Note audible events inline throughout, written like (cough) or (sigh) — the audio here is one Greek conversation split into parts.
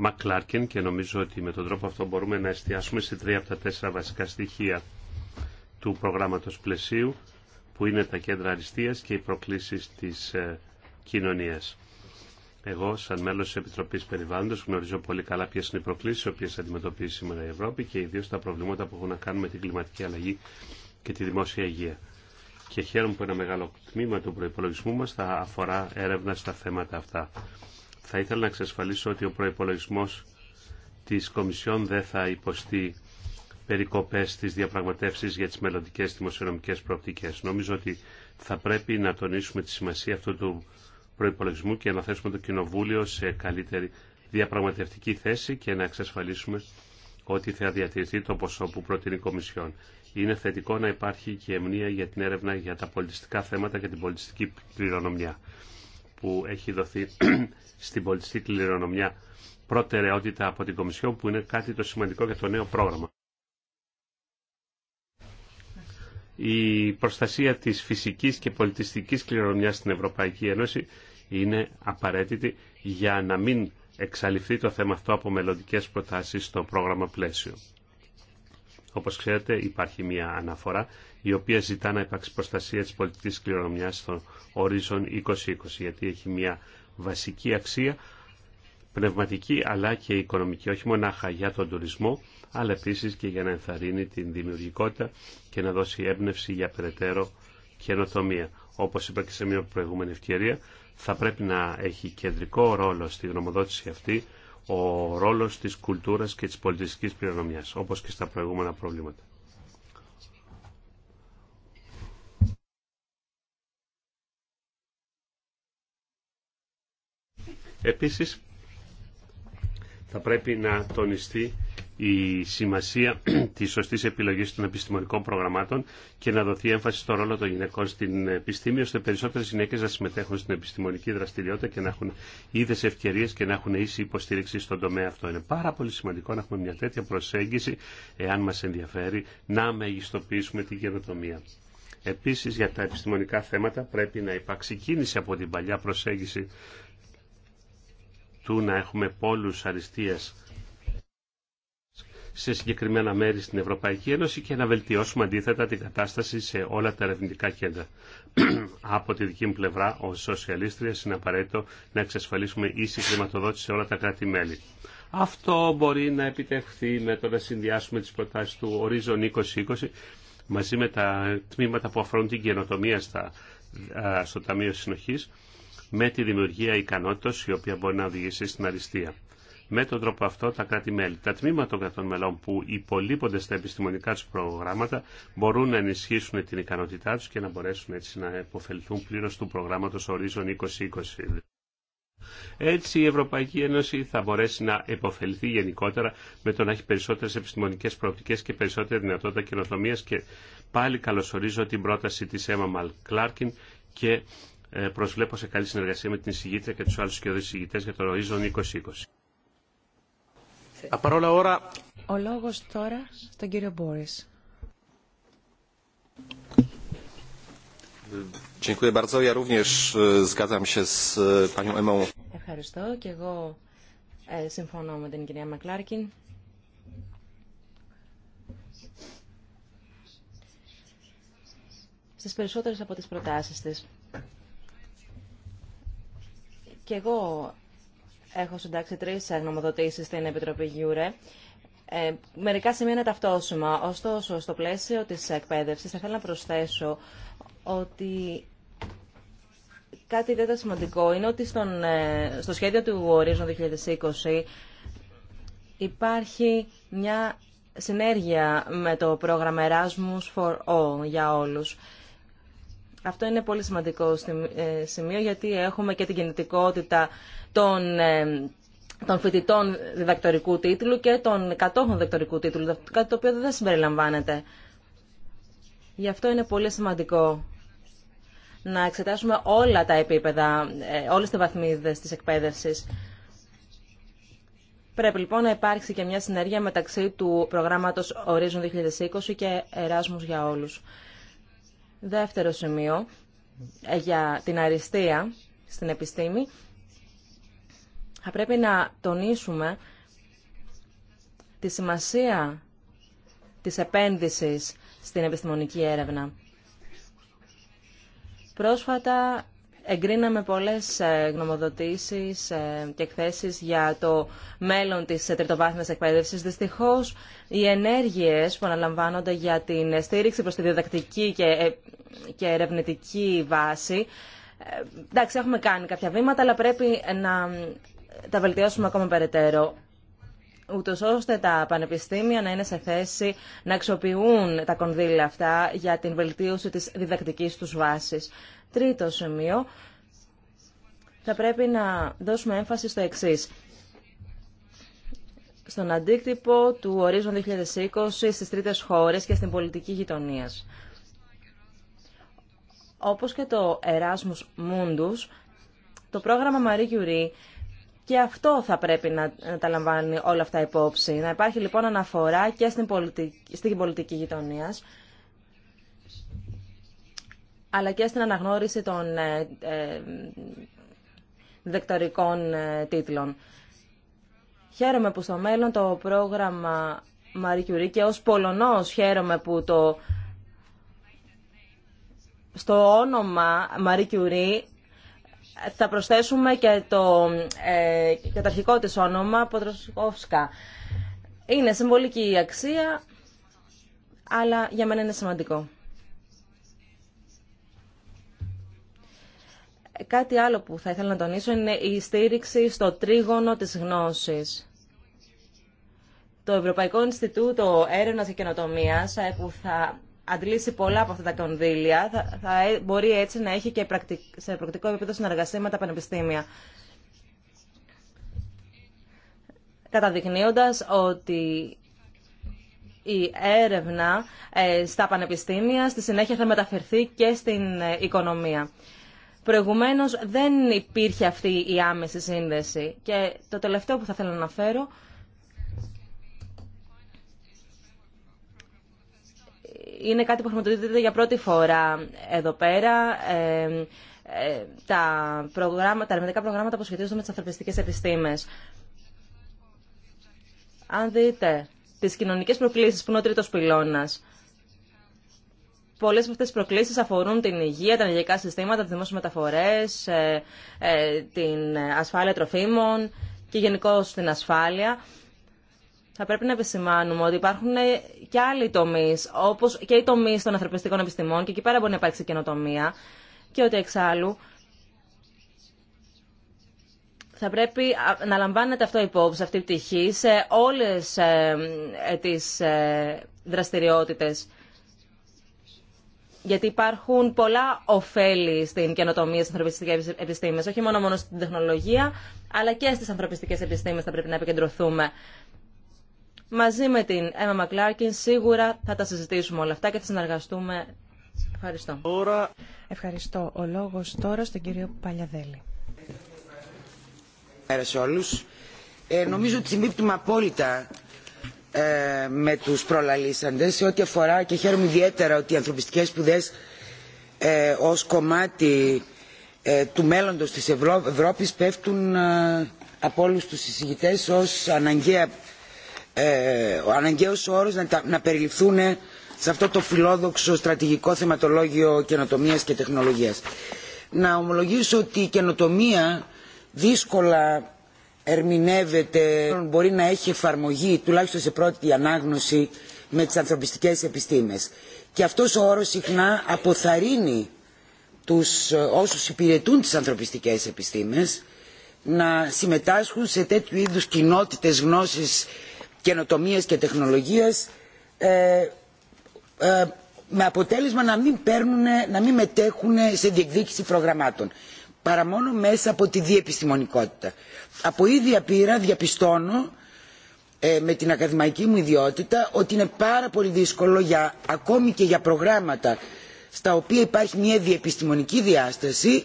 Μακλάρκεν και νομίζω ότι με τον τρόπο αυτό μπορούμε να εστιάσουμε σε τρία από τα τέσσερα βασικά στοιχεία του προγράμματος πλαισίου που είναι τα κέντρα αριστείας και οι προκλήσεις της ε, κοινωνίας. Εγώ, σαν μέλο τη Επιτροπή Περιβάλλοντο, γνωρίζω πολύ καλά ποιε είναι οι προκλήσει οι οποίε αντιμετωπίζει σήμερα η Ευρώπη και ιδίω τα προβλήματα που έχουν να κάνουν με την κλιματική αλλαγή και τη δημόσια υγεία. Και χαίρομαι που ένα μεγάλο τμήμα του προπολογισμού μα θα αφορά έρευνα στα θέματα αυτά. Θα ήθελα να εξασφαλίσω ότι ο προϋπολογισμός της Κομισιόν δεν θα υποστεί περικοπές στις διαπραγματεύσεις για τις μελλοντικέ δημοσιονομικές προοπτικές. Νομίζω ότι θα πρέπει να τονίσουμε τη σημασία αυτού του προϋπολογισμού και να θέσουμε το Κοινοβούλιο σε καλύτερη διαπραγματευτική θέση και να εξασφαλίσουμε ότι θα διατηρηθεί το ποσό που προτείνει η Κομισιόν. Είναι θετικό να υπάρχει και εμνία για την έρευνα για τα πολιτιστικά θέματα και την πολιτιστική πληρονομία που έχει δοθεί (clears throat) στην πολιτιστική κληρονομιά προτεραιότητα από την Κομισιόν που είναι κάτι το σημαντικό για το νέο πρόγραμμα. Η προστασία της φυσικής και πολιτιστικής κληρονομιάς στην Ευρωπαϊκή Ένωση είναι απαραίτητη για να μην εξαλειφθεί το θέμα αυτό από μελλοντικέ προτάσεις στο πρόγραμμα πλαίσιο. Όπως ξέρετε υπάρχει μια αναφορά η οποία ζητά να υπάρξει προστασία της πολιτικής κληρονομιάς των ορίζον 2020, γιατί έχει μια βασική αξία πνευματική αλλά και οικονομική, όχι μονάχα για τον τουρισμό, αλλά επίσης και για να ενθαρρύνει την δημιουργικότητα και να δώσει έμπνευση για περαιτέρω καινοτομία. Όπως είπα και σε μια προηγούμενη ευκαιρία, θα πρέπει να έχει κεντρικό ρόλο στη γνωμοδότηση αυτή ο ρόλος της κουλτούρας και της πολιτιστικής πληρονομιάς, όπως και στα προηγούμενα προβλήματα. Επίσης, θα πρέπει να τονιστεί η σημασία (clears throat) της σωστής επιλογής των επιστημονικών προγραμμάτων και να δοθεί έμφαση στο ρόλο των γυναικών στην επιστήμη, ώστε περισσότερες γυναίκε να συμμετέχουν στην επιστημονική δραστηριότητα και να έχουν είδε ευκαιρίες και να έχουν ίση υποστήριξη στον τομέα αυτό. Είναι πάρα πολύ σημαντικό να έχουμε μια τέτοια προσέγγιση, εάν μας ενδιαφέρει, να μεγιστοποιήσουμε την καινοτομία. Επίσης για τα επιστημονικά θέματα πρέπει να υπάρξει κίνηση από την παλιά προσέγγιση να έχουμε πόλους αριστείας σε συγκεκριμένα μέρη στην Ευρωπαϊκή Ένωση και να βελτιώσουμε αντίθετα την κατάσταση σε όλα τα ερευνητικά κέντρα. (clears throat) Από τη δική μου πλευρά, ω σοσιαλίστρια, είναι απαραίτητο να εξασφαλίσουμε ίση χρηματοδότηση σε όλα τα κράτη-μέλη. Αυτό μπορεί να επιτευχθεί με το να συνδυάσουμε τι προτάσει του Horizon 2020 μαζί με τα τμήματα που αφορούν την καινοτομία στο Ταμείο συνοχή με τη δημιουργία ικανότητα η οποία μπορεί να οδηγήσει στην αριστεία. Με τον τρόπο αυτό τα κράτη-μέλη, τα τμήματα των κρατών μελών που υπολείπονται στα επιστημονικά του προγράμματα μπορούν να ενισχύσουν την ικανότητά του και να μπορέσουν έτσι να υποφελθούν πλήρω του προγράμματο Horizon 2020. Έτσι η Ευρωπαϊκή Ένωση θα μπορέσει να επωφεληθεί γενικότερα με το να έχει περισσότερες επιστημονικές προοπτικές και περισσότερη δυνατότητα καινοτομία και πάλι καλωσορίζω την πρόταση της Emma και ε, προσβλέπω σε καλή συνεργασία με την εισηγήτρια και τους άλλους σκιώδες εισηγητές για το Ροΐζον 2020. Ο λόγος τώρα στον κύριο Μπόρις. E, e, Ευχαριστώ και εγώ ε, συμφωνώ με την κυρία Μακλάρκιν. Στις περισσότερες από τις προτάσεις της. Και εγώ έχω συντάξει τρεις γνωμοδοτήσεις στην Επιτροπή Γιούρε. Ε, μερικά σημεία είναι ταυτόσιμα, Ωστόσο, στο πλαίσιο της εκπαίδευση θα ήθελα να προσθέσω ότι κάτι δεν ήταν σημαντικό είναι ότι στον, ε, στο σχέδιο του Ορίζον 2020 υπάρχει μια συνέργεια με το πρόγραμμα Erasmus for All για όλους. Αυτό είναι πολύ σημαντικό ε, σημείο γιατί έχουμε και την κινητικότητα των ε, των φοιτητών διδακτορικού τίτλου και των κατόχων διδακτορικού τίτλου, κάτι το οποίο δεν συμπεριλαμβάνεται. Γι' αυτό είναι πολύ σημαντικό να εξετάσουμε όλα τα επίπεδα, ε, όλες τις βαθμίδες της εκπαίδευσης. Πρέπει λοιπόν να υπάρξει και μια συνέργεια μεταξύ του προγράμματος Horizon 2020 και Εράσμους για όλους. Δεύτερο σημείο ε, για την αριστεία στην επιστήμη. Θα πρέπει να τονίσουμε τη σημασία της επένδυσης στην επιστημονική έρευνα. Πρόσφατα εγκρίναμε πολλές ε, γνωμοδοτήσεις ε, και εκθέσεις για το μέλλον της τριτοβάθμιας εκπαίδευσης. Δυστυχώς, οι ενέργειες που αναλαμβάνονται για την στήριξη προς τη διδακτική και ε, ερευνητική βάση, εντάξει, έχουμε κάνει κάποια βήματα, αλλά πρέπει να τα βελτιώσουμε ακόμα περαιτέρω ούτω ώστε τα πανεπιστήμια να είναι σε θέση να αξιοποιούν τα κονδύλια αυτά για την βελτίωση της διδακτικής τους βάσης. Τρίτο σημείο, θα πρέπει να δώσουμε έμφαση στο εξή. Στον αντίκτυπο του ορίζον 2020 στις τρίτες χώρες και στην πολιτική γειτονία. Όπως και το Erasmus Mundus, το πρόγραμμα Marie Curie και αυτό θα πρέπει να ε, τα λαμβάνει όλα αυτά υπόψη. Να υπάρχει λοιπόν αναφορά και στην πολιτική, στην πολιτική γειτονίας, αλλά και στην αναγνώριση των ε, ε δεκτορικών ε, τίτλων. Χαίρομαι που στο μέλλον το πρόγραμμα Marie και ως Πολωνός χαίρομαι που το στο όνομα Marie θα προσθέσουμε και το ε, καταρχικό της όνομα Ποτροσκόφσκα. Είναι συμβολική η αξία, αλλά για μένα είναι σημαντικό. Κάτι άλλο που θα ήθελα να τονίσω είναι η στήριξη στο τρίγωνο της γνώσης. Το Ευρωπαϊκό Ινστιτούτο Έρευνας και Καινοτομίας, ε, που θα αντλήσει πολλά από αυτά τα κονδύλια, θα, θα ε, μπορεί έτσι να έχει και σε πρακτικό επίπεδο συνεργασία με τα πανεπιστήμια. Καταδεικνύοντας ότι η έρευνα ε, στα πανεπιστήμια στη συνέχεια θα μεταφερθεί και στην ε, οικονομία. Προηγουμένως δεν υπήρχε αυτή η άμεση σύνδεση. Και το τελευταίο που θα θέλω να αναφέρω είναι κάτι που χρηματοδοτείται για πρώτη φορά εδώ πέρα. Ε, ε τα, προγράμματα, τα ερευνητικά προγράμματα που σχετίζονται με τι ανθρωπιστικέ επιστήμες. Αν δείτε τι κοινωνικέ προκλήσεις που είναι ο τρίτο πυλώνας, Πολλέ από αυτές τι προκλήσεις αφορούν την υγεία, τα ενεργειακά συστήματα, τις μεταφορέ, μεταφορές, ε, ε, την ασφάλεια τροφίμων και γενικώ την ασφάλεια θα πρέπει να επισημάνουμε ότι υπάρχουν και άλλοι τομεί, όπω και οι τομεί των ανθρωπιστικών επιστημών, και εκεί πέρα μπορεί να υπάρξει καινοτομία, και ότι εξάλλου θα πρέπει να λαμβάνεται αυτό υπόψη, αυτή η πτυχή, σε όλε ε, τι ε, δραστηριότητε. Γιατί υπάρχουν πολλά ωφέλη στην καινοτομία στι ανθρωπιστικέ επιστήμε. Όχι μόνο, μόνο στην τεχνολογία, αλλά και στι ανθρωπιστικέ επιστήμε θα πρέπει να επικεντρωθούμε. Μαζί με την Emma Μακλάρκιν σίγουρα θα τα συζητήσουμε όλα αυτά και θα συνεργαστούμε. Ευχαριστώ. Ευχαριστώ. Ο λόγος τώρα στον κύριο Παλιαδέλη. σε όλους. Ε, νομίζω ότι συμπίπτουμε απόλυτα ε, με τους προλαλήσαντες σε ό,τι αφορά και χαίρομαι ιδιαίτερα ότι οι ανθρωπιστικές σπουδέ ε, ως κομμάτι ε, του μέλλοντος της Ευρώ, Ευρώπης πέφτουν ε, από όλους τους συζητητές ως αναγκαία ε, ο αναγκαίος όρος να περιληφθούν σε αυτό το φιλόδοξο στρατηγικό θεματολόγιο καινοτομίας και τεχνολογίας. Να ομολογήσω ότι η καινοτομία δύσκολα ερμηνεύεται, μπορεί να έχει εφαρμογή, τουλάχιστον σε πρώτη ανάγνωση, με τις ανθρωπιστικές επιστήμες. Και αυτός ο όρος συχνά αποθαρρύνει τους όσους υπηρετούν τις ανθρωπιστικές επιστήμες να συμμετάσχουν σε τέτοιου είδους κοινότητες γνώσης καινοτομίας και τεχνολογίας ε, ε, με αποτέλεσμα να μην, παίρνουν, να μην μετέχουν σε διεκδίκηση προγραμμάτων παρά μόνο μέσα από τη διεπιστημονικότητα. Από ίδια πείρα διαπιστώνω ε, με την ακαδημαϊκή μου ιδιότητα ότι είναι πάρα πολύ δύσκολο για, ακόμη και για προγράμματα στα οποία υπάρχει μια διεπιστημονική διάσταση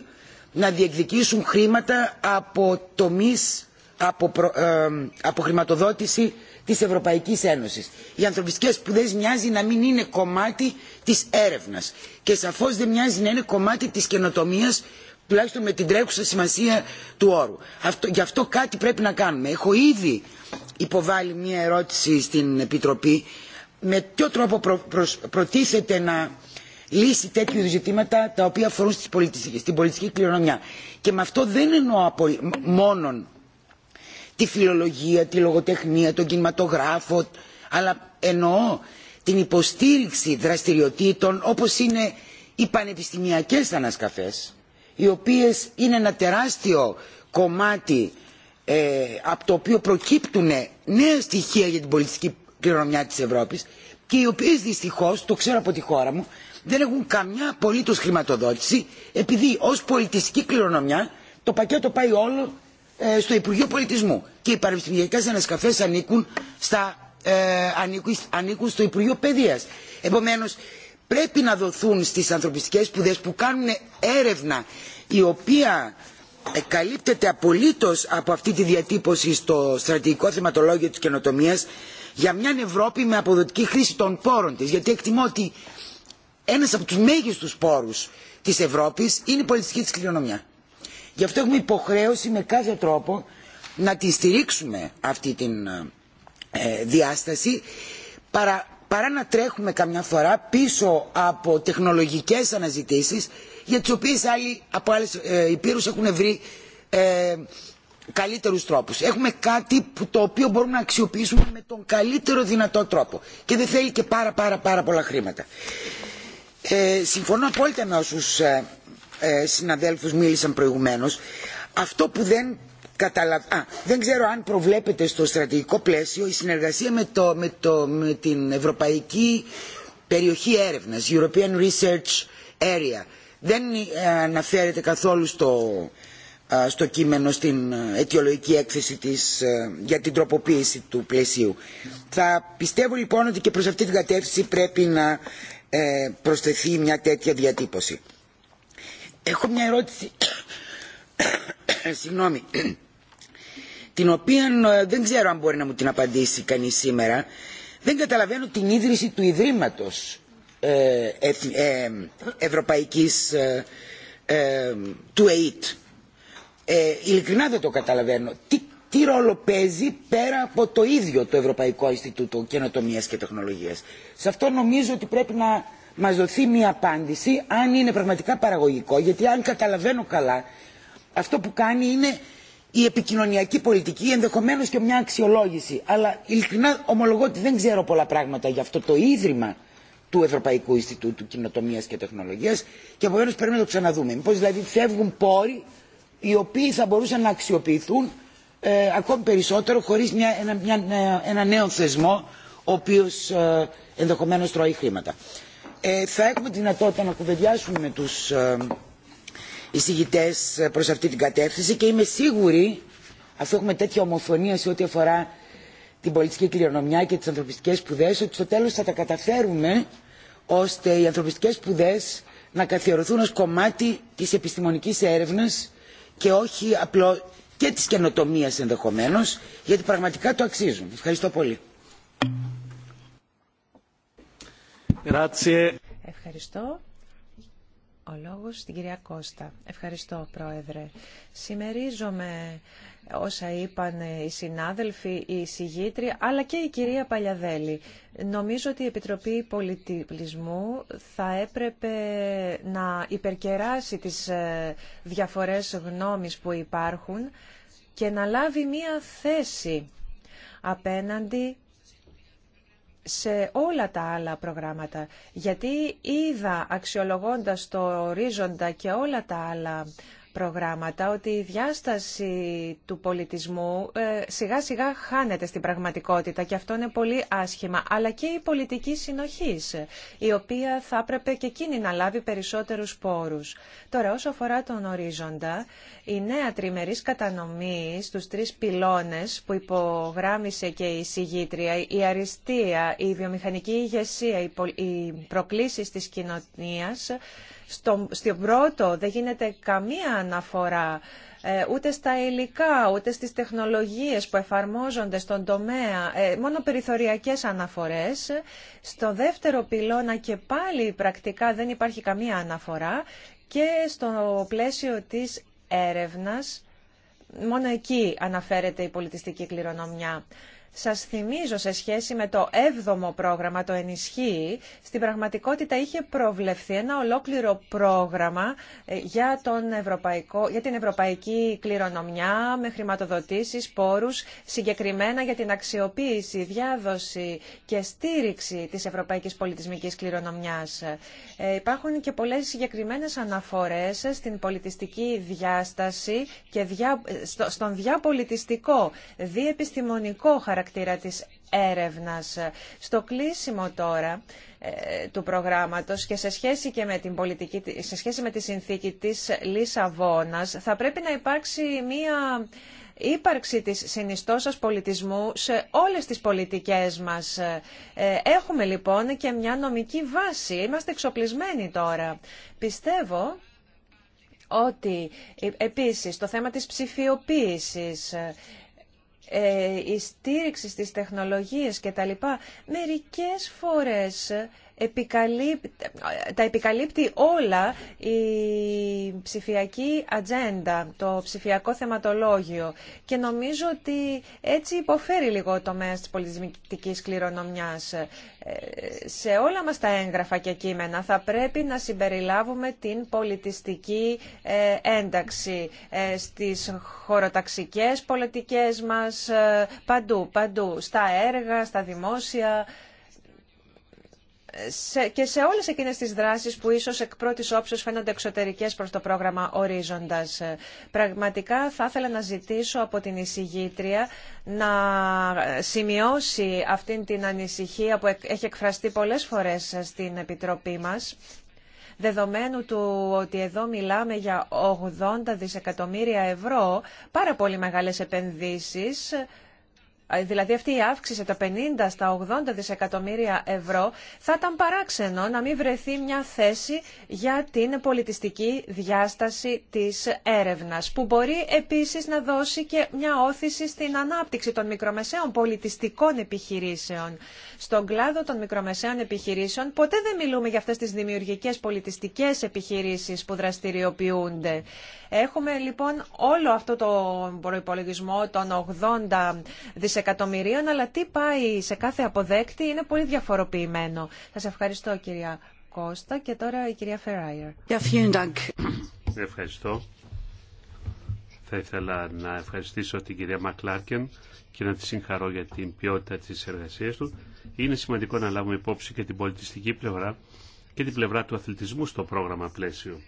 να διεκδικήσουν χρήματα από τομείς, από, από χρηματοδότηση της Ευρωπαϊκής Ένωσης. Οι ανθρωπιστικές σπουδές μοιάζει να μην είναι κομμάτι της έρευνας και σαφώς δεν μοιάζει να είναι κομμάτι της καινοτομίας τουλάχιστον με την τρέχουσα σημασία του όρου. Αυτό, γι' αυτό κάτι πρέπει να κάνουμε. Έχω ήδη υποβάλει μία ερώτηση στην Επιτροπή με ποιο τρόπο προ, προτίθεται να λύσει τέτοιου ζητήματα τα οποία αφορούν στην πολιτική κληρονομιά. Και με αυτό δεν εννοώ μόνον τη φιλολογία, τη λογοτεχνία, τον κινηματογράφο, αλλά εννοώ την υποστήριξη δραστηριοτήτων όπως είναι οι πανεπιστημιακές ανασκαφές, οι οποίες είναι ένα τεράστιο κομμάτι ε, από το οποίο προκύπτουν νέα στοιχεία για την πολιτιστική κληρονομιά της Ευρώπης και οι οποίες δυστυχώς, το ξέρω από τη χώρα μου, δεν έχουν καμιά απολύτως χρηματοδότηση επειδή ως πολιτιστική κληρονομιά το πακέτο πάει όλο ε, στο Υπουργείο Πολιτισμού και οι πανεπιστημιακές ανασκαφές ανήκουν, στα, ε, ανήκουν, ανήκουν στο Υπουργείο Παιδείας. Επομένως πρέπει να δοθούν στις ανθρωπιστικές σπουδέ που κάνουν έρευνα η οποία ε, καλύπτεται απολύτως από αυτή τη διατύπωση στο στρατηγικό θεματολόγιο της καινοτομία για μια Ευρώπη με αποδοτική χρήση των πόρων της. Γιατί εκτιμώ ότι ένας από τους μέγιστους πόρους της Ευρώπης είναι η πολιτιστική της κληρονομιά. Γι' αυτό έχουμε υποχρέωση με κάθε τρόπο να τη στηρίξουμε αυτή την ε, διάσταση παρά, να τρέχουμε καμιά φορά πίσω από τεχνολογικές αναζητήσεις για τις οποίες άλλοι από άλλες ε, υπήρους έχουν βρει ε, καλύτερους τρόπους. Έχουμε κάτι το οποίο μπορούμε να αξιοποιήσουμε με τον καλύτερο δυνατό τρόπο και δεν θέλει και πάρα πάρα πάρα πολλά χρήματα. Ε, συμφωνώ απόλυτα με όσους ε, ε, συναδέλφους μίλησαν προηγουμένως αυτό που δεν καταλαβαίνω, δεν ξέρω αν προβλέπεται στο στρατηγικό πλαίσιο η συνεργασία με, το, με, το, την Ευρωπαϊκή Περιοχή Έρευνας European Research Area δεν ε, αναφέρεται καθόλου στο, στο κείμενο στην ε, αιτιολογική έκθεση της, για την τροποποίηση του πλαισίου. Θα πιστεύω λοιπόν ότι και προς αυτή την κατεύθυνση πρέπει να προσθεθεί μια τέτοια διατύπωση. Έχω μια ερώτηση, (coughs) συγγνώμη, την οποία ε, δεν ξέρω αν μπορεί να μου την απαντήσει κανείς σήμερα. Δεν καταλαβαίνω την ίδρυση του Ιδρύματος ε, ε Ευρωπαϊκής ε, του ΕΙΤ. Ειλικρινά δεν το καταλαβαίνω. Τι, τι ρόλο παίζει πέρα από το ίδιο το Ευρωπαϊκό Ινστιτούτο Καινοτομίας και Τεχνολογίας. Σε αυτό νομίζω ότι πρέπει να μας δοθεί μια απάντηση αν είναι πραγματικά παραγωγικό. Γιατί αν καταλαβαίνω καλά, αυτό που κάνει είναι η επικοινωνιακή πολιτική, ενδεχομένως και μια αξιολόγηση. Αλλά ειλικρινά ομολογώ ότι δεν ξέρω πολλά πράγματα για αυτό το ίδρυμα του Ευρωπαϊκού Ινστιτούτου Κοινοτομία και Τεχνολογία και επομένω πρέπει να το ξαναδούμε. Μήπω δηλαδή φεύγουν πόροι οι οποίοι θα μπορούσαν να αξιοποιηθούν ε, ακόμη περισσότερο χωρί ένα, ε, ένα νέο θεσμό ο οποίο ε, ενδεχομένω τρώει χρήματα. Ε, θα έχουμε τη δυνατότητα να κουβεντιάσουμε με τους ε, εισηγητές προς αυτή την κατεύθυνση και είμαι σίγουρη, αφού έχουμε τέτοια ομοφωνία σε ό,τι αφορά την πολιτική κληρονομιά και τις ανθρωπιστικές σπουδέ, ότι στο τέλος θα τα καταφέρουμε ώστε οι ανθρωπιστικές σπουδέ να καθιερωθούν ως κομμάτι της επιστημονικής έρευνας και όχι απλό και της καινοτομίας ενδεχομένως, γιατί πραγματικά το αξίζουν. Ευχαριστώ πολύ. Ευχαριστώ. Ο λόγος στην κυρία Κώστα. Ευχαριστώ, Πρόεδρε. Σημερίζομαι όσα είπαν οι συνάδελφοι, οι συγγήτρια, αλλά και η κυρία Παλιαδέλη. Νομίζω ότι η Επιτροπή Πολιτισμού θα έπρεπε να υπερκεράσει τις ε, διαφορές γνώμης που υπάρχουν και να λάβει μία θέση απέναντι σε όλα τα άλλα προγράμματα. Γιατί είδα αξιολογώντας το ορίζοντα και όλα τα άλλα προγράμματα ότι η διάσταση του πολιτισμού ε, σιγά σιγά χάνεται στην πραγματικότητα και αυτό είναι πολύ άσχημα. Αλλά και η πολιτική συνοχής, η οποία θα έπρεπε και εκείνη να λάβει περισσότερους πόρους. Τώρα, όσο αφορά τον ορίζοντα, η νέα τριμερής κατανομή στου τρεις πυλώνες που υπογράμμισε και η συγγήτρια, η αριστεία, η βιομηχανική ηγεσία, οι προκλήσεις της κοινωνίας, στο, στο πρώτο δεν γίνεται καμία αναφορά ε, ούτε στα υλικά, ούτε στις τεχνολογίες που εφαρμόζονται στον τομέα, ε, μόνο περιθωριακές αναφορές. Στο δεύτερο πυλώνα και πάλι πρακτικά δεν υπάρχει καμία αναφορά και στο πλαίσιο της έρευνας, μόνο εκεί αναφέρεται η πολιτιστική κληρονομιά. Σας θυμίζω σε σχέση με το 7ο πρόγραμμα, το ενισχύει, στην πραγματικότητα είχε προβλεφθεί ένα ολόκληρο πρόγραμμα ε, για, τον ευρωπαϊκό, για την ευρωπαϊκή κληρονομιά με χρηματοδοτήσεις, πόρους, συγκεκριμένα για την αξιοποίηση, διάδοση και στήριξη της ευρωπαϊκής πολιτισμικής κληρονομιάς. Ε, υπάρχουν και πολλές συγκεκριμένες αναφορές στην πολιτιστική διάσταση και δια, ε, στον διαπολιτιστικό, διεπιστημονικό χαρακτηριστικό χαρακτήρα της έρευνας. Στο κλείσιμο τώρα ε, του προγράμματος και σε σχέση και με την πολιτική, σε σχέση με τη συνθήκη της Λισαβόνας, θα πρέπει να υπάρξει μία ύπαρξη της συνιστώσας πολιτισμού σε όλες τις πολιτικές μας. Ε, έχουμε λοιπόν και μια νομική βάση. Είμαστε εξοπλισμένοι τώρα. Πιστεύω ότι ε, επίσης το θέμα της ψηφιοποίησης ε, η στήριξη στις τεχνολογίες λοιπά... Μερικές φορές επικαλύπτει, τα επικαλύπτει όλα η ψηφιακή ατζέντα, το ψηφιακό θεματολόγιο και νομίζω ότι έτσι υποφέρει λίγο το μέσο της πολιτισμικής κληρονομιάς. Ε, σε όλα μας τα έγγραφα και κείμενα θα πρέπει να συμπεριλάβουμε την πολιτιστική ε, ένταξη ε, στις χωροταξικές πολιτικές μας παντού, παντού, στα έργα, στα δημόσια και σε όλες εκείνες τις δράσεις που ίσως εκ πρώτης όψεως φαίνονται εξωτερικές προς το πρόγραμμα Ορίζοντας. Ε, πραγματικά θα ήθελα να ζητήσω από την εισηγήτρια να ε, σημειώσει αυτήν την ανησυχία που έχει εκφραστεί πολλές φορές στην Επιτροπή μας δεδομένου του ότι εδώ μιλάμε για 80 δισεκατομμύρια ευρώ, πάρα πολύ μεγάλες επενδύσεις ε, δηλαδή αυτή η αύξηση τα 50 στα 80 δισεκατομμύρια ευρώ, θα ήταν παράξενο να μην βρεθεί μια θέση για την πολιτιστική διάσταση της έρευνας, που μπορεί επίσης να δώσει και μια όθηση στην ανάπτυξη των μικρομεσαίων πολιτιστικών επιχειρήσεων. Στον κλάδο των μικρομεσαίων επιχειρήσεων ποτέ δεν μιλούμε για αυτές τις δημιουργικές πολιτιστικές επιχειρήσεις που δραστηριοποιούνται. Έχουμε λοιπόν όλο αυτό το προϋπολογισμό των 80 δισεκατομμύρια δισεκατομμυρίων, αλλά τι πάει σε κάθε αποδέκτη είναι πολύ διαφοροποιημένο. Σας ευχαριστώ κυρία Κώστα και τώρα η κυρία Φεράιερ. Ευχαριστώ. Θα ήθελα να ευχαριστήσω την κυρία Μακλάρκεν και να τη συγχαρώ για την ποιότητα τη εργασία του. Είναι σημαντικό να λάβουμε υπόψη και την πολιτιστική πλευρά και την πλευρά του αθλητισμού στο πρόγραμμα πλαίσιο.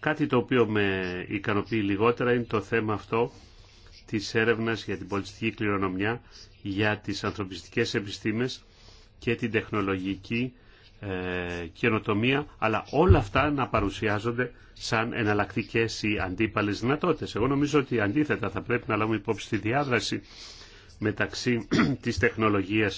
Κάτι το οποίο με ικανοποιεί λιγότερα είναι το θέμα αυτό της έρευνας για την πολιτιστική κληρονομιά, για τις ανθρωπιστικές επιστήμες και την τεχνολογική ε, καινοτομία, αλλά όλα αυτά να παρουσιάζονται σαν εναλλακτικέ ή αντίπαλε δυνατότητε. Εγώ νομίζω ότι αντίθετα θα πρέπει να λάβουμε υπόψη τη διάδραση μεταξύ (clears throat) τη τεχνολογία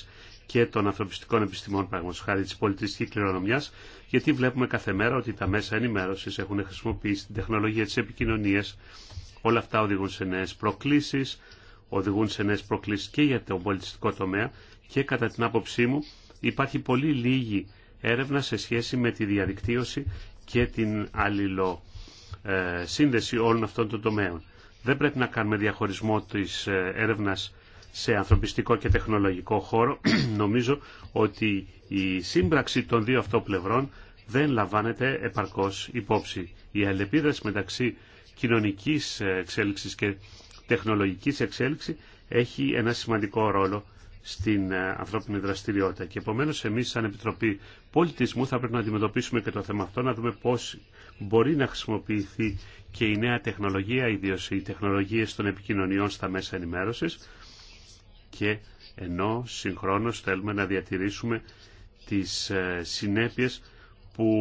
και των ανθρωπιστικών επιστημών, παραδείγματο χάρη τη πολιτιστική κληρονομιά, γιατί βλέπουμε κάθε μέρα ότι τα μέσα ενημέρωση έχουν χρησιμοποιήσει την τεχνολογία τη επικοινωνία Όλα αυτά οδηγούν σε νέε προκλήσεις, οδηγούν σε νέε προκλήσει και για τον πολιτιστικό τομέα και κατά την άποψή μου υπάρχει πολύ λίγη έρευνα σε σχέση με τη διαδικτύωση και την αλληλοσύνδεση όλων αυτών των τομέων. Δεν πρέπει να κάνουμε διαχωρισμό της ε, έρευνας σε ανθρωπιστικό και τεχνολογικό χώρο. (clears throat) Νομίζω ότι η σύμπραξη των δύο αυτών πλευρών δεν λαμβάνεται επαρκώς υπόψη. Η αλληλεπίδραση μεταξύ κοινωνικής εξέλιξης και τεχνολογικής εξέλιξης έχει ένα σημαντικό ρόλο στην ε, ανθρώπινη δραστηριότητα. Και επομένω, εμεί, σαν Επιτροπή Πολιτισμού, θα πρέπει να αντιμετωπίσουμε και το θέμα αυτό, να δούμε πώς μπορεί να χρησιμοποιηθεί και η νέα τεχνολογία, ιδίως οι τεχνολογίες των επικοινωνιών στα μέσα ενημέρωσης Και ενώ συγχρόνω θέλουμε να διατηρήσουμε τις ε, συνέπειε που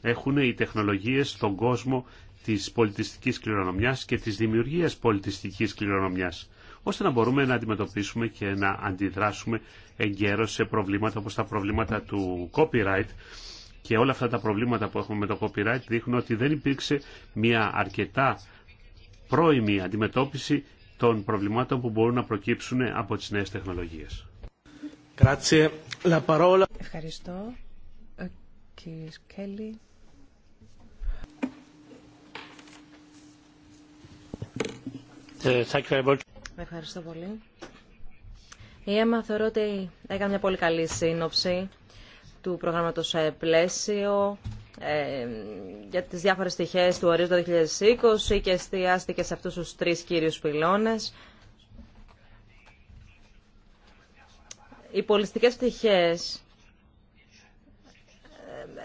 έχουν οι τεχνολογίες στον κόσμο της πολιτιστικής κληρονομιάς και της δημιουργίας πολιτιστικής κληρονομιάς, ώστε να μπορούμε να αντιμετωπίσουμε και να αντιδράσουμε εγκαίρως σε προβλήματα όπως τα προβλήματα του copyright και όλα αυτά τα προβλήματα που έχουμε με το copyright δείχνουν ότι δεν υπήρξε μια αρκετά πρώιμη αντιμετώπιση των προβλημάτων που μπορούν να προκύψουν από τις νέες τεχνολογίες. Ευχαριστώ. Κύριε Ευχαριστώ πολύ. Η ΕΜΑ θεωρώ ότι έκανε μια πολύ καλή σύνοψη του προγράμματος ε, πλαίσιο ε, για τις διάφορες στοιχέ του ορίζοντα 2020 και εστιάστηκε σε αυτούς τους τρεις κύριους πυλώνες. Οι πολιτικέ στοιχέ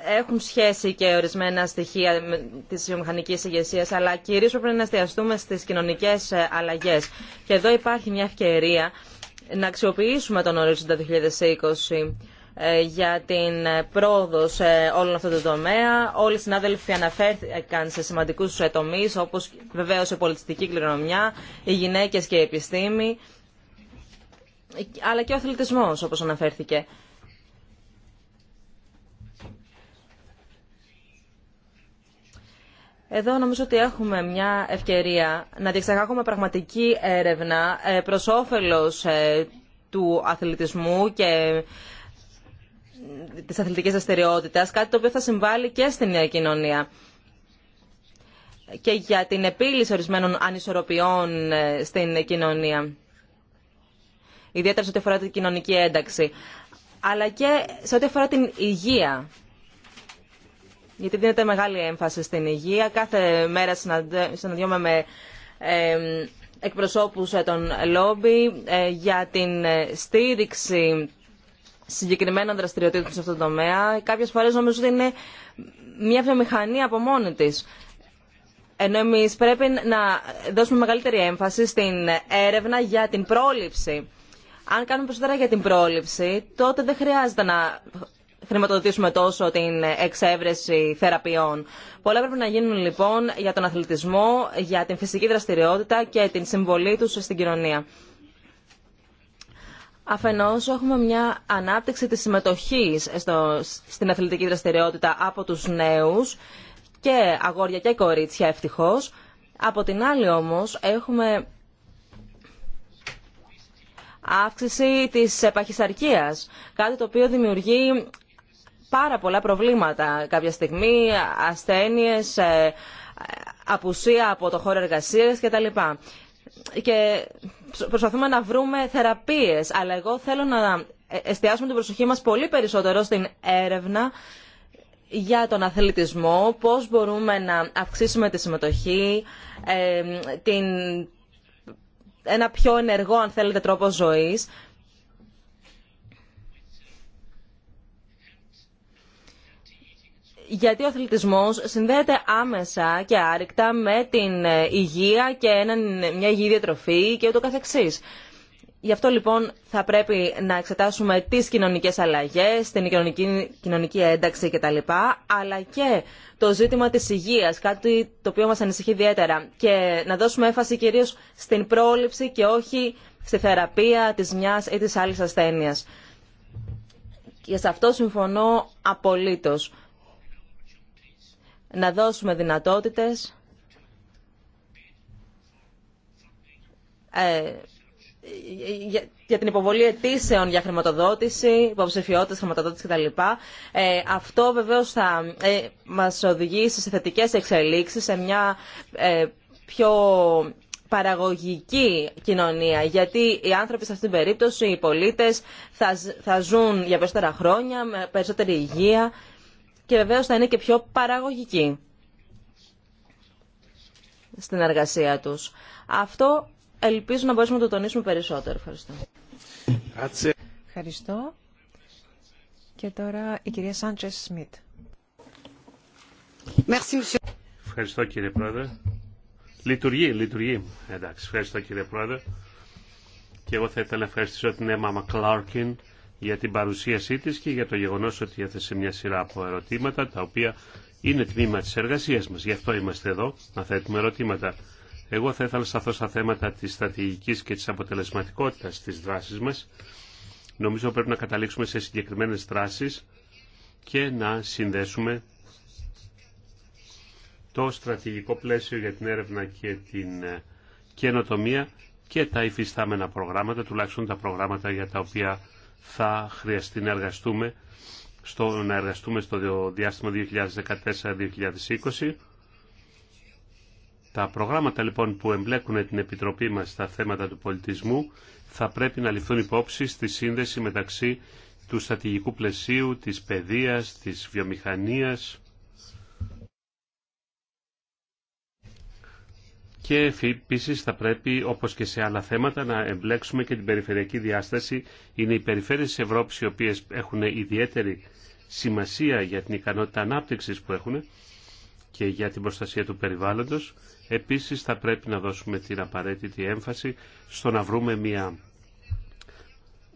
έχουν σχέση και ορισμένα στοιχεία τη βιομηχανική ηγεσία, αλλά κυρίω πρέπει να εστιαστούμε στι κοινωνικέ ε, αλλαγέ. Και εδώ υπάρχει μια ευκαιρία να αξιοποιήσουμε τον ορίζοντα 2020 ε, για την ε, πρόοδο σε όλον αυτό το τομέα. Όλοι οι συνάδελφοι αναφέρθηκαν σε σημαντικούς τομείς, όπως βεβαίως η πολιτιστική κληρονομιά, οι γυναίκες και η επιστήμη, αλλά και ο αθλητισμός, όπως αναφέρθηκε. Εδώ νομίζω ότι έχουμε μια ευκαιρία να διεξαγάγουμε πραγματική έρευνα ε, προς όφελος ε, του αθλητισμού και ε, της αθλητικής δραστηριότητα, κάτι το οποίο θα συμβάλλει και στην κοινωνία και για την επίλυση ορισμένων ανισορροπιών στην κοινωνία. Ιδιαίτερα σε ό,τι αφορά την κοινωνική ένταξη, αλλά και σε ό,τι αφορά την υγεία γιατί δίνεται μεγάλη έμφαση στην υγεία. Κάθε μέρα συναντιόμαι με εκπροσώπους ε, των λόμπι ε, για την ε, στήριξη συγκεκριμένων δραστηριοτήτων σε αυτό το τομέα. Κάποιες φορές νομίζω ότι είναι μια βιομηχανία από μόνη της. Ενώ εμεί πρέπει να δώσουμε μεγαλύτερη έμφαση στην έρευνα για την πρόληψη. Αν κάνουμε περισσότερα για την πρόληψη, τότε δεν χρειάζεται να χρηματοδοτήσουμε τόσο την εξέβρεση θεραπείων. Πολλά πρέπει να γίνουν λοιπόν για τον αθλητισμό, για την φυσική δραστηριότητα και την συμβολή τους στην κοινωνία. Αφενός έχουμε μια ανάπτυξη της συμμετοχής στο, στην αθλητική δραστηριότητα από τους νέους και αγόρια και κορίτσια ευτυχώς. Από την άλλη όμως έχουμε αύξηση της επαχυσαρκίας, κάτι το οποίο δημιουργεί πάρα πολλά προβλήματα κάποια στιγμή, ασθένειες, ε, απουσία από το χώρο εργασίας κτλ. Και προσπαθούμε να βρούμε θεραπείες, αλλά εγώ θέλω να ε, εστιάσουμε την προσοχή μας πολύ περισσότερο στην έρευνα για τον αθλητισμό, πώς μπορούμε να αυξήσουμε τη συμμετοχή, ε, την, ένα πιο ενεργό αν θέλετε τρόπο ζωής γιατί ο αθλητισμός συνδέεται άμεσα και άρρηκτα με την ε, υγεία και μια υγιή διατροφή και ούτω καθεξής. Γι' αυτό λοιπόν θα πρέπει να εξετάσουμε τις κοινωνικές αλλαγές, την κοινωνική, κοινωνική ένταξη κτλ. Αλλά και το ζήτημα της υγείας, κάτι το οποίο μας ανησυχεί ιδιαίτερα. Και να δώσουμε έφαση κυρίως στην πρόληψη και όχι στη θεραπεία της μιας ή της άλλης ασθένειας. Και σε αυτό συμφωνώ απολύτως να δώσουμε δυνατότητες ε, για την υποβολή αιτήσεων για χρηματοδότηση, υποψηφιότητες, χρηματοδότηση κτλ. Ε, αυτό βεβαίως θα ε, μας οδηγήσει σε θετικές εξελίξεις, σε μια πιο παραγωγική κοινωνία, γιατί οι άνθρωποι σε αυτήν την περίπτωση, οι πολίτες, θα ζουν για περισσότερα χρόνια, με περισσότερη υγεία και βεβαίω θα είναι και πιο παραγωγική στην εργασία του. Αυτό ελπίζω να μπορέσουμε να το τονίσουμε περισσότερο. Ευχαριστώ. Ευχαριστώ. Και τώρα η κυρία Σάντζεσ Σμιτ. Ευχαριστώ κύριε Πρόεδρε. Λειτουργεί, λειτουργεί. Εντάξει, ευχαριστώ κύριε Πρόεδρε. Και εγώ θα ήθελα να ευχαριστήσω την Έμα Μακλάρκιν για την παρουσίασή της και για το γεγονός ότι έθεσε μια σειρά από ερωτήματα τα οποία είναι τμήμα της εργασίας μας. Γι' αυτό είμαστε εδώ να θέτουμε ερωτήματα. Εγώ θα ήθελα σταθώ στα θέματα της στρατηγικής και της αποτελεσματικότητας της δράσης μας. Νομίζω πρέπει να καταλήξουμε σε συγκεκριμένες δράσεις και να συνδέσουμε το στρατηγικό πλαίσιο για την έρευνα και την ε, καινοτομία και τα υφιστάμενα προγράμματα, τουλάχιστον τα προγράμματα για τα οποία θα χρειαστεί να εργαστούμε στο, να εργαστούμε στο διάστημα 2014-2020. Τα προγράμματα λοιπόν που εμπλέκουν την Επιτροπή μας στα θέματα του πολιτισμού θα πρέπει να ληφθούν υπόψη στη σύνδεση μεταξύ του στατηγικού πλαισίου, της παιδείας, της βιομηχανίας και επίση θα πρέπει, όπω και σε άλλα θέματα, να εμπλέξουμε και την περιφερειακή διάσταση. Είναι οι περιφέρειε τη Ευρώπη οι οποίε έχουν ιδιαίτερη σημασία για την ικανότητα ανάπτυξη που έχουν και για την προστασία του περιβάλλοντο. Επίση θα πρέπει να δώσουμε την απαραίτητη έμφαση στο να βρούμε μια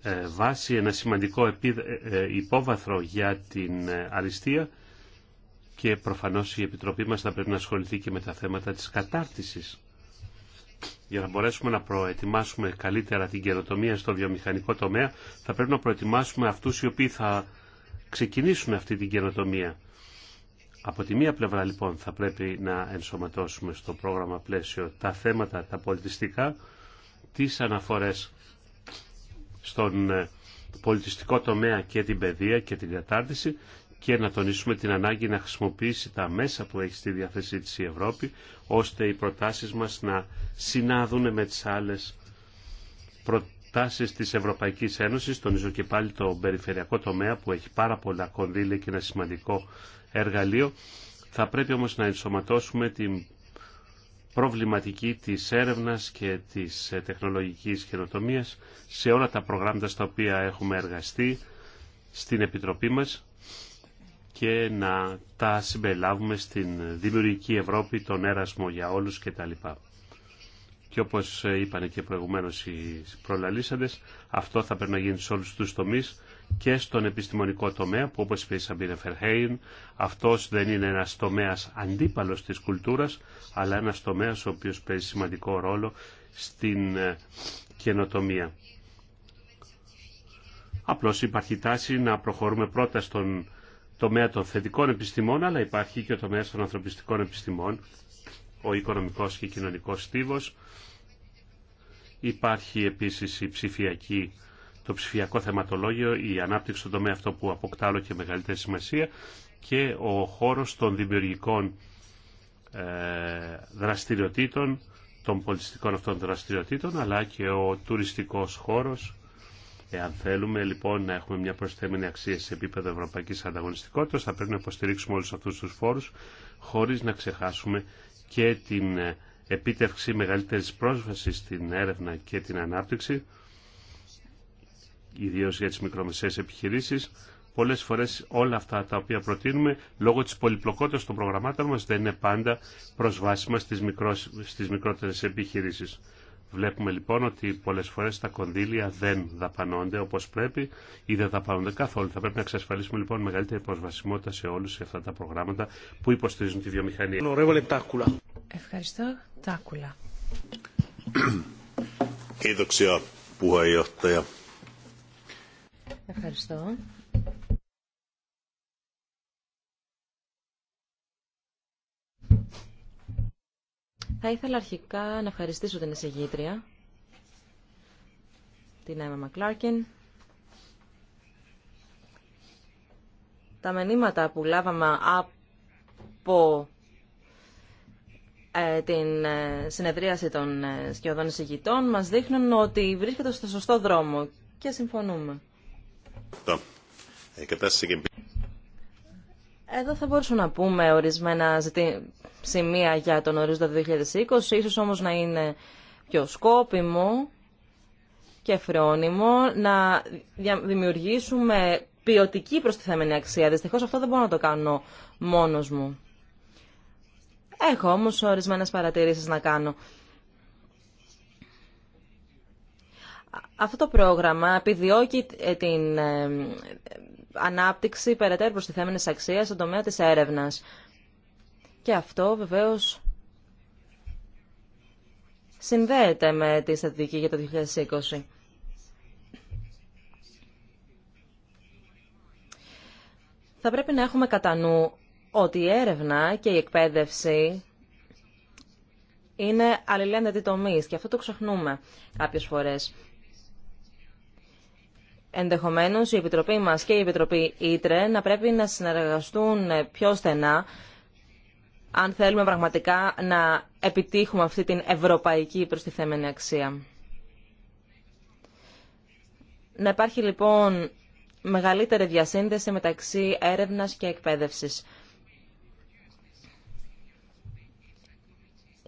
ε, βάση, ένα σημαντικό ε, ε, υπόβαθρο για την αριστεία και προφανώς η Επιτροπή μας θα πρέπει να ασχοληθεί και με τα θέματα της κατάρτισης για να μπορέσουμε να προετοιμάσουμε καλύτερα την καινοτομία στο βιομηχανικό τομέα, θα πρέπει να προετοιμάσουμε αυτούς οι οποίοι θα ξεκινήσουν αυτή την καινοτομία. Από τη μία πλευρά λοιπόν θα πρέπει να ενσωματώσουμε στο πρόγραμμα πλαίσιο τα θέματα τα πολιτιστικά, τις αναφορές στον ε, πολιτιστικό τομέα και την παιδεία και την κατάρτιση και να τονίσουμε την ανάγκη να χρησιμοποιήσει τα μέσα που έχει στη διάθεσή της η Ευρώπη, ώστε οι προτάσεις μας να συνάδουν με τις άλλες προτάσεις της Ευρωπαϊκής Ένωσης. Τονίζω και πάλι το περιφερειακό τομέα που έχει πάρα πολλά κονδύλια και ένα σημαντικό εργαλείο. Θα πρέπει όμως να ενσωματώσουμε την προβληματική της έρευνας και της ε, τεχνολογικής καινοτομίας σε όλα τα προγράμματα στα οποία έχουμε εργαστεί στην Επιτροπή μας και να τα συμπεριλάβουμε στην δημιουργική Ευρώπη, τον έρασμο για όλους κτλ. Και όπως είπαν και προηγουμένως οι προλαλήσαντες, αυτό θα πρέπει να γίνει σε όλους τους τομείς και στον επιστημονικό τομέα που όπως είπε η Σαμπίνε Φερχέιν αυτός δεν είναι ένας τομέας αντίπαλος της κουλτούρας αλλά ένας τομέας ο οποίος παίζει σημαντικό ρόλο στην ε, καινοτομία. Απλώς υπάρχει τάση να προχωρούμε πρώτα στον τομέα των θετικών επιστημών, αλλά υπάρχει και ο τομέα των ανθρωπιστικών επιστημών, ο οικονομικός και κοινωνικός στίβος. Υπάρχει επίσης η ψηφιακή, το ψηφιακό θεματολόγιο, η ανάπτυξη στον τομέα αυτό που αποκτά και μεγαλύτερη σημασία και ο χώρος των δημιουργικών ε, δραστηριοτήτων, των πολιτιστικών αυτών δραστηριοτήτων, αλλά και ο τουριστικός χώρος Εάν θέλουμε λοιπόν να έχουμε μια προσθέμενη αξία σε επίπεδο ευρωπαϊκής Ανταγωνιστικότητα, θα πρέπει να υποστηρίξουμε όλους αυτούς τους φόρους χωρίς να ξεχάσουμε και την ε, επίτευξη μεγαλύτερη πρόσβαση στην έρευνα και την ανάπτυξη ιδίως για τις μικρομεσαίες επιχειρήσεις πολλές φορές όλα αυτά τα οποία προτείνουμε λόγω τη πολυπλοκότητας των προγραμμάτων μα δεν είναι πάντα προσβάσιμα στι μικρότερε επιχειρήσει. Βλέπουμε λοιπόν ότι πολλέ φορέ τα κονδύλια δεν δαπανώνται όπως πρέπει ή δεν δαπανώνται καθόλου. Θα πρέπει να εξασφαλίσουμε λοιπόν μεγαλύτερη προσβασιμότητα σε όλου σε αυτά τα προγράμματα που υποστηρίζουν τη βιομηχανία. Ευχαριστώ. Τάκουλα. Ευχαριστώ. Θα ήθελα αρχικά να ευχαριστήσω την εισηγήτρια, την Έμα Μακλάρκιν. Τα μενήματα που λάβαμε από ε, την ε, συνεδρίαση των ε, σκιωδών εισηγητών μας δείχνουν ότι βρίσκεται στο σωστό δρόμο και συμφωνούμε. Εδώ θα μπορούσαμε να πούμε ορισμένα σημεία για τον ορίζοντα 2020, ίσως όμως να είναι πιο σκόπιμο και φρόνιμο να δημιουργήσουμε ποιοτική προστιθέμενη αξία. Δυστυχώς αυτό δεν μπορώ να το κάνω μόνος μου. Έχω όμως ορισμένες παρατηρήσεις να κάνω. Αυτό το πρόγραμμα επιδιώκει ε, την ε, ανάπτυξη περαιτέρω προστιθέμενης αξίας στον τομέα της έρευνας. Και αυτό βεβαίως συνδέεται με τη στρατηγική για το 2020. Θα πρέπει να έχουμε κατά νου ότι η έρευνα και η εκπαίδευση είναι το τομή και αυτό το ξεχνούμε κάποιες φορές. Ενδεχομένως η Επιτροπή μας και η Επιτροπή Ήτρε να πρέπει να συνεργαστούν πιο στενά αν θέλουμε πραγματικά να επιτύχουμε αυτή την ευρωπαϊκή προστιθέμενη αξία. Να υπάρχει λοιπόν μεγαλύτερη διασύνδεση μεταξύ έρευνας και εκπαίδευσης.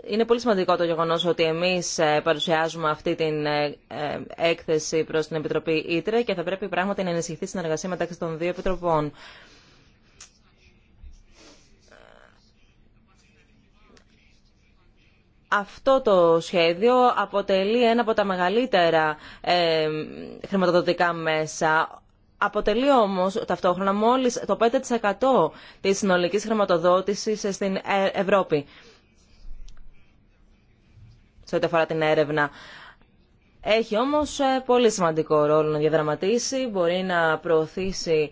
Είναι πολύ σημαντικό το γεγονός ότι εμείς ε, παρουσιάζουμε αυτή την ε, ε, έκθεση προς την Επιτροπή Ήτρε και θα πρέπει πράγματι να ενισχυθεί η συνεργασία μεταξύ των δύο επιτροπών. αυτό το σχέδιο αποτελεί ένα από τα μεγαλύτερα ε, χρηματοδοτικά μέσα. Αποτελεί όμως ταυτόχρονα μόλις το 5% της συνολικής χρηματοδότησης στην ε, Ευρώπη. Σε ό,τι αφορά την έρευνα. Έχει όμως ε, πολύ σημαντικό ρόλο να διαδραματίσει, μπορεί να προωθήσει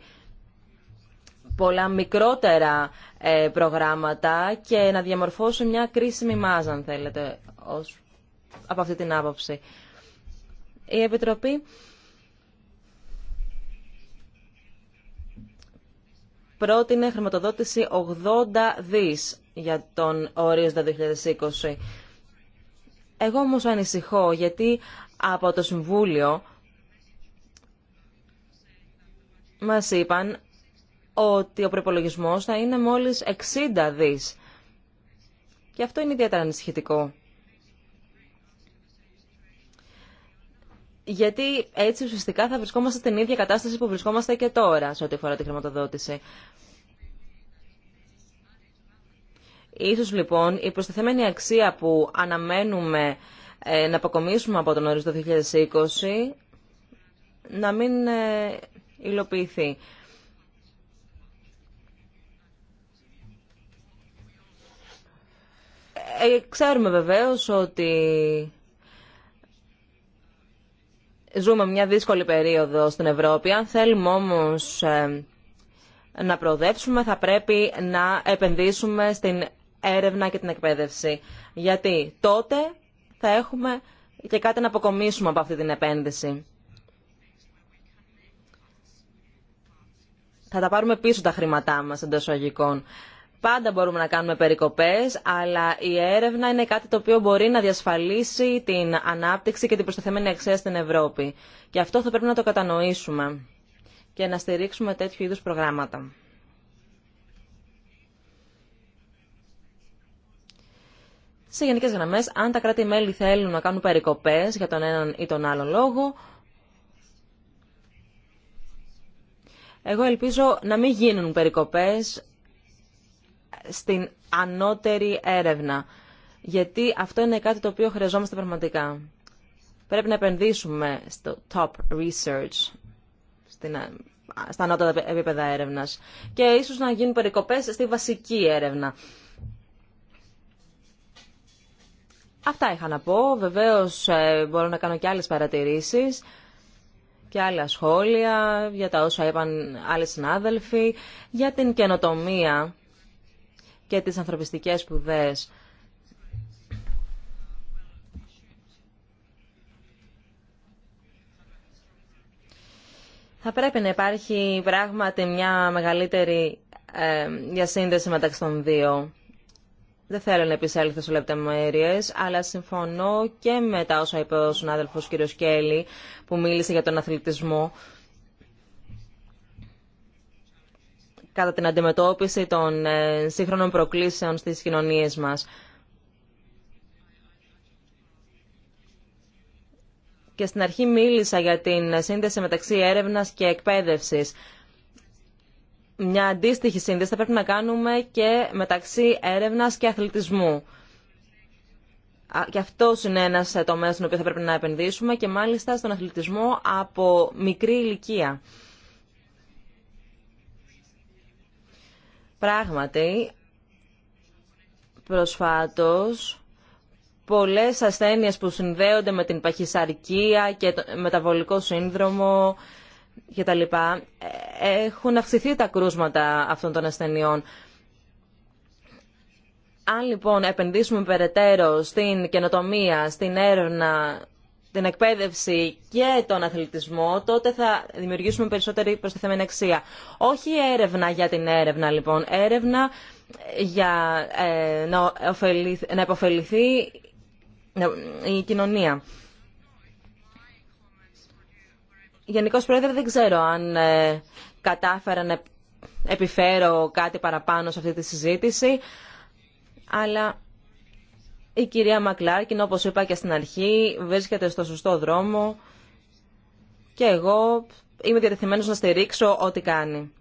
πολλά μικρότερα ε, προγράμματα και να διαμορφώσουν μια κρίσιμη μάζα, αν θέλετε, ως, από αυτή την άποψη. Η Επιτροπή πρότεινε χρηματοδότηση 80 δις για τον ορίζοντα 2020. Εγώ όμως ανησυχώ γιατί από το Συμβούλιο μας είπαν ότι ο προπολογισμό θα είναι μόλι 60 δι. Και αυτό είναι ιδιαίτερα ανησυχητικό. Γιατί έτσι ουσιαστικά θα βρισκόμαστε στην ίδια κατάσταση που βρισκόμαστε και τώρα σε ό,τι αφορά τη χρηματοδότηση. Ίσως λοιπόν η προστιθέμενη αξία που αναμένουμε ε, να αποκομίσουμε από τον ορίζοντα 2020 να μην ε, υλοποιηθεί. Ε, ξέρουμε βεβαίως ότι ζούμε μια δύσκολη περίοδο στην Ευρώπη. Αν θέλουμε όμως ε, να προοδεύσουμε θα πρέπει να επενδύσουμε στην έρευνα και την εκπαίδευση. Γιατί τότε θα έχουμε και κάτι να αποκομίσουμε από αυτή την επένδυση. Θα τα πάρουμε πίσω τα χρήματά μας εντός αγικών. Πάντα μπορούμε να κάνουμε περικοπές, αλλά η έρευνα είναι κάτι το οποίο μπορεί να διασφαλίσει την ανάπτυξη και την προστιθέμενη αξία στην Ευρώπη. Και αυτό θα πρέπει να το κατανοήσουμε και να στηρίξουμε τέτοιου είδους προγράμματα. Σε γενικές γραμμές, αν τα κράτη-μέλη θέλουν να κάνουν περικοπές για τον έναν ή τον άλλον λόγο, εγώ ελπίζω να μην γίνουν περικοπές στην ανώτερη έρευνα. Γιατί αυτό είναι κάτι το οποίο χρειαζόμαστε πραγματικά. Πρέπει να επενδύσουμε στο top research, στην, στα ανώτατα επίπεδα έρευνας και ίσως να γίνουν περικοπές στη βασική έρευνα. Αυτά είχα να πω. Βεβαίως ε, μπορώ να κάνω και άλλες παρατηρήσεις και άλλα σχόλια για τα όσα είπαν άλλοι συνάδελφοι για την καινοτομία και τις ανθρωπιστικές σπουδέ Θα πρέπει να υπάρχει πράγματι μια μεγαλύτερη ε, διασύνδεση μεταξύ των δύο. Δεν θέλω να επισέλθω σε λεπτομέρειε, αλλά συμφωνώ και με τα όσα είπε ο συνάδελφο κ. Σκέλη που μίλησε για τον αθλητισμό. κατά την αντιμετώπιση των ε, σύγχρονων προκλήσεων στις κοινωνίες μας. Και στην αρχή μίλησα για την σύνδεση μεταξύ έρευνας και εκπαίδευσης. Μια αντίστοιχη σύνδεση θα πρέπει να κάνουμε και μεταξύ έρευνας και αθλητισμού. Και αυτό είναι ένα ε, τομέα στον οποίο θα πρέπει να επενδύσουμε και μάλιστα στον αθλητισμό από μικρή ηλικία. Πράγματι, προσφάτως, πολλές ασθένειες που συνδέονται με την παχυσαρκία και το μεταβολικό σύνδρομο και τα λοιπά, ε, έχουν αυξηθεί τα κρούσματα αυτών των ασθενειών. Αν λοιπόν επενδύσουμε περαιτέρω στην καινοτομία, στην έρευνα, την εκπαίδευση και τον αθλητισμό, τότε θα δημιουργήσουμε περισσότερη προστιθέμενη αξία. Όχι έρευνα για την έρευνα, λοιπόν. Έρευνα για ε, να, να ε, η κοινωνία. Γενικώ, Πρόεδρε, δεν ξέρω αν ε, κατάφερα να επιφέρω κάτι παραπάνω σε αυτή τη συζήτηση, αλλά η κυρία Μακλάρκιν, όπως είπα και στην αρχή, βρίσκεται στο σωστό δρόμο και εγώ είμαι διατεθειμένος να στηρίξω ό,τι κάνει.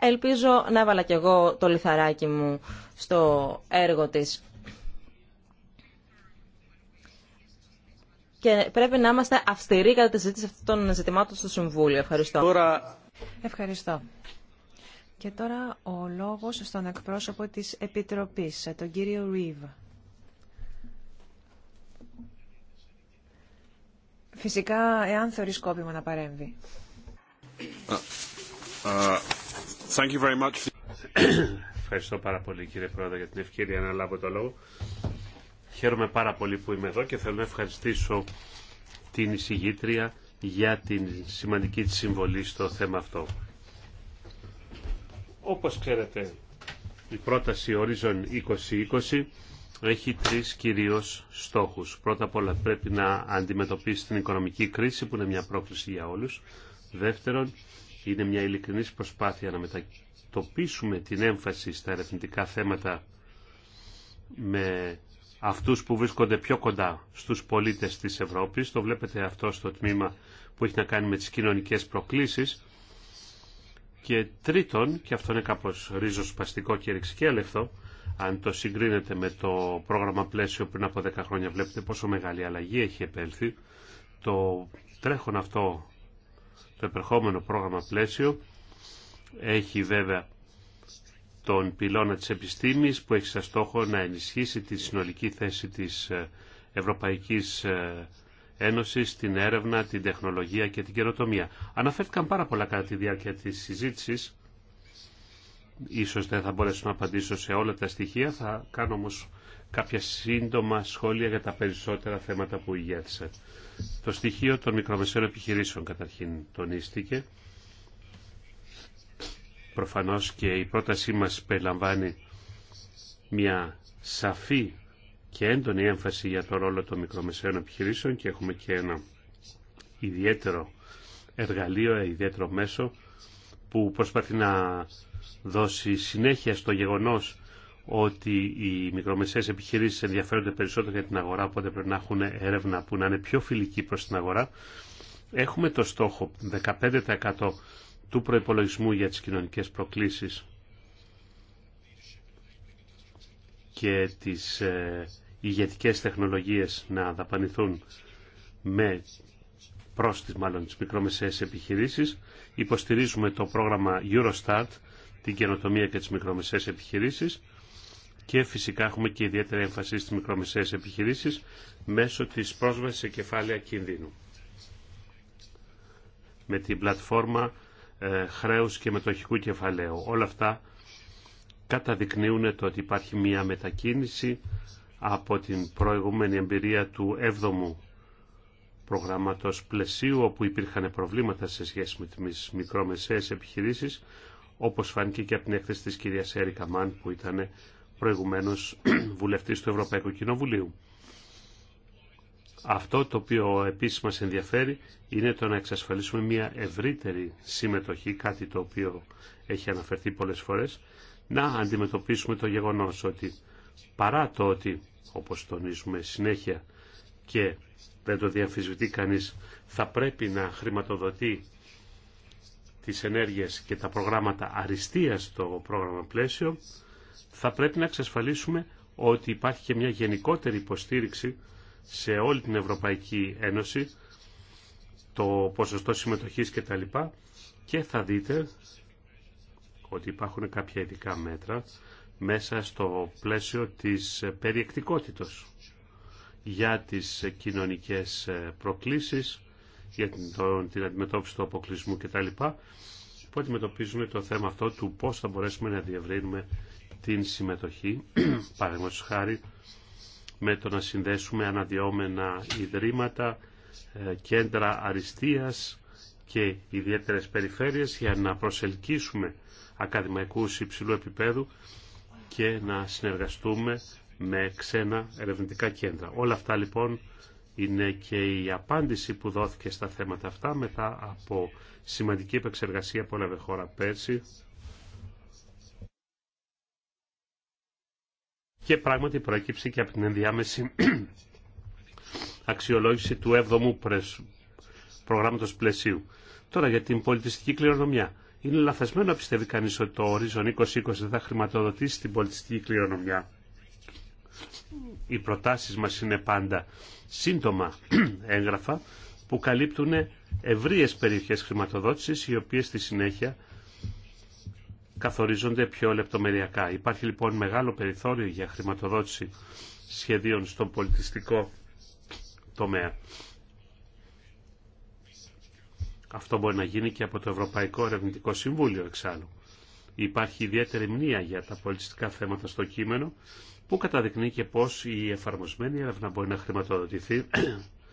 Ελπίζω να έβαλα κι εγώ το λιθαράκι μου στο έργο της. Και πρέπει να είμαστε αυστηροί κατά τη συζήτηση αυτών των ζητημάτων στο Συμβούλιο. Ευχαριστώ. Ευχαριστώ. Και τώρα ο λόγος στον εκπρόσωπο της Επιτροπής, τον κύριο Ρίβ. Φυσικά, εάν θεωρεί σκόπιμο να παρέμβει. thank you very much. Ευχαριστώ πάρα πολύ κύριε Πρόεδρε για την ευκαιρία να λάβω το λόγο. Χαίρομαι πάρα πολύ που είμαι εδώ και θέλω να ευχαριστήσω την εισηγήτρια για την σημαντική της συμβολή στο θέμα αυτό. Όπως ξέρετε, η πρόταση Horizon 2020 έχει τρεις κυρίως στόχους. Πρώτα απ' όλα πρέπει να αντιμετωπίσει την οικονομική κρίση που είναι μια πρόκληση για όλους. Δεύτερον, είναι μια ειλικρινής προσπάθεια να μετατοπίσουμε την έμφαση στα ερευνητικά θέματα με αυτούς που βρίσκονται πιο κοντά στους πολίτες της Ευρώπης. Το βλέπετε αυτό στο τμήμα που έχει να κάνει με τις κοινωνικές προκλήσεις και τρίτον, και αυτό είναι κάπως παστικό και ρηξικέλευτο, αν το συγκρίνετε με το πρόγραμμα πλαίσιο πριν από 10 χρόνια, βλέπετε πόσο μεγάλη αλλαγή έχει επέλθει. Το τρέχον αυτό, το επερχόμενο πρόγραμμα πλαίσιο, έχει βέβαια τον πυλώνα της επιστήμης που έχει σαν στόχο να ενισχύσει τη συνολική θέση της ε, ευρωπαϊκής ε, Ένωση την έρευνα, την τεχνολογία και την καινοτομία. Αναφέρθηκαν πάρα πολλά κατά τη διάρκεια τη συζήτησης. Ίσως δεν θα μπορέσω να απαντήσω σε όλα τα στοιχεία, θα κάνω όμως κάποια σύντομα σχόλια για τα περισσότερα θέματα που ηγέτησε. Το στοιχείο των μικρομεσαίων επιχειρήσεων καταρχήν τονίστηκε. Προφανώς και η πρότασή μας περιλαμβάνει μια σαφή και έντονη έμφαση για το ρόλο των μικρομεσαίων επιχειρήσεων και έχουμε και ένα ιδιαίτερο εργαλείο, ιδιαίτερο μέσο που προσπαθεί να δώσει συνέχεια στο γεγονός ότι οι μικρομεσαίες επιχειρήσεις ενδιαφέρονται περισσότερο για την αγορά, οπότε πρέπει να έχουν έρευνα που να είναι πιο φιλική προς την αγορά. Έχουμε το στόχο 15% του προϋπολογισμού για τις κοινωνικές προκλήσεις και τις ε, ηγετικές τεχνολογίες να δαπανηθούν με πρόσθεση μάλλον τις μικρομεσαίες επιχειρήσεις. Υποστηρίζουμε το πρόγραμμα Eurostart, την καινοτομία και τις μικρομεσαίες επιχειρήσεις και φυσικά έχουμε και ιδιαίτερη έμφαση στις μικρομεσαίες επιχειρήσεις μέσω της πρόσβασης σε κεφάλαια κινδύνου. Με την πλατφόρμα ε, χρέους και μετοχικού κεφαλαίου. Όλα αυτά καταδεικνύουν το ότι υπάρχει μια μετακίνηση από την προηγούμενη εμπειρία του 7ου προγράμματος πλαισίου όπου υπήρχαν προβλήματα σε σχέση με τις μικρομεσαίες επιχειρήσεις όπως φάνηκε και από την έκθεση της κυρίας Έρικα Μάν που ήταν προηγουμένως (clears throat) βουλευτής του Ευρωπαϊκού Κοινοβουλίου. Αυτό το οποίο επίσης μας ενδιαφέρει είναι το να εξασφαλίσουμε μια ευρύτερη συμμετοχή, κάτι το οποίο έχει αναφερθεί πολλές φορές, να αντιμετωπίσουμε το γεγονός ότι παρά το ότι όπως τονίζουμε συνέχεια και δεν το διαμφισβητεί κανείς, θα πρέπει να χρηματοδοτεί τις ενέργειες και τα προγράμματα αριστείας στο πρόγραμμα πλαίσιο, θα πρέπει να εξασφαλίσουμε ότι υπάρχει και μια γενικότερη υποστήριξη σε όλη την Ευρωπαϊκή Ένωση, το ποσοστό συμμετοχής κτλ. Και θα δείτε ότι υπάρχουν κάποια ειδικά μέτρα μέσα στο πλαίσιο της περιεκτικότητος για τις κοινωνικές προκλήσεις, για την αντιμετώπιση του αποκλεισμού κτλ. που αντιμετωπίζουμε το θέμα αυτό του πώς θα μπορέσουμε να διευρύνουμε την συμμετοχή, (clears throat) παραδείγματο χάρη, με το να συνδέσουμε αναδυόμενα ιδρύματα, ε, κέντρα αριστείας και ιδιαίτερες περιφέρειες για να προσελκύσουμε ακαδημαϊκούς υψηλού επίπεδου και να συνεργαστούμε με ξένα ερευνητικά κέντρα. Όλα αυτά λοιπόν είναι και η απάντηση που δόθηκε στα θέματα αυτά μετά από σημαντική επεξεργασία που έλαβε χώρα πέρσι και πράγματι προέκυψε και από την ενδιάμεση αξιολόγηση του 7ου προγράμματος πλαισίου. Τώρα για την πολιτιστική κληρονομιά. Είναι λαθασμένο να πιστεύει κανείς ότι το ορίζον 2020 δεν θα χρηματοδοτήσει την πολιτιστική κληρονομιά. Οι προτάσεις μας είναι πάντα σύντομα (clears throat) έγγραφα που καλύπτουν ευρείες περιοχές χρηματοδότησης οι οποίες στη συνέχεια καθορίζονται πιο λεπτομεριακά. Υπάρχει λοιπόν μεγάλο περιθώριο για χρηματοδότηση σχεδίων στον πολιτιστικό τομέα. Αυτό μπορεί να γίνει και από το Ευρωπαϊκό Ερευνητικό Συμβούλιο εξάλλου. Υπάρχει ιδιαίτερη μνήμα για τα πολιτιστικά θέματα στο κείμενο που καταδεικνύει και πώς η εφαρμοσμένη έρευνα μπορεί να χρηματοδοτηθεί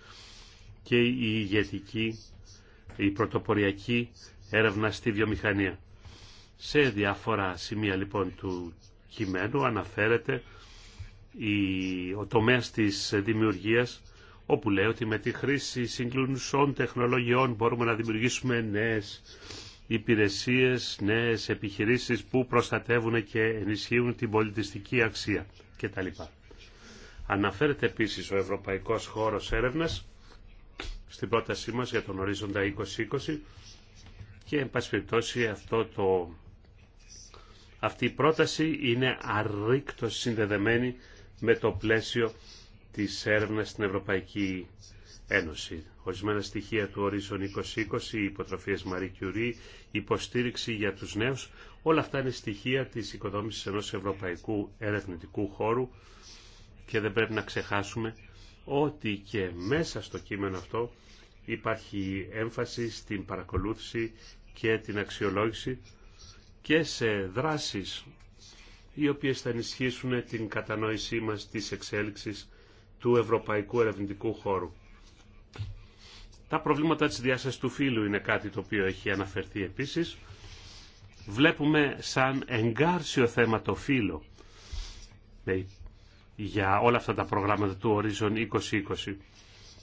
(clears throat) και η ηγετική, η πρωτοποριακή έρευνα στη βιομηχανία. Σε διάφορα σημεία λοιπόν του κειμένου αναφέρεται η, ο τομέας της δημιουργίας όπου λέει ότι με τη χρήση συγκλουνσών τεχνολογιών μπορούμε να δημιουργήσουμε νέες υπηρεσίες, νέες επιχειρήσεις που προστατεύουν και ενισχύουν την πολιτιστική αξία κτλ. Αναφέρεται επίσης ο Ευρωπαϊκός Χώρος Έρευνας στην πρότασή μας για τον ορίζοντα 2020 και εν πάση περιπτώσει αυτό το... αυτή η πρόταση είναι αρρήκτως συνδεδεμένη με το πλαίσιο της έρευνας στην Ευρωπαϊκή Ένωση. Ορισμένα στοιχεία του Horizon 2020, οι υποτροφίες Marie Curie, υποστήριξη για τους νέους, όλα αυτά είναι στοιχεία της οικοδόμησης ενός ευρωπαϊκού ερευνητικού χώρου και δεν πρέπει να ξεχάσουμε ότι και μέσα στο κείμενο αυτό υπάρχει έμφαση στην παρακολούθηση και την αξιολόγηση και σε δράσεις οι οποίες θα ενισχύσουν την κατανόησή μας της εξέλιξης του Ευρωπαϊκού Ερευνητικού Χώρου. Τα προβλήματα της διάστασης του φύλου είναι κάτι το οποίο έχει αναφερθεί επίσης. Βλέπουμε σαν εγκάρσιο θέμα το φύλο για όλα αυτά τα προγράμματα του Horizon 2020.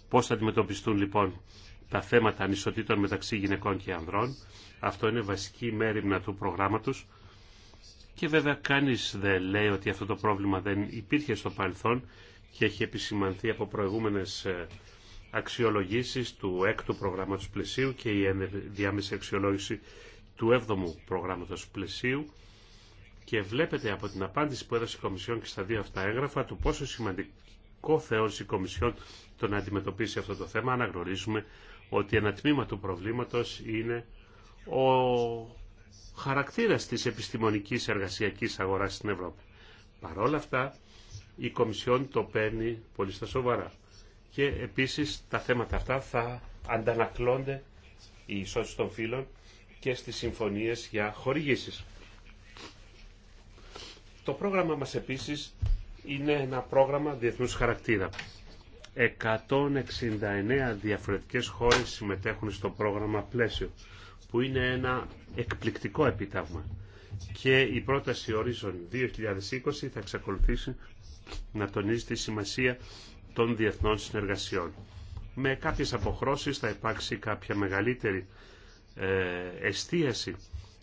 Πώς θα αντιμετωπιστούν λοιπόν τα θέματα ανισοτήτων μεταξύ γυναικών και ανδρών. Αυτό είναι βασική μέρημνα του προγράμματος. Και βέβαια κανείς δεν λέει ότι αυτό το πρόβλημα δεν υπήρχε στο παρελθόν και έχει επισημανθεί από προηγούμενες ε, αξιολογήσεις του έκτου προγράμματος πλαισίου και η διάμεση αξιολόγηση του έβδομου προγράμματος πλαισίου και βλέπετε από την απάντηση που έδωσε η Κομισιόν και στα δύο αυτά έγγραφα το πόσο σημαντικό θεώρησε η Κομισιόν το να αντιμετωπίσει αυτό το θέμα. Αναγνωρίζουμε ότι ένα τμήμα του προβλήματος είναι ο χαρακτήρας της επιστημονικής εργασιακής αγοράς στην Ευρώπη. Παρόλα αυτά, η Κομισιόν το παίρνει πολύ στα σοβαρά. Και επίσης τα θέματα αυτά θα αντανακλώνται οι ισότητα των φύλων και στις συμφωνίες για χορηγήσεις. Το πρόγραμμα μας επίσης είναι ένα πρόγραμμα διεθνούς χαρακτήρα. 169 διαφορετικές χώρες συμμετέχουν στο πρόγραμμα πλαίσιο, που είναι ένα εκπληκτικό επιτάγμα. Και η πρόταση Horizon 2020 θα εξακολουθήσει να τονίζει τη σημασία των διεθνών συνεργασιών. Με κάποιες αποχρώσεις θα υπάρξει κάποια μεγαλύτερη ε, εστίαση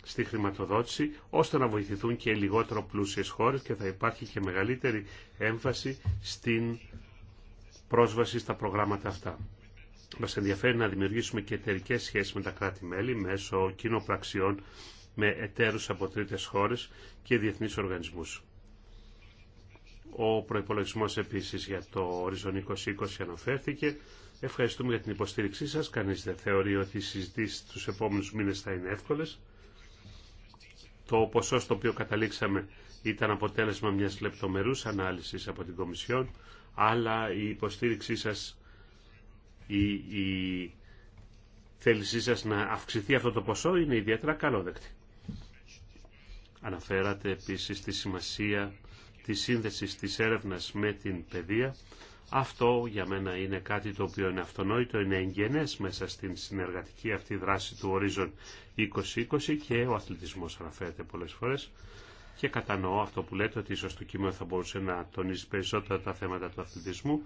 στη χρηματοδότηση, ώστε να βοηθηθούν και λιγότερο πλούσιες χώρες και θα υπάρχει και μεγαλύτερη έμφαση στην πρόσβαση στα προγράμματα αυτά. Μας ενδιαφέρει να δημιουργήσουμε και εταιρικέ σχέσεις με τα κράτη-μέλη μέσω κοινοπραξιών με εταίρους από τρίτες χώρες και διεθνείς οργανισμούς. Ο προϋπολογισμός επίσης για το Horizon 2020 αναφέρθηκε. Ευχαριστούμε για την υποστήριξή σας. Κανείς δεν θεωρεί ότι οι συζητήσεις τους επόμενους μήνες θα είναι εύκολες. Το ποσό στο οποίο καταλήξαμε ήταν αποτέλεσμα μιας λεπτομερούς ανάλυσης από την Κομισιόν, αλλά η υποστήριξή σας, η, η θέλησή σας να αυξηθεί αυτό το ποσό είναι ιδιαίτερα καλόδεκτη. Αναφέρατε επίσης τη σημασία Τη σύνδεσης της έρευνας με την παιδεία. Αυτό για μένα είναι κάτι το οποίο είναι αυτονόητο, είναι εγγενές μέσα στην συνεργατική αυτή δράση του Horizon 2020 και ο αθλητισμός αναφέρεται πολλές φορές. Και κατανοώ αυτό που λέτε ότι ίσως το κείμενο θα μπορούσε να τονίζει περισσότερα τα θέματα του αθλητισμού.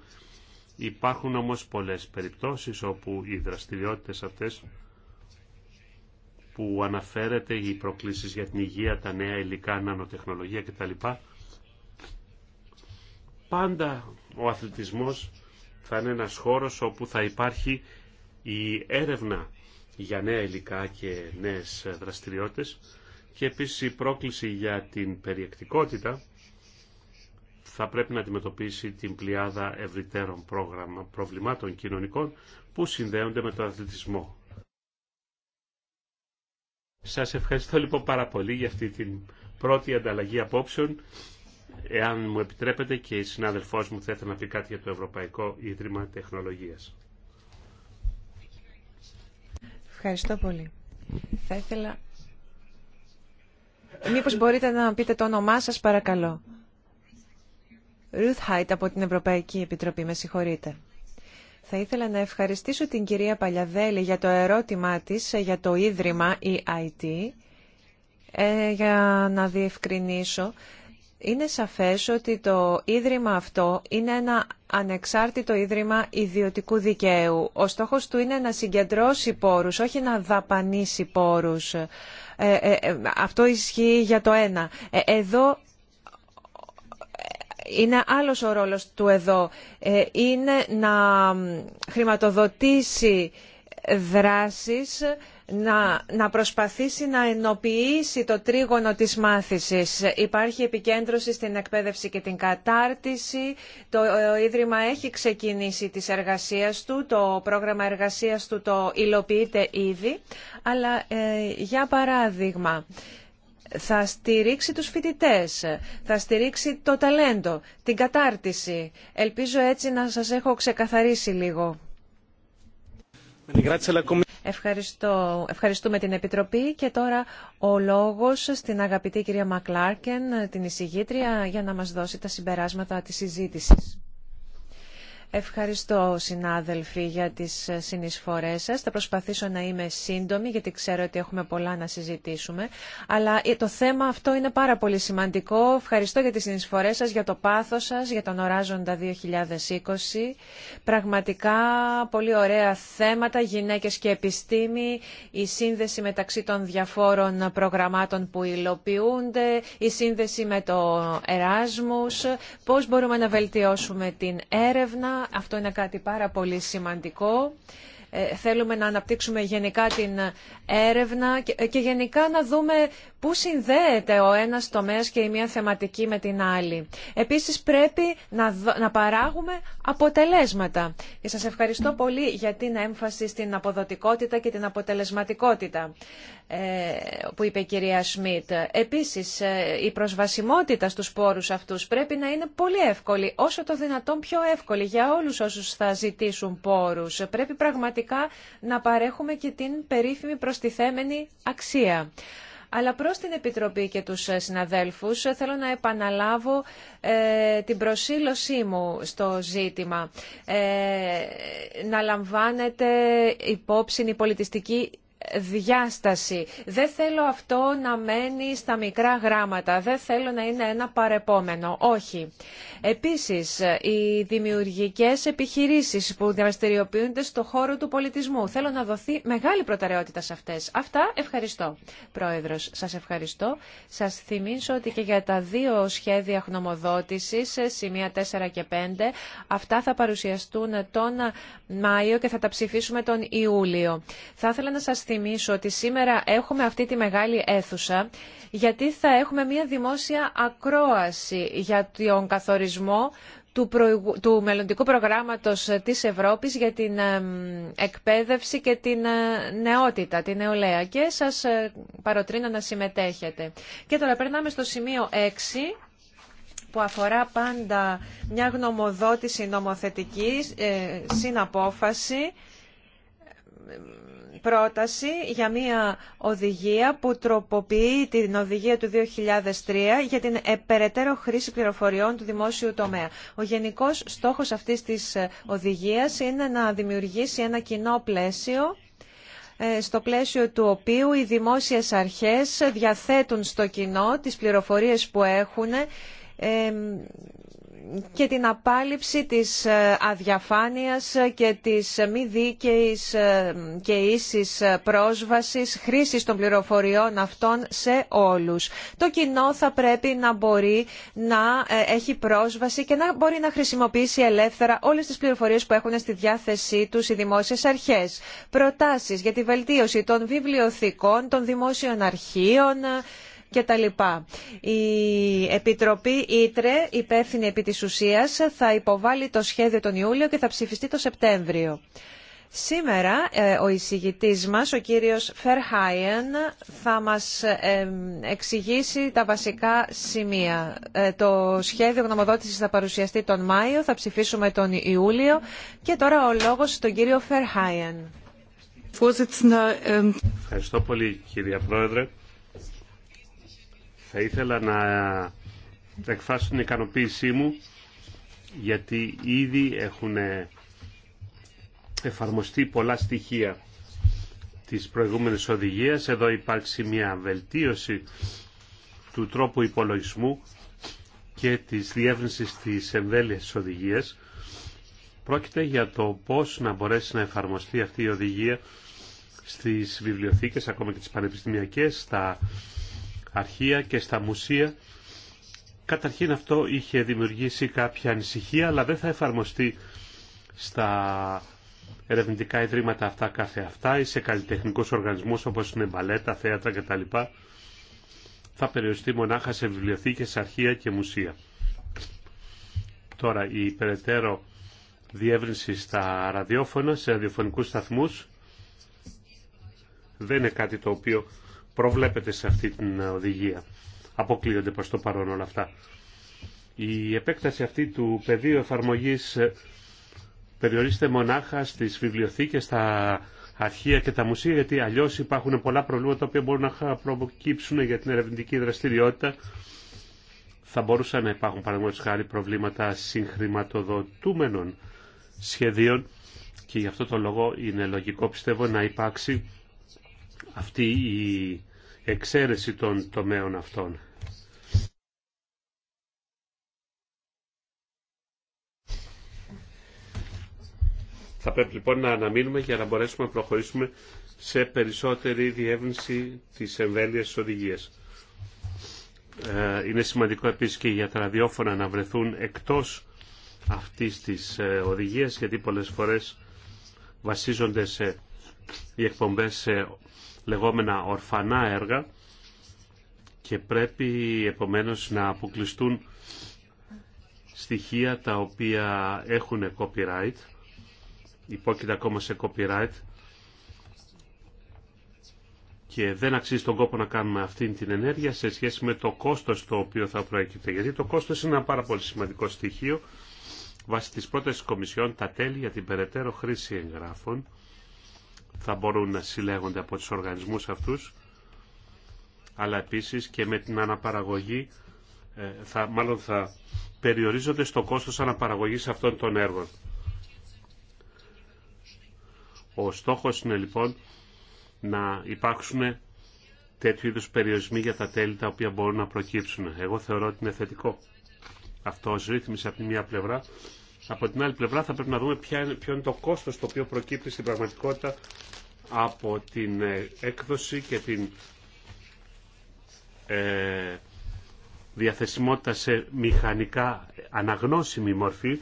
Υπάρχουν όμως πολλές περιπτώσεις όπου οι δραστηριότητες αυτές που αναφέρεται οι προκλήσεις για την υγεία, τα νέα υλικά, νανοτεχνολογία κτλ πάντα ο αθλητισμός θα είναι ένας χώρος όπου θα υπάρχει η έρευνα για νέα υλικά και νέες δραστηριότητες και επίσης η πρόκληση για την περιεκτικότητα θα πρέπει να αντιμετωπίσει την πλειάδα ευρυτέρων πρόγραμμα προβλημάτων κοινωνικών που συνδέονται με τον αθλητισμό. Σας ευχαριστώ λοιπόν πάρα πολύ για αυτή την πρώτη ανταλλαγή απόψεων Εάν μου επιτρέπετε και η συνάδελφός μου θα ήθελα να πει κάτι για το Ευρωπαϊκό Ίδρυμα Τεχνολογίας. Ευχαριστώ πολύ. Θα ήθελα... Μήπως μπορείτε να πείτε το όνομά σας παρακαλώ. Ruth Χάιτ από την Ευρωπαϊκή Επιτροπή, με συγχωρείτε. Θα ήθελα να ευχαριστήσω την κυρία Παλιαδέλη για το ερώτημά της ε, για το Ίδρυμα EIT. Ε, για να διευκρινίσω, είναι σαφές ότι το Ίδρυμα αυτό είναι ένα ανεξάρτητο Ίδρυμα ιδιωτικού δικαίου. Ο στόχος του είναι να συγκεντρώσει πόρους, όχι να δαπανίσει πόρους. Ε, ε, ε, αυτό ισχύει για το ένα. Εδώ είναι άλλος ο ρόλος του εδώ. Είναι να χρηματοδοτήσει δράσεις να, προσπαθήσει να ενοποιήσει το τρίγωνο της μάθησης. Υπάρχει επικέντρωση στην εκπαίδευση και την κατάρτιση. Το ε, Ίδρυμα έχει ξεκινήσει τις εργασίες του, το πρόγραμμα εργασίας του το υλοποιείται ήδη. Αλλά ε, για παράδειγμα, θα στηρίξει τους φοιτητές, θα στηρίξει το ταλέντο, την κατάρτιση. Ελπίζω έτσι να σας έχω ξεκαθαρίσει λίγο. Ευχαριστώ. Ευχαριστούμε την Επιτροπή και τώρα ο λόγος στην αγαπητή κυρία Μακλάρκεν, την εισηγήτρια, για να μας δώσει τα συμπεράσματα της συζήτησης. Ευχαριστώ συνάδελφοι για τις συνεισφορές σας. Θα προσπαθήσω να είμαι σύντομη γιατί ξέρω ότι έχουμε πολλά να συζητήσουμε. Αλλά το θέμα αυτό είναι πάρα πολύ σημαντικό. Ευχαριστώ για τις συνεισφορές σας, για το πάθος σας, για τον οράζοντα 2020. Πραγματικά πολύ ωραία θέματα, γυναίκες και επιστήμη, η σύνδεση μεταξύ των διαφόρων προγραμμάτων που υλοποιούνται, η σύνδεση με το Εράσμους, πώς μπορούμε να βελτιώσουμε την έρευνα, αυτό είναι κάτι πάρα πολύ σημαντικό. Ε, θέλουμε να αναπτύξουμε γενικά την έρευνα ε, και γενικά να δούμε πού συνδέεται ο ένας τομέας και η μία θεματική με την άλλη. Επίσης πρέπει να παράγουμε αποτελέσματα. Και σας ευχαριστώ πολύ για την έμφαση στην αποδοτικότητα και την αποτελεσματικότητα. Ε, που είπε η κυρία Σμιτ. Επίσης, ε, η προσβασιμότητα στους πόρους αυτούς πρέπει να είναι πολύ εύκολη, όσο το δυνατόν πιο εύκολη για όλους όσους θα ζητήσουν πόρους. Πρέπει πραγματικά να παρέχουμε και την περίφημη προστιθέμενη αξία. Αλλά προς την Επιτροπή και τους ε, συναδέλφους θέλω να επαναλάβω την προσήλωσή μου στο ζήτημα. να λαμβάνεται υπόψη η πολιτιστική διάσταση. Δεν θέλω αυτό να μένει στα μικρά γράμματα. Δεν θέλω να είναι ένα παρεπόμενο. Όχι. Επίσης, οι δημιουργικές επιχειρήσεις που δραστηριοποιούνται στο χώρο του πολιτισμού. Θέλω να δοθεί μεγάλη προτεραιότητα σε αυτές. Αυτά ευχαριστώ. Πρόεδρος, σας ευχαριστώ. Σας θυμίσω ότι και για τα δύο σχέδια χνομοδότησης, σημεία 4 και 5, αυτά θα παρουσιαστούν τον Μάιο και θα τα ψηφίσουμε τον Ιούλιο. Θα ήθελα να σας θυμίσω ότι σήμερα έχουμε αυτή τη μεγάλη αίθουσα γιατί θα έχουμε μια δημόσια ακρόαση για τον καθορισμό του, του μελλοντικού προγράμματος της Ευρώπης για την εκπαίδευση και την ε, νεότητα, την νεολαία. Και σας ε, παροτρύνω να συμμετέχετε. Και τώρα περνάμε στο σημείο 6 που αφορά πάντα μια γνωμοδότηση νομοθετική, ε, συναπόφαση πρόταση για μια οδηγία που τροποποιεί την οδηγία του 2003 για την περαιτέρω χρήση πληροφοριών του δημόσιου τομέα. Ο γενικός στόχος αυτής της οδηγίας είναι να δημιουργήσει ένα κοινό πλαίσιο ε, στο πλαίσιο του οποίου οι δημόσιες αρχές διαθέτουν στο κοινό τις πληροφορίες που έχουν ε, και την απάλληψη της ε, αδιαφάνειας και της ε, μη δίκαιης ε, και ίσης πρόσβασης χρήσης των πληροφοριών αυτών σε όλους. Το κοινό θα πρέπει να μπορεί να έχει πρόσβαση και να μπορεί να χρησιμοποιήσει ελεύθερα όλες τις πληροφορίες που έχουν στη διάθεσή τους οι δημόσιες αρχές. Προτάσεις για τη βελτίωση των βιβλιοθηκών, των δημόσιων αρχείων, κτλ. Η Επιτροπή Ήτρε, υπεύθυνη επί της ουσίας, θα υποβάλει το σχέδιο τον Ιούλιο και θα ψηφιστεί το Σεπτέμβριο. Σήμερα ε, ο εισηγητής μας, ο κύριος Φερχάιεν, θα μας εξηγήσει τα βασικά σημεία. Ε, το σχέδιο γνωμοδότησης θα παρουσιαστεί τον Μάιο, θα ψηφίσουμε τον Ιούλιο και τώρα ο λόγος στον κύριο Φερχάιεν. Ähm, Ευχαριστώ πολύ κυρία Πρόεδρε. Θα ήθελα να εκφράσω την ικανοποίησή μου γιατί ήδη έχουν εφαρμοστεί πολλά στοιχεία της προηγούμενης οδηγίας. Εδώ υπάρξει μια βελτίωση του τρόπου υπολογισμού και της διεύρυνσης της εμβέλειας της οδηγίας. Πρόκειται για το πώς να μπορέσει να εφαρμοστεί αυτή η οδηγία στις βιβλιοθήκες, ακόμα και τις πανεπιστημιακές, στα αρχεία και στα μουσεία. Καταρχήν αυτό είχε δημιουργήσει κάποια ανησυχία, αλλά δεν θα εφαρμοστεί στα ερευνητικά ιδρύματα αυτά κάθε αυτά ή σε καλλιτεχνικούς οργανισμούς όπως είναι μπαλέτα, θέατρα κτλ. Θα περιοριστεί μονάχα σε βιβλιοθήκες, αρχεία και μουσεία. Τώρα η περαιτέρω διεύρυνση στα ραδιόφωνα, σε ραδιοφωνικούς σταθμούς δεν είναι κάτι το οποίο προβλέπεται σε αυτή την οδηγία. Αποκλείονται προς το παρόν όλα αυτά. Η επέκταση αυτή του πεδίου εφαρμογής ε, περιορίζεται μονάχα στις βιβλιοθήκες, στα αρχεία και τα μουσεία, γιατί αλλιώς υπάρχουν πολλά προβλήματα που μπορούν να προκύψουν για την ερευνητική δραστηριότητα. Θα μπορούσαν να υπάρχουν παραδείγματος χάρη προβλήματα συγχρηματοδοτούμενων σχεδίων και γι' αυτό το λόγο είναι λογικό πιστεύω να υπάρξει αυτή η εξαίρεση των τομέων αυτών. Θα πρέπει λοιπόν να αναμείνουμε για να μπορέσουμε να προχωρήσουμε σε περισσότερη διεύρυνση της εμβέλειας της οδηγίας. Ε, είναι σημαντικό επίσης και για τα ραδιόφωνα να βρεθούν εκτός αυτής της ε, οδηγίας γιατί πολλές φορές βασίζονται σε οι εκπομπές σε λεγόμενα ορφανά έργα και πρέπει επομένως να αποκλειστούν στοιχεία τα οποία έχουν copyright, υπόκειται ακόμα σε copyright και δεν αξίζει τον κόπο να κάνουμε αυτή την ενέργεια σε σχέση με το κόστος το οποίο θα προέκυπτε. Γιατί το κόστος είναι ένα πάρα πολύ σημαντικό στοιχείο βάσει της πρότασης Κομισιόν τα τέλη για την περαιτέρω χρήση εγγράφων θα μπορούν να συλλέγονται από τους οργανισμούς αυτούς, αλλά επίσης και με την αναπαραγωγή, ε, θα, μάλλον θα περιορίζονται στο κόστος αναπαραγωγής αυτών των έργων. Ο στόχος είναι λοιπόν να υπάρξουν τέτοιου είδους περιορισμοί για τα τέλη τα οποία μπορούν να προκύψουν. Εγώ θεωρώ ότι είναι θετικό αυτό ως ρύθμιση από τη μία πλευρά από την άλλη πλευρά θα πρέπει να δούμε ποιο είναι το κόστος το οποίο προκύπτει στην πραγματικότητα από την ε, έκδοση και την ε, διαθεσιμότητα σε μηχανικά αναγνώσιμη μορφή.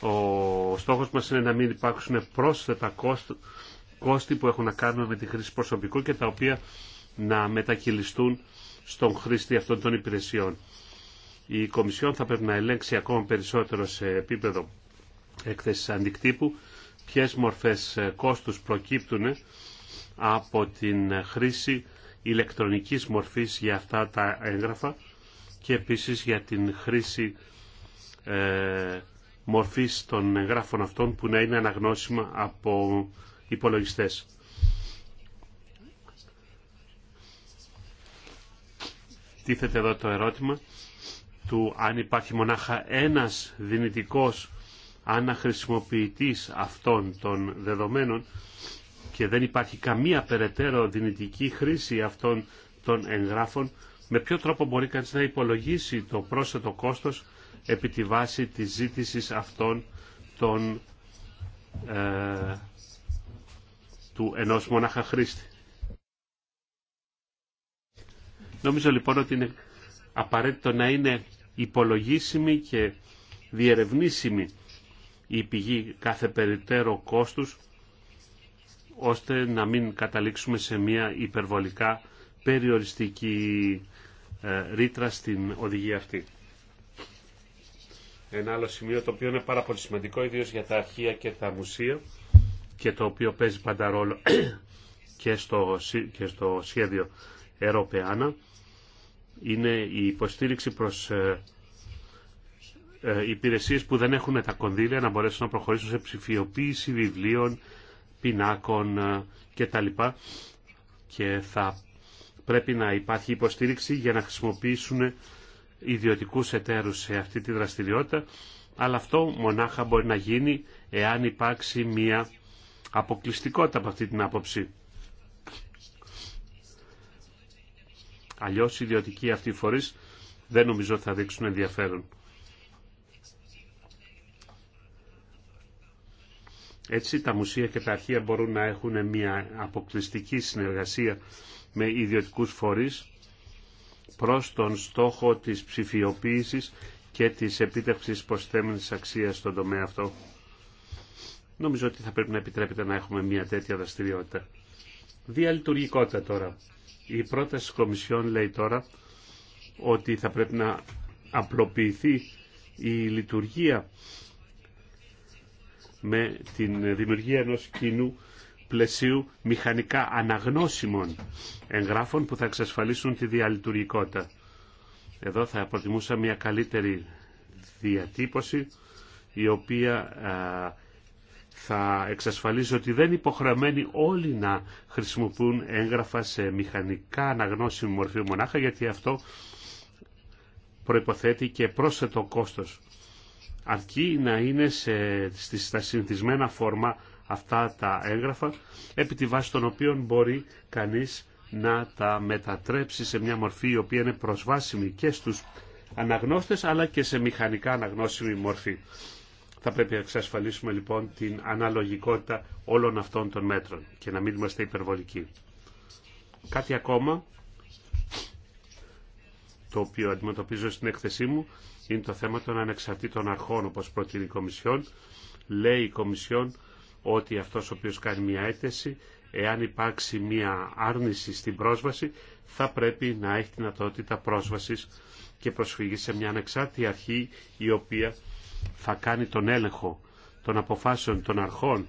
Ο στόχος μας είναι να μην υπάρξουν πρόσθετα κόστη, κόστη που έχουν να κάνουν με τη χρήση προσωπικού και τα οποία να μετακυλιστούν στον χρήστη αυτών των υπηρεσιών η Κομισιόν θα πρέπει να ελέγξει ακόμα περισσότερο σε επίπεδο έκθεσης αντικτύπου ποιες μορφές ε, κόστους προκύπτουν από την χρήση ηλεκτρονικής μορφής για αυτά τα έγγραφα και επίσης για την χρήση ε, μορφής των εγγράφων αυτών που να είναι αναγνώσιμα από υπολογιστές. Τίθεται εδώ το ερώτημα του αν υπάρχει μονάχα ένας δυνητικός αναχρησιμοποιητής αυτών των δεδομένων και δεν υπάρχει καμία περαιτέρω δυνητική χρήση αυτών των εγγράφων, με ποιο τρόπο μπορεί κανείς να υπολογίσει το πρόσθετο κόστος επί τη βάση της ζήτησης αυτών των, ε, του ενός μονάχα χρήστη. Νομίζω λοιπόν ότι είναι απαραίτητο να είναι υπολογίσιμη και διερευνήσιμη η πηγή κάθε περιττέρω κόστους ώστε να μην καταλήξουμε σε μια υπερβολικά περιοριστική ε, ρήτρα στην οδηγία αυτή. Ένα άλλο σημείο το οποίο είναι πάρα πολύ σημαντικό ιδίως για τα αρχεία και τα μουσεία και το οποίο παίζει πάντα ρόλο και στο, και στο σχέδιο Ερωπεάνα είναι η υποστήριξη προς ε, ε, υπηρεσίες που δεν έχουν τα κονδύλια να μπορέσουν να προχωρήσουν σε ψηφιοποίηση βιβλίων, πινάκων ε, κτλ. Και θα πρέπει να υπάρχει υποστήριξη για να χρησιμοποιήσουν ιδιωτικούς εταίρους σε αυτή τη δραστηριότητα, αλλά αυτό μονάχα μπορεί να γίνει εάν υπάρξει μια αποκλειστικότητα από αυτή την άποψη. Αλλιώ οι ιδιωτικοί αυτοί φορείς δεν νομίζω θα δείξουν ενδιαφέρον. Έτσι τα μουσεία και τα αρχεία μπορούν να έχουν μια αποκλειστική συνεργασία με ιδιωτικούς φορείς προς τον στόχο της ψηφιοποίησης και της επίτευξης προσθέμενης αξίας στον τομέα αυτό. Νομίζω ότι θα πρέπει να επιτρέπεται να έχουμε μια τέτοια δραστηριότητα. Διαλειτουργικότητα τώρα. Η πρόταση της Κομισιόν λέει τώρα ότι θα πρέπει να απλοποιηθεί η λειτουργία με την δημιουργία ενός κοινού πλαισίου μηχανικά αναγνώσιμων εγγράφων που θα εξασφαλίσουν τη διαλειτουργικότητα. Εδώ θα προτιμούσα μια καλύτερη διατύπωση η οποία θα εξασφαλίσει ότι δεν υποχρεωμένοι όλοι να χρησιμοποιούν έγγραφα σε μηχανικά αναγνώσιμη μορφή μονάχα, γιατί αυτό προϋποθέτει και πρόσθετο κόστος. Αρκεί να είναι σε, στα συνηθισμένα φόρμα αυτά τα έγγραφα, επί τη βάση των οποίων μπορεί κανείς να τα μετατρέψει σε μια μορφή η οποία είναι προσβάσιμη και στους αναγνώστες αλλά και σε μηχανικά αναγνώσιμη μορφή. Θα πρέπει να εξασφαλίσουμε λοιπόν την αναλογικότητα όλων αυτών των μέτρων και να μην είμαστε υπερβολικοί. Κάτι ακόμα το οποίο αντιμετωπίζω στην έκθεσή μου είναι το θέμα των ανεξαρτήτων αρχών όπως προτείνει η Κομισιόν. Λέει η Κομισιόν ότι αυτός ο οποίος κάνει μια αίτηση εάν υπάρξει μια άρνηση στην πρόσβαση θα πρέπει να έχει την δυνατότητα πρόσβασης και προσφυγή σε μια ανεξάρτητη αρχή η οποία θα κάνει τον έλεγχο των αποφάσεων των αρχών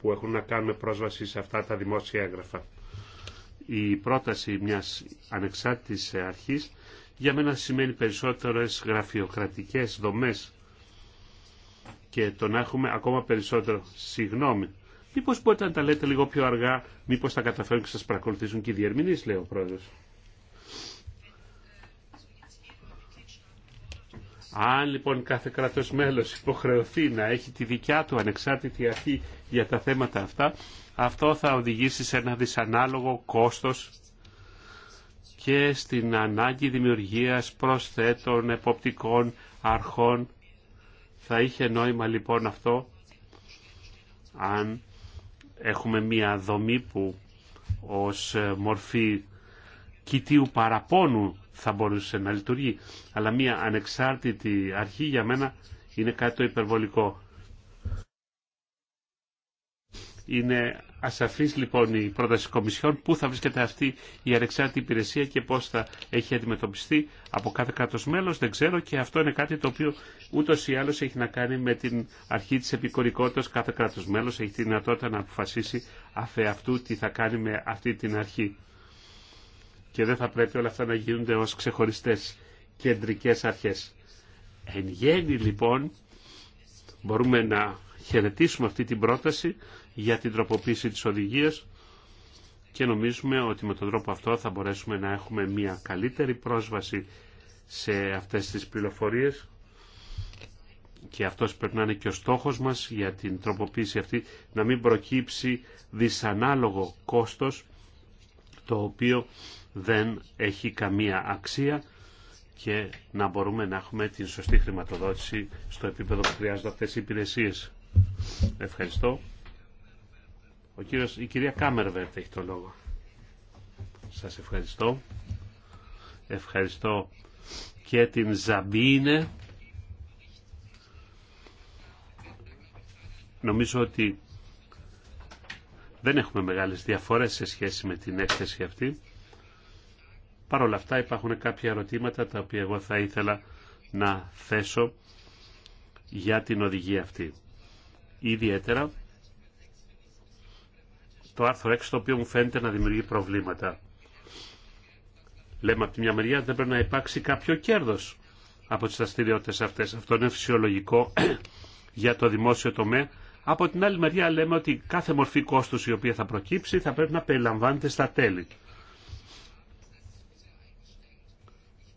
που έχουν να κάνουν πρόσβαση σε αυτά τα δημόσια έγγραφα. Η πρόταση μιας ανεξάρτητης αρχής για μένα σημαίνει περισσότερες γραφειοκρατικές δομές και το να έχουμε ακόμα περισσότερο συγγνώμη. Μήπως μπορείτε να τα λέτε λίγο πιο αργά, μήπως τα καταφέρουν και σας παρακολουθήσουν και οι διερμηνείς, λέει ο πρόεδρος. Αν λοιπόν κάθε κράτος μέλος υποχρεωθεί να έχει τη δικιά του ανεξάρτητη αρχή για τα θέματα αυτά, αυτό θα οδηγήσει σε ένα δυσανάλογο κόστος και στην ανάγκη δημιουργίας προσθέτων εποπτικών αρχών. Θα είχε νόημα λοιπόν αυτό αν έχουμε μία δομή που ως μορφή κοιτίου παραπώνου θα μπορούσε να λειτουργεί. Αλλά μια ανεξάρτητη αρχή για μένα είναι κάτι το υπερβολικό. Είναι ασαφής λοιπόν η πρόταση κομισιών πού θα βρίσκεται αυτή η ανεξάρτητη υπηρεσία και πώς θα έχει αντιμετωπιστεί από κάθε κράτος μέλος, δεν ξέρω και αυτό είναι κάτι το οποίο ούτως ή άλλως έχει να κάνει με την αρχή της επικορικότητας κάθε κράτος μέλος, έχει τη δυνατότητα να αποφασίσει αφ' αυτού τι θα κάνει με αυτή την αρχή και δεν θα πρέπει όλα αυτά να γίνονται ως ξεχωριστές κεντρικές αρχές. Εν γέννη λοιπόν μπορούμε να χαιρετήσουμε αυτή την πρόταση για την τροποποίηση της οδηγίας και νομίζουμε ότι με τον τρόπο αυτό θα μπορέσουμε να έχουμε μια καλύτερη πρόσβαση σε αυτές τις πληροφορίες και αυτός πρέπει να είναι και ο στόχος μας για την τροποποίηση αυτή να μην προκύψει δυσανάλογο κόστος το οποίο δεν έχει καμία αξία και να μπορούμε να έχουμε την σωστή χρηματοδότηση στο επίπεδο που χρειάζονται αυτές οι υπηρεσίες. Ευχαριστώ. Ο κύριος, η κυρία Κάμερβερτ έχει το λόγο. Σας ευχαριστώ. Ευχαριστώ και την Ζαμπίνε. Νομίζω ότι δεν έχουμε μεγάλες διαφορές σε σχέση με την έκθεση αυτή. Παρ' όλα αυτά υπάρχουν κάποια ερωτήματα τα οποία εγώ θα ήθελα να θέσω για την οδηγία αυτή. Ιδιαίτερα το άρθρο 6 το οποίο μου φαίνεται να δημιουργεί προβλήματα. Λέμε από τη μια μεριά ότι δεν πρέπει να υπάρξει κάποιο κέρδος από τις δραστηριότητε αυτές. Αυτό είναι φυσιολογικό (clears throat) για το δημόσιο τομέα. Από την άλλη μεριά λέμε ότι κάθε μορφή κόστους η οποία θα προκύψει θα πρέπει να περιλαμβάνεται στα τέλη.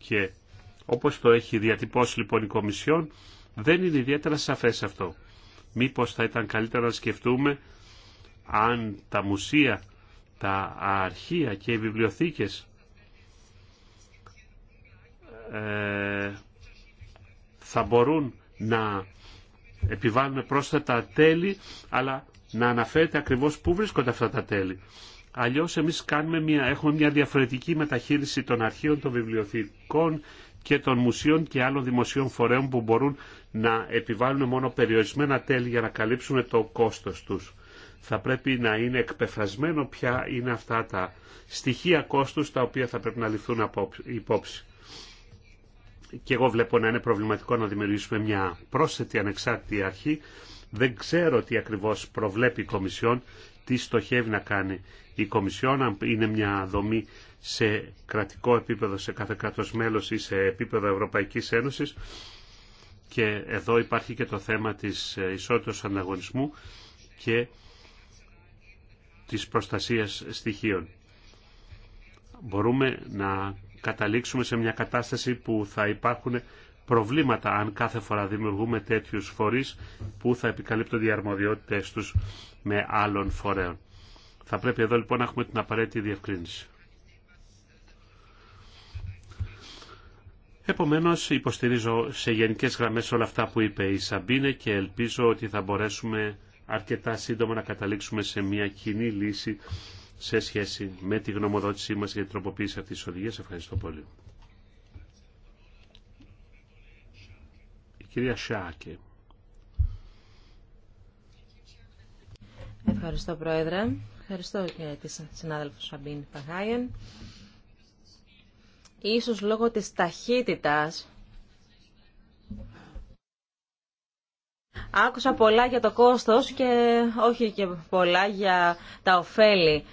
Και όπως το έχει διατυπώσει λοιπόν η Κομισιόν, δεν είναι ιδιαίτερα σαφές αυτό. Μήπως θα ήταν καλύτερα να σκεφτούμε αν τα μουσεία, τα αρχεία και οι βιβλιοθήκες ε, θα μπορούν να επιβάλλουν πρόσθετα τέλη, αλλά να αναφέρεται ακριβώς πού βρίσκονται αυτά τα τέλη. Αλλιώς εμείς κάνουμε μια, έχουμε μια διαφορετική μεταχείριση των αρχείων, των βιβλιοθηκών και των μουσείων και άλλων δημοσίων φορέων που μπορούν να επιβάλλουν μόνο περιορισμένα τέλη για να καλύψουν το κόστος τους. Θα πρέπει να είναι εκπεφρασμένο ποια είναι αυτά τα στοιχεία κόστους τα οποία θα πρέπει να ληφθούν υπόψη. Και εγώ βλέπω να είναι προβληματικό να δημιουργήσουμε μια πρόσθετη ανεξάρτητη αρχή. Δεν ξέρω τι ακριβώς προβλέπει η Κομισιόν, τι στοχεύει να κάνει η Κομισιόν, είναι μια δομή σε κρατικό επίπεδο, σε κάθε κράτος μέλος ή σε επίπεδο Ευρωπαϊκής Ένωσης. Και εδώ υπάρχει και το θέμα της ισότητας ανταγωνισμού και της προστασίας στοιχείων. Μπορούμε να καταλήξουμε σε μια κατάσταση που θα υπάρχουν προβλήματα αν κάθε φορά δημιουργούμε τέτοιους φορείς που θα επικαλύπτονται οι αρμοδιότητες τους με άλλων φορέων. Θα πρέπει εδώ λοιπόν να έχουμε την απαραίτητη διευκρίνηση. Επομένως υποστηρίζω σε γενικές γραμμές όλα αυτά που είπε η Σαμπίνε και ελπίζω ότι θα μπορέσουμε αρκετά σύντομα να καταλήξουμε σε μια κοινή λύση σε σχέση με τη γνωμοδότησή μας για την τροποποίηση αυτής της οδηγίας. Ευχαριστώ πολύ. Η κυρία Σάκη. Ευχαριστώ Πρόεδρε. Ευχαριστώ και τη συνάδελφο Σαμπίν Παγάιεν. Ίσως λόγω της ταχύτητας Άκουσα πολλά για το κόστος και όχι και πολλά για τα ωφέλη.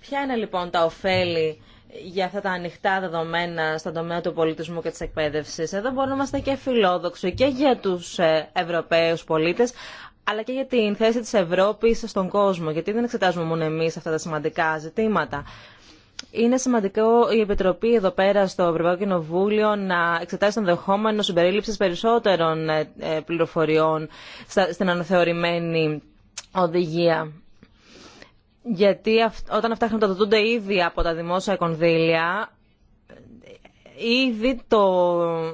Ποια είναι λοιπόν τα ωφέλη για αυτά τα ανοιχτά δεδομένα στον τομέα του πολιτισμού και της εκπαίδευσης. Εδώ μπορούμε να είμαστε και φιλόδοξοι και για τους ε, Ευρωπαίους πολίτες, αλλά και για την θέση της Ευρώπης στον κόσμο, γιατί δεν εξετάζουμε μόνο εμείς αυτά τα σημαντικά ζητήματα. Είναι σημαντικό η Επιτροπή εδώ πέρα στο Ευρωπαϊκό Κοινοβούλιο να εξετάσει τον δεχόμενο συμπερίληψη περισσότερων ε, ε, πληροφοριών στην αναθεωρημένη οδηγία. Γιατί όταν αυτά χρηματοδοτούνται ήδη από τα δημόσια κονδύλια, ήδη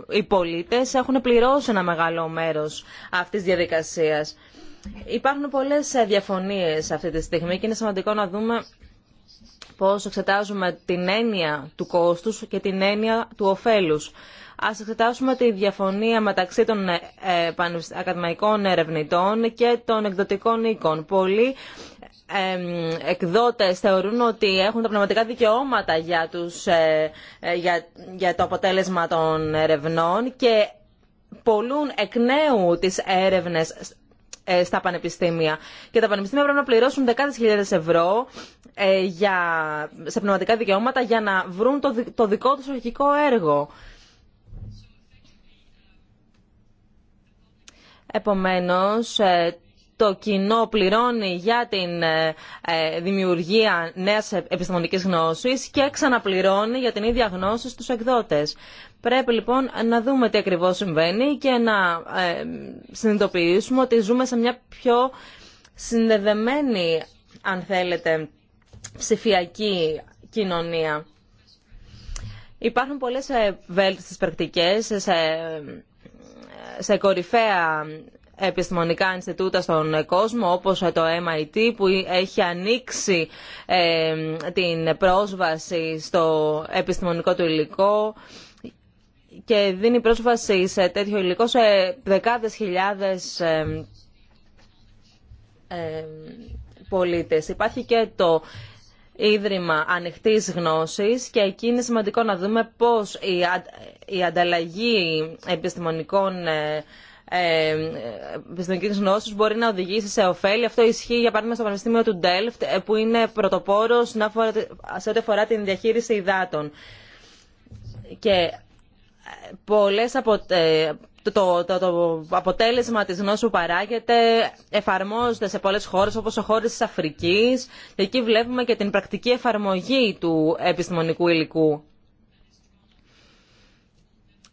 οι πολίτες έχουν πληρώσει ένα μεγάλο μέρος αυτής της διαδικασίας. Υπάρχουν πολλές ε, διαφωνίες αυτή τη στιγμή και είναι σημαντικό να δούμε πώς εξετάζουμε την έννοια του κόστους και την έννοια του ωφέλους. Ας εξετάσουμε τη διαφωνία μεταξύ των ε, ακαδημαϊκών ερευνητών και των εκδοτικών οίκων. Πολλοί ε, εκδότες θεωρούν ότι έχουν τα πνευματικά δικαιώματα για, τους, για, το αποτέλεσμα των ερευνών και πολλούν εκ νέου τις έρευνες ε, στα πανεπιστήμια. Και τα πανεπιστήμια πρέπει να πληρώσουν δεκάδε χιλιάδε ευρώ ε, για, σε πνευματικά δικαιώματα για να βρουν το, το δικό του αρχικό έργο. Επομένως, ε, το κοινό πληρώνει για την ε, ε, δημιουργία νέας επιστημονικής γνώσης και ξαναπληρώνει για την ίδια γνώση στους εκδότες. Πρέπει λοιπόν να δούμε τι ακριβώς συμβαίνει και να ε, συνειδητοποιήσουμε ότι ζούμε σε μια πιο συνδεδεμένη, αν θέλετε, ψηφιακή κοινωνία. Υπάρχουν πολλές βέλτιστες πρακτικές σε, σε κορυφαία επιστημονικά Ινστιτούτα στον κόσμο όπως το MIT που έχει ανοίξει ε, την πρόσβαση στο επιστημονικό του υλικό και δίνει πρόσβαση σε τέτοιο υλικό σε δεκάδες χιλιάδες ε, ε, πολίτες. Υπάρχει και το Ίδρυμα Ανοιχτής Γνώσης και εκεί είναι σημαντικό να δούμε πώς η ανταλλαγή επιστημονικών επιστημονική ε, γνώση μπορεί να οδηγήσει σε ωφέλη. Αυτό ισχύει για παράδειγμα στο Πανεπιστήμιο του Ντέλφτ, ε, που είναι πρωτοπόρο σε ό,τι αφορά την διαχείριση υδάτων. Και ε, πολλέ από, το, το, αποτέλεσμα της γνώσης που παράγεται εφαρμόζεται σε πολλές χώρες όπως ο χώρες της Αφρικής και εκεί βλέπουμε και την πρακτική εφαρμογή του επιστημονικού υλικού.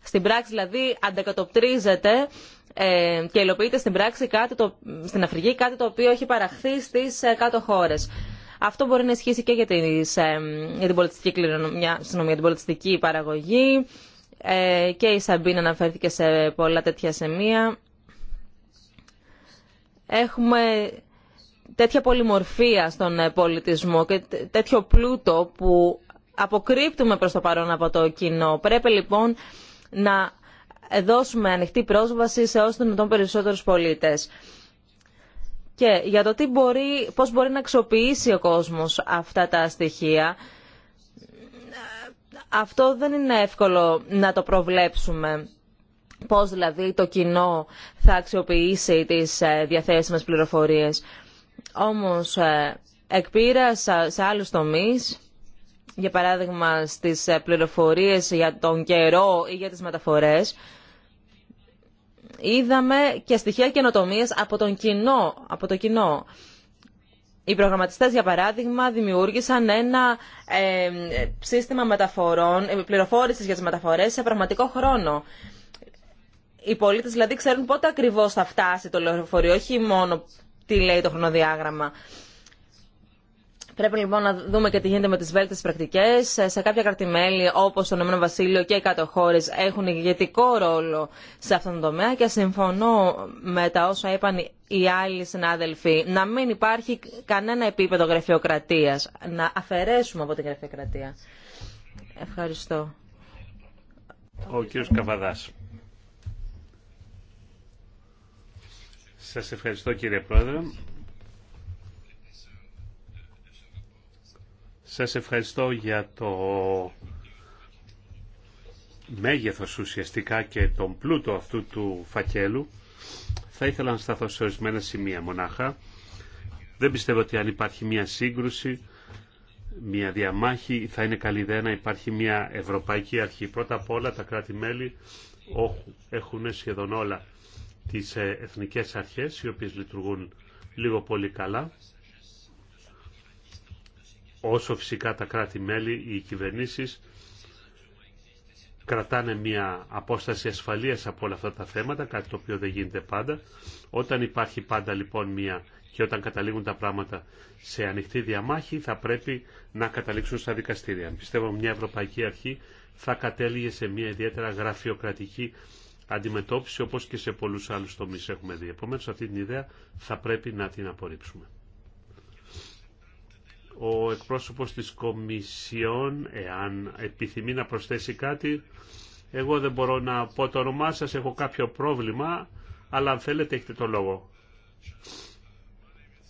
Στην πράξη δηλαδή αντεκατοπτρίζεται ε, και υλοποιείται στην πράξη κάτι το, στην Αφρική κάτι το οποίο έχει παραχθεί στις ε, κάτω χώρες. Αυτό μπορεί να ισχύσει και για, τις, ε, για την πολιτιστική κληρονομιά, την πολιτιστική παραγωγή και η Σαμπίνα αναφέρθηκε σε πολλά τέτοια σημεία. Έχουμε τέτοια πολυμορφία στον πολιτισμό και τέτοιο πλούτο που αποκρύπτουμε προς το παρόν από το κοινό. Πρέπει λοιπόν να δώσουμε ανοιχτή πρόσβαση σε όσους τον περισσότερους πολίτες. Και για το τι μπορεί, πώς μπορεί να αξιοποιήσει ο κόσμος αυτά τα στοιχεία, αυτό δεν είναι εύκολο να το προβλέψουμε. Πώς δηλαδή το κοινό θα αξιοποιήσει τις ε, διαθέσιμες πληροφορίες. Όμως ε, εκπήρα σε άλλους τομείς, για παράδειγμα στις ε, πληροφορίες για τον καιρό ή για τις μεταφορές, είδαμε και στοιχεία καινοτομίε από, τον κοινό, από το κοινό. Οι προγραμματιστές, για παράδειγμα, δημιούργησαν ένα σύστημα μεταφορών, ε, πληροφόρησης για τις μεταφορές σε πραγματικό χρόνο. Οι πολίτες δηλαδή ξέρουν πότε ακριβώς θα φτάσει το λεωφορείο, όχι μόνο τι λέει το χρονοδιάγραμμα. Πρέπει λοιπόν να δούμε και τι γίνεται με τι βέλτιε πρακτικέ. Ε, σε κάποια κρατημέλη, όπω το Ηνωμένο Βασίλειο και οι κάτω χώρε, έχουν ηγετικό ρόλο σε αυτόν τον τομέα και συμφωνώ με τα όσα είπαν οι άλλοι συνάδελφοι. Να μην υπάρχει κανένα επίπεδο γραφειοκρατία. Να αφαιρέσουμε από την γραφειοκρατία. Ευχαριστώ. Ο κύριος Καβαδά. Σα ευχαριστώ κύριε Πρόεδρε. Σας ευχαριστώ για το μέγεθος ουσιαστικά και τον πλούτο αυτού του φακέλου. Θα ήθελα να σταθώ σε ορισμένα σημεία μονάχα. Δεν πιστεύω ότι αν υπάρχει μια σύγκρουση, μια διαμάχη, θα είναι καλή ιδέα να υπάρχει μια ευρωπαϊκή αρχή. Πρώτα απ' όλα τα κράτη-μέλη έχουν σχεδόν όλα τις ε, εθνικές αρχές, οι οποίες λειτουργούν λίγο πολύ καλά όσο φυσικά τα κράτη-μέλη, οι κυβερνήσεις κρατάνε μια απόσταση ασφαλείας από όλα αυτά τα θέματα, κάτι το οποίο δεν γίνεται πάντα. Όταν υπάρχει πάντα λοιπόν μια και όταν καταλήγουν τα πράγματα σε ανοιχτή διαμάχη θα πρέπει να καταλήξουν στα δικαστήρια. Πιστεύω μια Ευρωπαϊκή Αρχή θα κατέληγε σε μια ιδιαίτερα γραφειοκρατική αντιμετώπιση όπως και σε πολλούς άλλους τομείς έχουμε δει. Επομένως αυτή την ιδέα θα πρέπει να την απορρίψουμε ο εκπρόσωπος της Κομισιόν, εάν επιθυμεί να προσθέσει κάτι, εγώ δεν μπορώ να πω το όνομά σας, έχω κάποιο πρόβλημα, αλλά αν θέλετε έχετε το λόγο.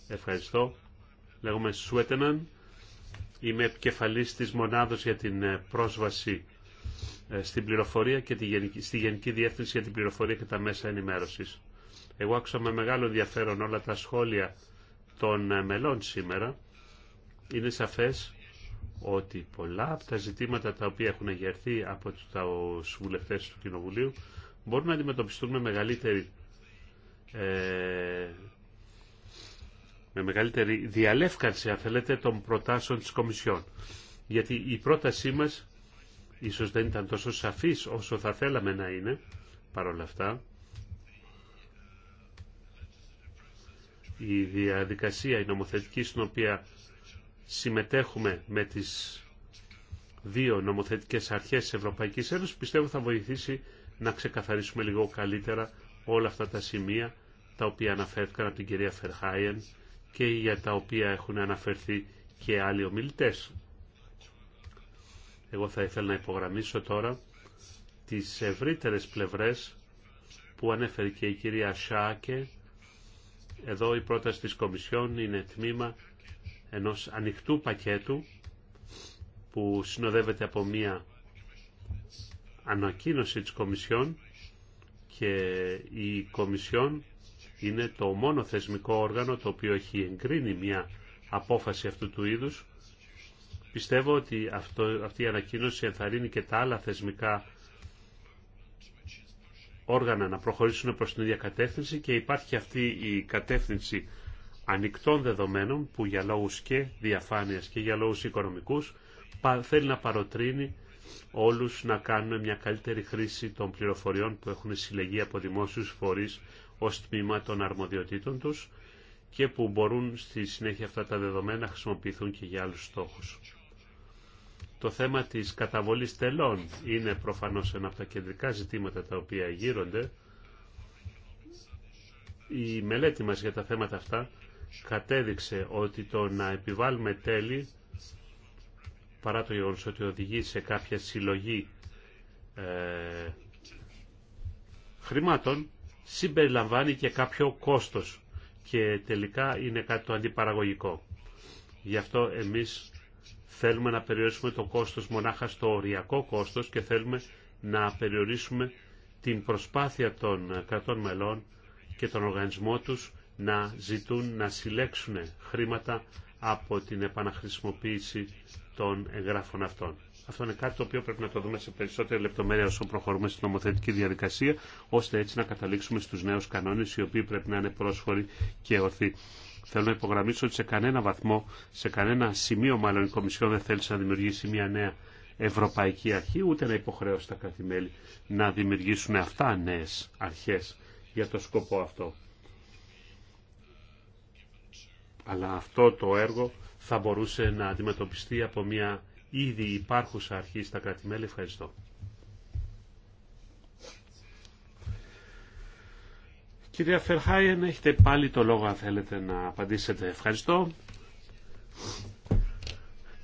Ευχαριστώ. Λέγομαι Σουέτεναν. Είμαι επικεφαλής της μονάδος για την ε, πρόσβαση ε, στην πληροφορία και τη γενική, στη Γενική Διεύθυνση για την Πληροφορία και τα Μέσα Ενημέρωσης. Εγώ άκουσα με μεγάλο ενδιαφέρον όλα τα σχόλια των ε, μελών σήμερα είναι σαφές ότι πολλά από τα ζητήματα τα οποία έχουν αγερθεί από τους βουλευτές του Κοινοβουλίου μπορούν να αντιμετωπιστούν με μεγαλύτερη, ε, με μεγαλύτερη διαλεύκανση, αν θέλετε, των προτάσεων της Κομισιόν. Γιατί η πρότασή μας ίσως δεν ήταν τόσο σαφής όσο θα θέλαμε να είναι, παρόλα αυτά. Η διαδικασία, η νομοθετική στην οποία συμμετέχουμε με τις δύο νομοθετικές αρχές της Ευρωπαϊκής Ένωσης, πιστεύω θα βοηθήσει να ξεκαθαρίσουμε λίγο καλύτερα όλα αυτά τα σημεία τα οποία αναφέρθηκαν από την κυρία Φερχάιεν και για τα οποία έχουν αναφερθεί και άλλοι ομιλητές. Εγώ θα ήθελα να υπογραμμίσω τώρα τις ευρύτερες πλευρές που ανέφερε και η κυρία Σάκε. Εδώ η πρόταση της Κομισιόν είναι τμήμα ενός ανοιχτού πακέτου που συνοδεύεται από μία ανακοίνωση της Κομισιόν και η Κομισιόν είναι το μόνο θεσμικό όργανο το οποίο έχει εγκρίνει μία απόφαση αυτού του είδους. Πιστεύω ότι αυτό, αυτή η ανακοίνωση ενθαρρύνει και τα άλλα θεσμικά όργανα να προχωρήσουν προς την ίδια κατεύθυνση και υπάρχει αυτή η κατεύθυνση ανοιχτών δεδομένων που για λόγους και διαφάνειας και για λόγους οικονομικούς θέλει να παροτρύνει όλους να κάνουν μια καλύτερη χρήση των πληροφοριών που έχουν συλλεγεί από δημόσιους φορείς ως τμήμα των αρμοδιοτήτων τους και που μπορούν στη συνέχεια αυτά τα δεδομένα να χρησιμοποιηθούν και για άλλους στόχους. Το θέμα της καταβολής τελών είναι προφανώς ένα από τα κεντρικά ζητήματα τα οποία γύρονται. Η μελέτη μας για τα θέματα αυτά κατέδειξε ότι το να επιβάλλουμε τέλη παρά το γεγονός ότι οδηγεί σε κάποια συλλογή ε, χρημάτων συμπεριλαμβάνει και κάποιο κόστος και τελικά είναι κάτι το αντιπαραγωγικό. Γι' αυτό εμείς θέλουμε να περιορίσουμε το κόστος μονάχα στο οριακό κόστος και θέλουμε να περιορίσουμε την προσπάθεια των κρατών μελών και τον οργανισμό τους να ζητούν να συλλέξουν χρήματα από την επαναχρησιμοποίηση των εγγράφων αυτών. Αυτό είναι κάτι το οποίο πρέπει να το δούμε σε περισσότερη λεπτομέρεια όσο προχωρούμε στην νομοθετική διαδικασία, ώστε έτσι να καταλήξουμε στους νέους κανόνες οι οποίοι πρέπει να είναι πρόσφοροι και ορθοί. Θέλω να υπογραμμίσω ότι σε κανένα βαθμό, σε κανένα σημείο μάλλον η Κομισιόν δεν θέλει να δημιουργήσει μια νέα ευρωπαϊκή αρχή, ούτε να υποχρεώσει τα κράτη-μέλη να δημιουργήσουν αυτά νέε αρχές για το σκοπό αυτό. Αλλά αυτό το έργο θα μπορούσε να αντιμετωπιστεί από μια ήδη υπάρχουσα αρχή στα κρατημέλη. Ευχαριστώ. Κυρία Φερχάιεν, έχετε πάλι το λόγο αν θέλετε να απαντήσετε. Ευχαριστώ.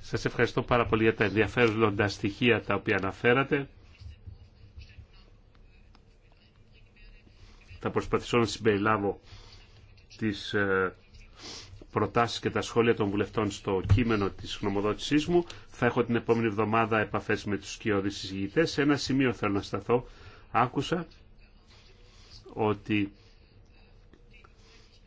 Σας ευχαριστώ πάρα πολύ για τα ενδιαφέροντα στοιχεία τα οποία αναφέρατε. Θα προσπαθήσω να συμπεριλάβω τις ε, Προτάσει και τα σχόλια των βουλευτών στο κείμενο τη γνωμοδότησής μου. Θα έχω την επόμενη εβδομάδα επαφέ με του κοιόδης συζητητέ. Σε ένα σημείο θέλω να σταθώ. Άκουσα ότι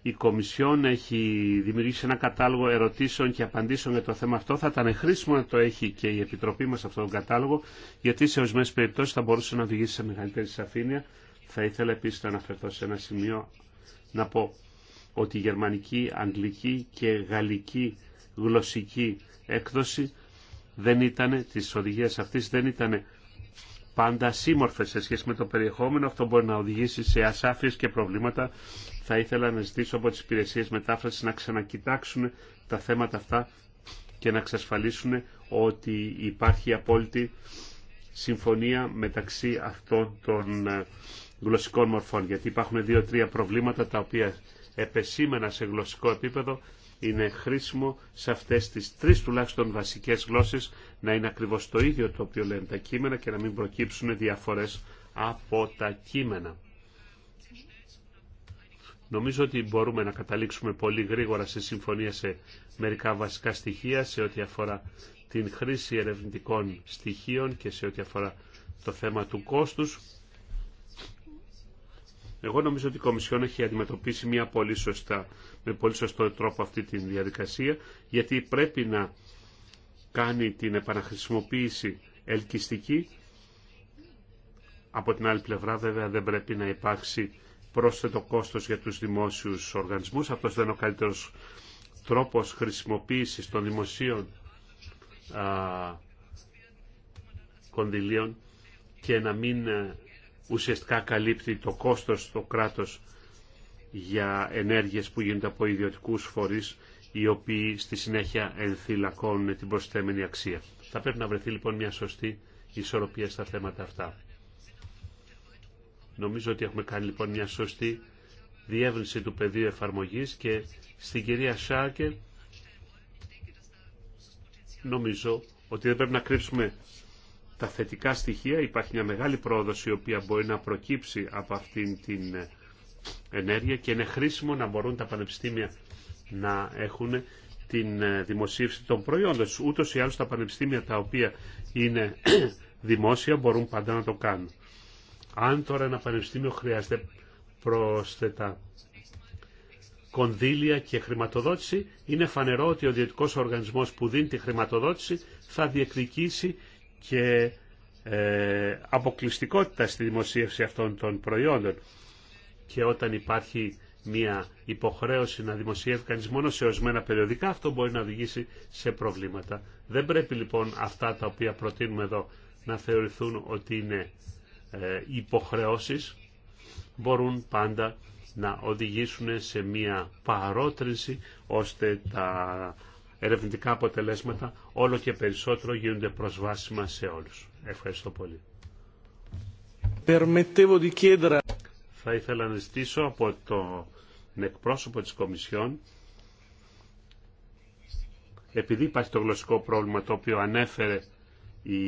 η Κομισιόν έχει δημιουργήσει ένα κατάλογο ερωτήσεων και απαντήσεων για το θέμα αυτό. Θα ήταν χρήσιμο να το έχει και η Επιτροπή μας αυτόν τον κατάλογο, γιατί σε ορισμένε περιπτώσεις θα μπορούσε να οδηγήσει σε μεγαλύτερη σαφήνεια. Θα ήθελα επίσης να αναφερθώ σε ένα σημείο να πω ότι η γερμανική, αγγλική και γαλλική γλωσσική έκδοση δεν ήταν, τις οδηγίες αυτής δεν ήταν πάντα σύμμορφες σε σχέση με το περιεχόμενο. Αυτό μπορεί να οδηγήσει σε ασάφειες και προβλήματα. Θα ήθελα να ζητήσω από τις υπηρεσίες μετάφρασης να ξανακοιτάξουν τα θέματα αυτά και να εξασφαλίσουν ότι υπάρχει απόλυτη συμφωνία μεταξύ αυτών των ε, γλωσσικών μορφών. Γιατί υπάρχουν δύο-τρία προβλήματα τα οποία επεσήμενα σε γλωσσικό επίπεδο είναι χρήσιμο σε αυτές τις τρεις τουλάχιστον βασικές γλώσσες να είναι ακριβώς το ίδιο το οποίο λένε τα κείμενα και να μην προκύψουν διαφορές από τα κείμενα. Νομίζω ότι μπορούμε να καταλήξουμε πολύ γρήγορα σε συμφωνία σε μερικά βασικά στοιχεία σε ό,τι αφορά την χρήση ερευνητικών στοιχείων και σε ό,τι αφορά το θέμα του κόστους. Εγώ νομίζω ότι η Κομισιόν έχει αντιμετωπίσει μια πολύ σωστά, με πολύ σωστό τρόπο αυτή τη διαδικασία, γιατί πρέπει να κάνει την επαναχρησιμοποίηση ελκυστική. Από την άλλη πλευρά βέβαια δεν πρέπει να υπάρξει πρόσθετο κόστος για τους δημόσιους οργανισμούς. Αυτός δεν είναι ο καλύτερος τρόπος χρησιμοποίησης των δημοσίων α, κονδυλίων και να μην ε, ουσιαστικά καλύπτει το κόστος το κράτος για ενέργειες που γίνονται από ιδιωτικούς φορείς οι οποίοι στη συνέχεια ενθυλακώνουν την προσθέμενη αξία. Θα πρέπει να βρεθεί λοιπόν μια σωστή ισορροπία στα θέματα αυτά. Νομίζω ότι έχουμε κάνει λοιπόν μια σωστή διεύρυνση του πεδίου εφαρμογής και στην κυρία Σάκερ νομίζω ότι δεν πρέπει να κρύψουμε τα θετικά στοιχεία. Υπάρχει μια μεγάλη πρόοδος η οποία μπορεί να προκύψει από αυτήν την ε, ενέργεια και είναι χρήσιμο να μπορούν τα πανεπιστήμια να έχουν την ε, δημοσίευση των προϊόντων. Ούτως ή άλλως τα πανεπιστήμια τα οποία είναι (clears throat) δημόσια μπορούν πάντα να το κάνουν. Αν τώρα ένα πανεπιστήμιο χρειάζεται πρόσθετα κονδύλια και χρηματοδότηση, είναι φανερό ότι ο ιδιωτικός οργανισμός που δίνει τη χρηματοδότηση θα διεκδικήσει και ε, αποκλειστικότητα στη δημοσίευση αυτών των προϊόντων. Και όταν υπάρχει μια υποχρέωση να δημοσιεύει κανείς μόνο σε ορισμένα περιοδικά, αυτό μπορεί να οδηγήσει σε προβλήματα. Δεν πρέπει λοιπόν αυτά τα οποία προτείνουμε εδώ να θεωρηθούν ότι είναι ε, υποχρεώσεις, μπορούν πάντα να οδηγήσουν σε μια παρότρινση ώστε τα ερευνητικά αποτελέσματα όλο και περισσότερο γίνονται προσβάσιμα σε όλους. Ευχαριστώ πολύ. Θα ήθελα να ζητήσω από τον εκπρόσωπο της Κομισιόν επειδή υπάρχει το γλωσσικό πρόβλημα το οποίο ανέφερε η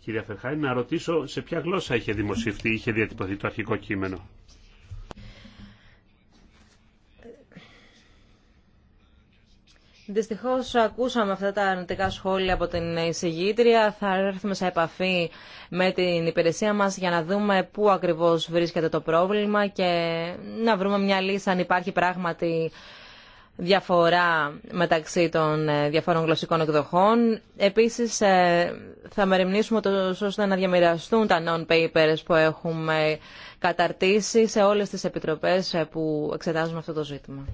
κυρία Φερχάιν, να ρωτήσω σε ποια γλώσσα είχε δημοσιευτεί, είχε διατυπωθεί το αρχικό κείμενο. Δυστυχώ, ακούσαμε αυτά τα αρνητικά σχόλια από την εισηγήτρια. Θα έρθουμε σε επαφή με την υπηρεσία μας για να δούμε πού ακριβώς βρίσκεται το πρόβλημα και να βρούμε μια λύση αν υπάρχει πράγματι διαφορά μεταξύ των ε, διαφόρων γλωσσικών εκδοχών. Επίσης, ε, θα μεριμνήσουμε το ώστε να διαμοιραστούν τα non-papers που έχουμε καταρτήσει σε όλες τις επιτροπές ε, που εξετάζουμε αυτό το ζήτημα.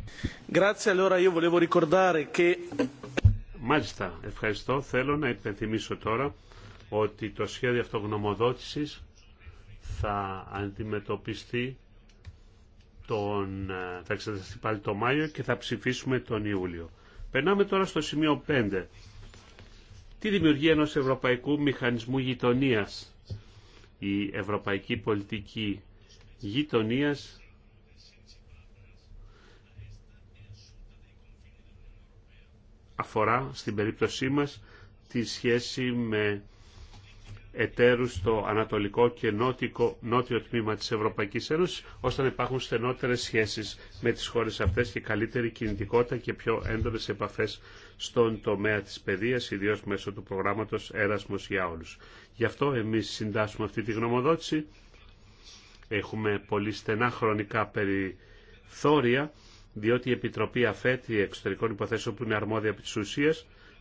Μάλιστα, ευχαριστώ. Θέλω να υπενθυμίσω τώρα ότι το σχέδιο αυτογνωμοδότησης θα αντιμετωπιστεί τον, ε, θα εξεταστεί πάλι τον Μάιο και θα ψηφίσουμε τον Ιούλιο. Περνάμε τώρα στο σημείο 5. Τη δημιουργία ενό Ευρωπαϊκού Μηχανισμού Γειτονίας. Η Ευρωπαϊκή Πολιτική Γειτονίας αφορά στην περίπτωσή μας τη σχέση με εταίρους στο ανατολικό και νότιο τμήμα της Ευρωπαϊκής Ένωσης, ώστε να υπάρχουν στενότερες σχέσεις με τις χώρες αυτές και καλύτερη κινητικότητα και πιο έντονες επαφές στον τομέα της παιδείας, ιδίως μέσω του προγράμματος Έρασμος για όλους. Γι' αυτό εμείς συντάσσουμε αυτή τη γνωμοδότηση. Έχουμε πολύ στενά χρονικά περιθώρια, διότι η Επιτροπή ΑΦΕΤ, η Εξωτερικών Υποθέσεων που είναι αρμόδια από της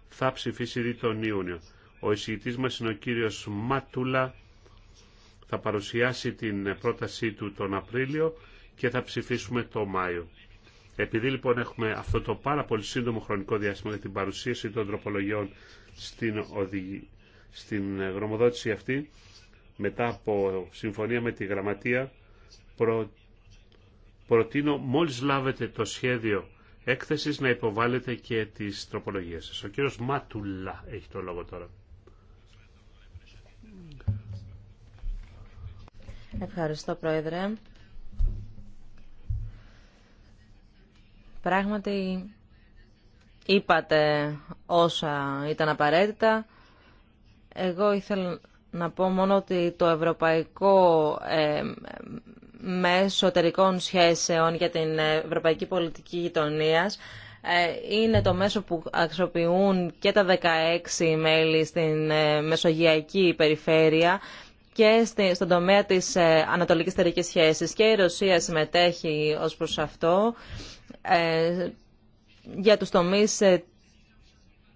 θα ψηφίσει τον Ιούνιο. Ο εισηγητής μας είναι ο κύριος Μάτουλα. Θα παρουσιάσει την πρότασή του τον Απρίλιο και θα ψηφίσουμε το Μάιο. Επειδή λοιπόν έχουμε αυτό το πάρα πολύ σύντομο χρονικό διάστημα για την παρουσίαση των τροπολογιών στην, οδηγή, στην γνωμοδότηση αυτή, μετά από συμφωνία με τη Γραμματεία, προτείνω μόλις λάβετε το σχέδιο έκθεσης να υποβάλλετε και τις τροπολογίες σας. Ο κύριος Μάτουλα έχει το λόγο τώρα. Ευχαριστώ, Πρόεδρε. Πράγματι, είπατε όσα ήταν απαραίτητα. Εγώ ήθελα να πω μόνο ότι το Ευρωπαϊκό ε, Μέσο Εταιρικών Σχέσεων για την Ευρωπαϊκή Πολιτική Γειτονίας ε, είναι το μέσο που αξιοποιούν και τα 16 μέλη στην ε, Μεσογειακή Περιφέρεια και στον τομέα της ε, ανατολικής θερικής σχέσης. Και η Ρωσία συμμετέχει ως προς αυτό ε, για τους τομείς ε,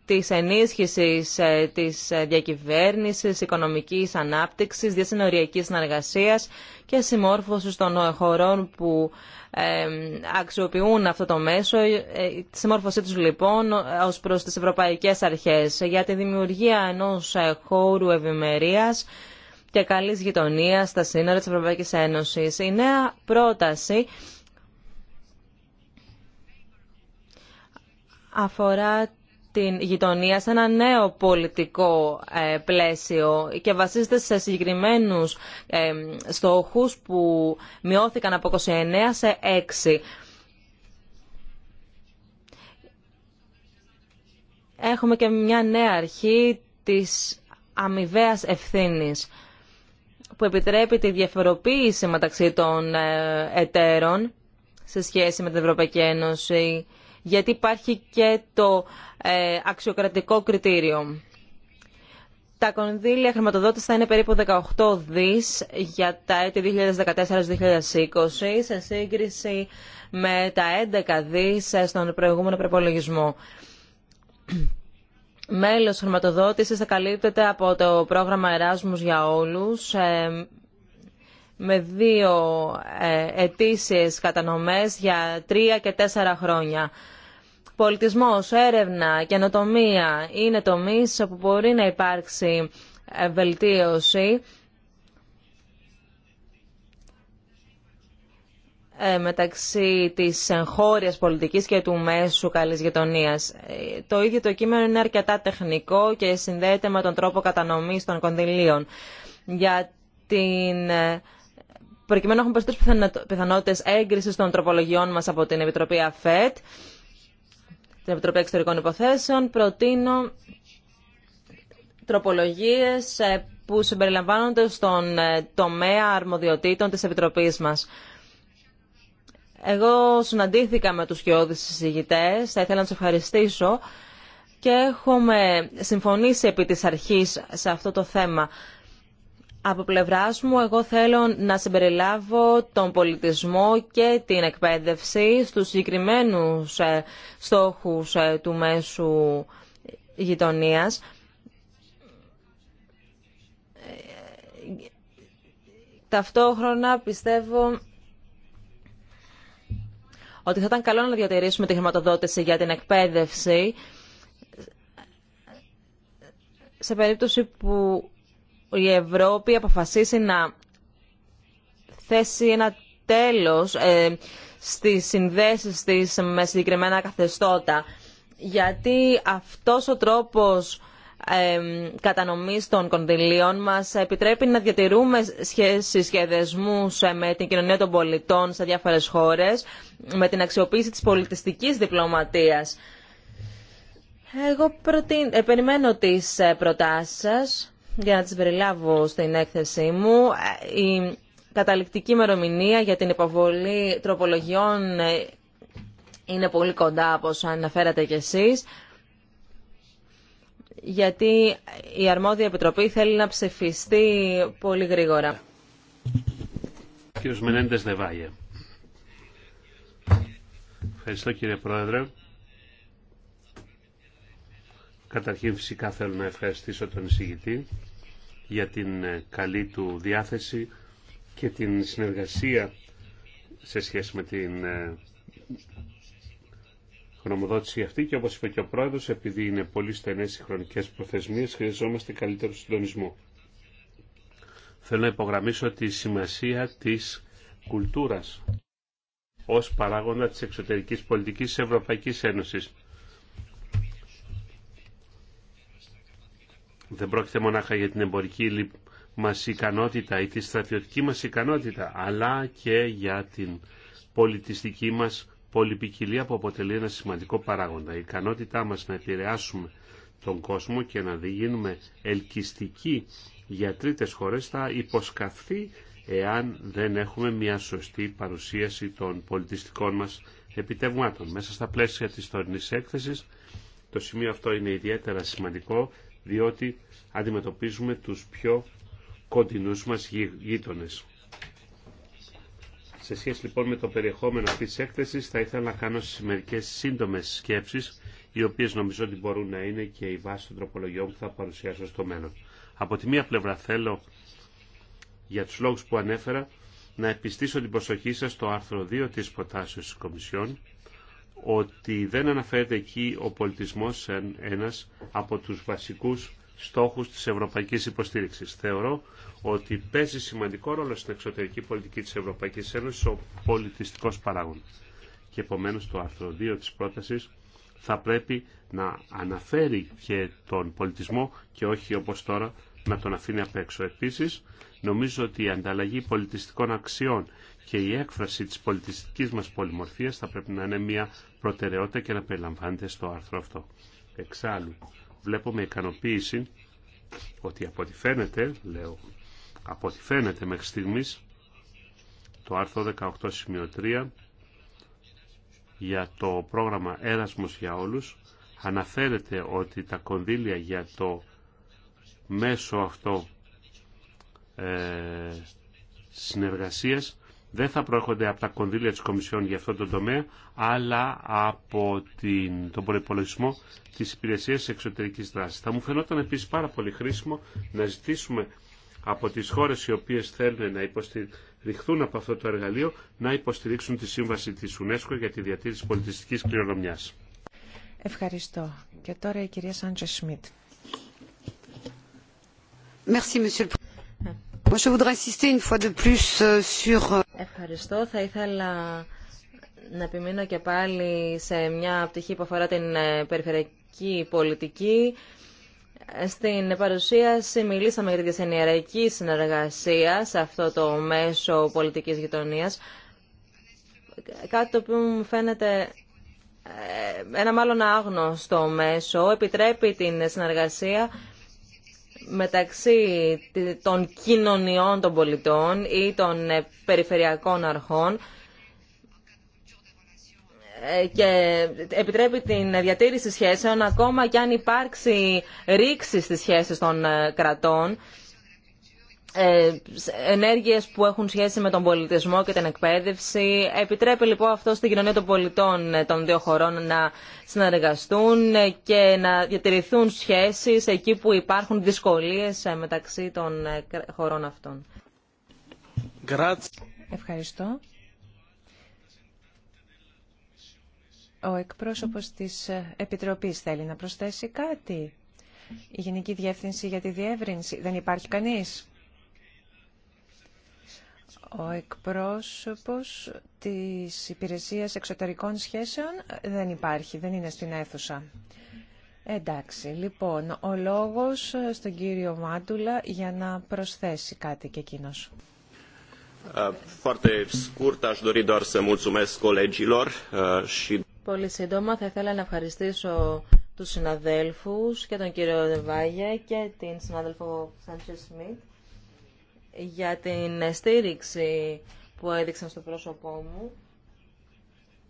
της ενίσχυσης της διακυβέρνησης, οικονομικής ανάπτυξης, διασυνοριακής συνεργασίας και συμμόρφωσης των χωρών που αξιοποιούν αυτό το μέσο. Τη συμμόρφωσή τους λοιπόν ως προς τις ευρωπαϊκές αρχές για τη δημιουργία ενός χώρου ευημερίας και καλής γειτονίας στα σύνορα της Ευρωπαϊκής Ένωσης. Η νέα πρόταση αφορά την γειτονία σε ένα νέο πολιτικό ε, πλαίσιο και βασίζεται σε συγκεκριμένους ε, στόχους που μειώθηκαν από 29 σε 6. Έχουμε και μια νέα αρχή της αμοιβαίας ευθύνης που επιτρέπει τη διαφοροποίηση μεταξύ των ε, εταίρων σε σχέση με την Ευρωπαϊκή Ένωση, γιατί υπάρχει και το ε, αξιοκρατικό κριτήριο. Τα κονδύλια χρηματοδότηση θα είναι περίπου 18 δις για τα έτη 2014-2020 σε σύγκριση με τα 11 δις στον προηγούμενο προπολογισμό μέλος χρηματοδότησης θα καλύπτεται από το πρόγραμμα Εράσμους για όλους ε, με δύο ετήσιες κατανομές για τρία και τέσσερα χρόνια. Πολιτισμός, έρευνα, καινοτομία είναι τομείς που μπορεί να υπάρξει ε, βελτίωση Ε, μεταξύ της εγχώρια πολιτικής και του μέσου καλής γειτονίας. Ε, το ίδιο το κείμενο είναι αρκετά τεχνικό και συνδέεται με τον τρόπο κατανομής των κονδυλίων. Για την... Ε, προκειμένου να έχουμε περισσότερες πιθανότητε έγκρισης των τροπολογιών μα από την Επιτροπή ΑΦΕΤ, την Επιτροπή Εξωτερικών Υποθέσεων, προτείνω τροπολογίε που συμπεριλαμβάνονται στον τομέα αρμοδιοτήτων της Επιτροπής μας. Εγώ συναντήθηκα με τους κοιόδης συζητητές, θα ήθελα να τους ευχαριστήσω και έχουμε συμφωνήσει επί της αρχής σε αυτό το θέμα. Από πλευράς μου, εγώ θέλω να συμπεριλάβω τον πολιτισμό και την εκπαίδευση στους συγκεκριμένους ε, στόχους ε, του μέσου γειτονίας. Ε, ταυτόχρονα πιστεύω ότι θα ήταν καλό να διατηρήσουμε τη χρηματοδότηση για την εκπαίδευση σε περίπτωση που η Ευρώπη αποφασίσει να θέσει ένα τέλος ε, στις συνδέσεις της με συγκεκριμένα καθεστώτα. Γιατί αυτός ο τρόπος κατανομής των κονδυλίων μας επιτρέπει να διατηρούμε σχέσεις και δεσμούς ε, με την κοινωνία των πολιτών σε διάφορες χώρες με την αξιοποίηση της πολιτιστικής διπλωματίας. Εγώ ε, περιμένω τις ε, προτάσει σα για να τι περιλάβω στην έκθεσή μου. Η καταληκτική μερομηνία για την υποβολή τροπολογιών είναι πολύ κοντά, όπω αναφέρατε κι εσείς γιατί η αρμόδια επιτροπή θέλει να ψηφιστεί πολύ γρήγορα. Κύριος Μενέντες Δεβάγε. Ευχαριστώ κύριε Πρόεδρε. Καταρχήν φυσικά θέλω να ευχαριστήσω τον εισηγητή για την ε, καλή του διάθεση και την συνεργασία σε σχέση με την ε, γνωμοδότηση αυτή και όπως είπε και ο Πρόεδρος, επειδή είναι πολύ στενές οι χρονικές προθεσμίες, χρειαζόμαστε καλύτερο συντονισμό. Θέλω να υπογραμμίσω τη σημασία της κουλτούρας ως παράγοντα της εξωτερικής πολιτικής της Ευρωπαϊκής Ένωσης. Δεν πρόκειται μονάχα για την εμπορική μας ικανότητα ή τη στρατιωτική μας ικανότητα, αλλά και για την πολιτιστική μας πολυπικιλία που αποτελεί ένα σημαντικό παράγοντα. Η ικανότητά μας να επηρεάσουμε τον κόσμο και να διγίνουμε ελκυστικοί για τρίτες χώρες θα υποσκαφθεί εάν δεν έχουμε μια σωστή παρουσίαση των πολιτιστικών μας επιτευγμάτων. Μέσα στα πλαίσια της τωρινής έκθεσης το σημείο αυτό είναι ιδιαίτερα σημαντικό διότι αντιμετωπίζουμε τους πιο κοντινούς μας γείτονες. Σε σχέση λοιπόν με το περιεχόμενο αυτής της έκθεσης θα ήθελα να κάνω μερικές σύντομες σκέψεις οι οποίες νομίζω ότι μπορούν να είναι και η βάση των τροπολογιών που θα παρουσιάσω στο μέλλον. Από τη μία πλευρά θέλω για τους λόγους που ανέφερα να επιστήσω την προσοχή σας στο άρθρο 2 της προτάσεως της Κομισιόν ότι δεν αναφέρεται εκεί ο πολιτισμός σαν ένας από τους βασικούς στόχους της ευρωπαϊκής υποστήριξης. Θεωρώ ότι παίζει σημαντικό ρόλο στην εξωτερική πολιτική της Ευρωπαϊκής Ένωσης ο πολιτιστικός παράγοντας. Και επομένως το άρθρο 2 της πρότασης θα πρέπει να αναφέρει και τον πολιτισμό και όχι όπως τώρα να τον αφήνει απ' έξω. Επίσης, νομίζω ότι η ανταλλαγή πολιτιστικών αξιών και η έκφραση της πολιτιστικής μας πολυμορφίας θα πρέπει να είναι μια προτεραιότητα και να περιλαμβάνεται στο άρθρο αυτό. Εξάλλου, βλέπω με ικανοποίηση ότι από ό,τι φαίνεται, λέω από ό,τι φαίνεται μέχρι στιγμής, το άρθρο 18.3 για το πρόγραμμα Έρασμος για όλους αναφέρεται ότι τα κονδύλια για το μέσο αυτό ε, συνεργασίας δεν θα προέρχονται από τα κονδύλια της Κομισιόν για αυτό το τομέα, αλλά από την, τον προπολογισμό της Υπηρεσίας Εξωτερικής Δράσης. Θα μου φαινόταν επίσης πάρα πολύ χρήσιμο να ζητήσουμε από τις χώρες οι οποίες θέλουν να υποστηριχθούν από αυτό το εργαλείο να υποστηρίξουν τη σύμβαση της UNESCO για τη διατήρηση πολιτιστικής κληρονομιάς. Ευχαριστώ. Και τώρα η κυρία Σάντζε Σμιτ. Ευχαριστώ. Θα ήθελα να επιμείνω και πάλι σε μια πτυχή που αφορά την ε, περιφερειακή πολιτική στην παρουσίαση μιλήσαμε για τη διασυνεραϊκή συνεργασία σε αυτό το μέσο πολιτικής γειτονίας. Κάτι το οποίο μου φαίνεται ε, ένα μάλλον άγνωστο μέσο επιτρέπει την συνεργασία μεταξύ των κοινωνιών των πολιτών ή των ε, περιφερειακών αρχών και επιτρέπει την διατήρηση σχέσεων ακόμα και αν υπάρξει ρήξη στις σχέσεις των ε, κρατών ε, ενέργειες που έχουν σχέση με τον πολιτισμό και την εκπαίδευση. Επιτρέπει λοιπόν αυτό στην κοινωνία των πολιτών ε, των δύο χωρών να συνεργαστούν και να διατηρηθούν σχέσεις εκεί που υπάρχουν δυσκολίες μεταξύ των χωρών αυτών. Ευχαριστώ. Ο εκπρόσωπος της ε, Επιτροπής θέλει να προσθέσει κάτι. Η Γενική Διεύθυνση για τη Διεύρυνση. Δεν υπάρχει κανείς. Ο εκπρόσωπος της Υπηρεσίας Εξωτερικών Σχέσεων ε, δεν υπάρχει, δεν είναι στην αίθουσα. Εντάξει, λοιπόν, ο λόγος ε, στον κύριο Μάντουλα για να προσθέσει κάτι και εκείνος. Foarte scurt, aș dori doar să mulțumesc colegilor și Πολύ σύντομα θα ήθελα να ευχαριστήσω τους συναδέλφους και τον κύριο Δεβάγε και την συνάδελφο Σάντσε Σμιτ για την στήριξη που έδειξαν στο πρόσωπό μου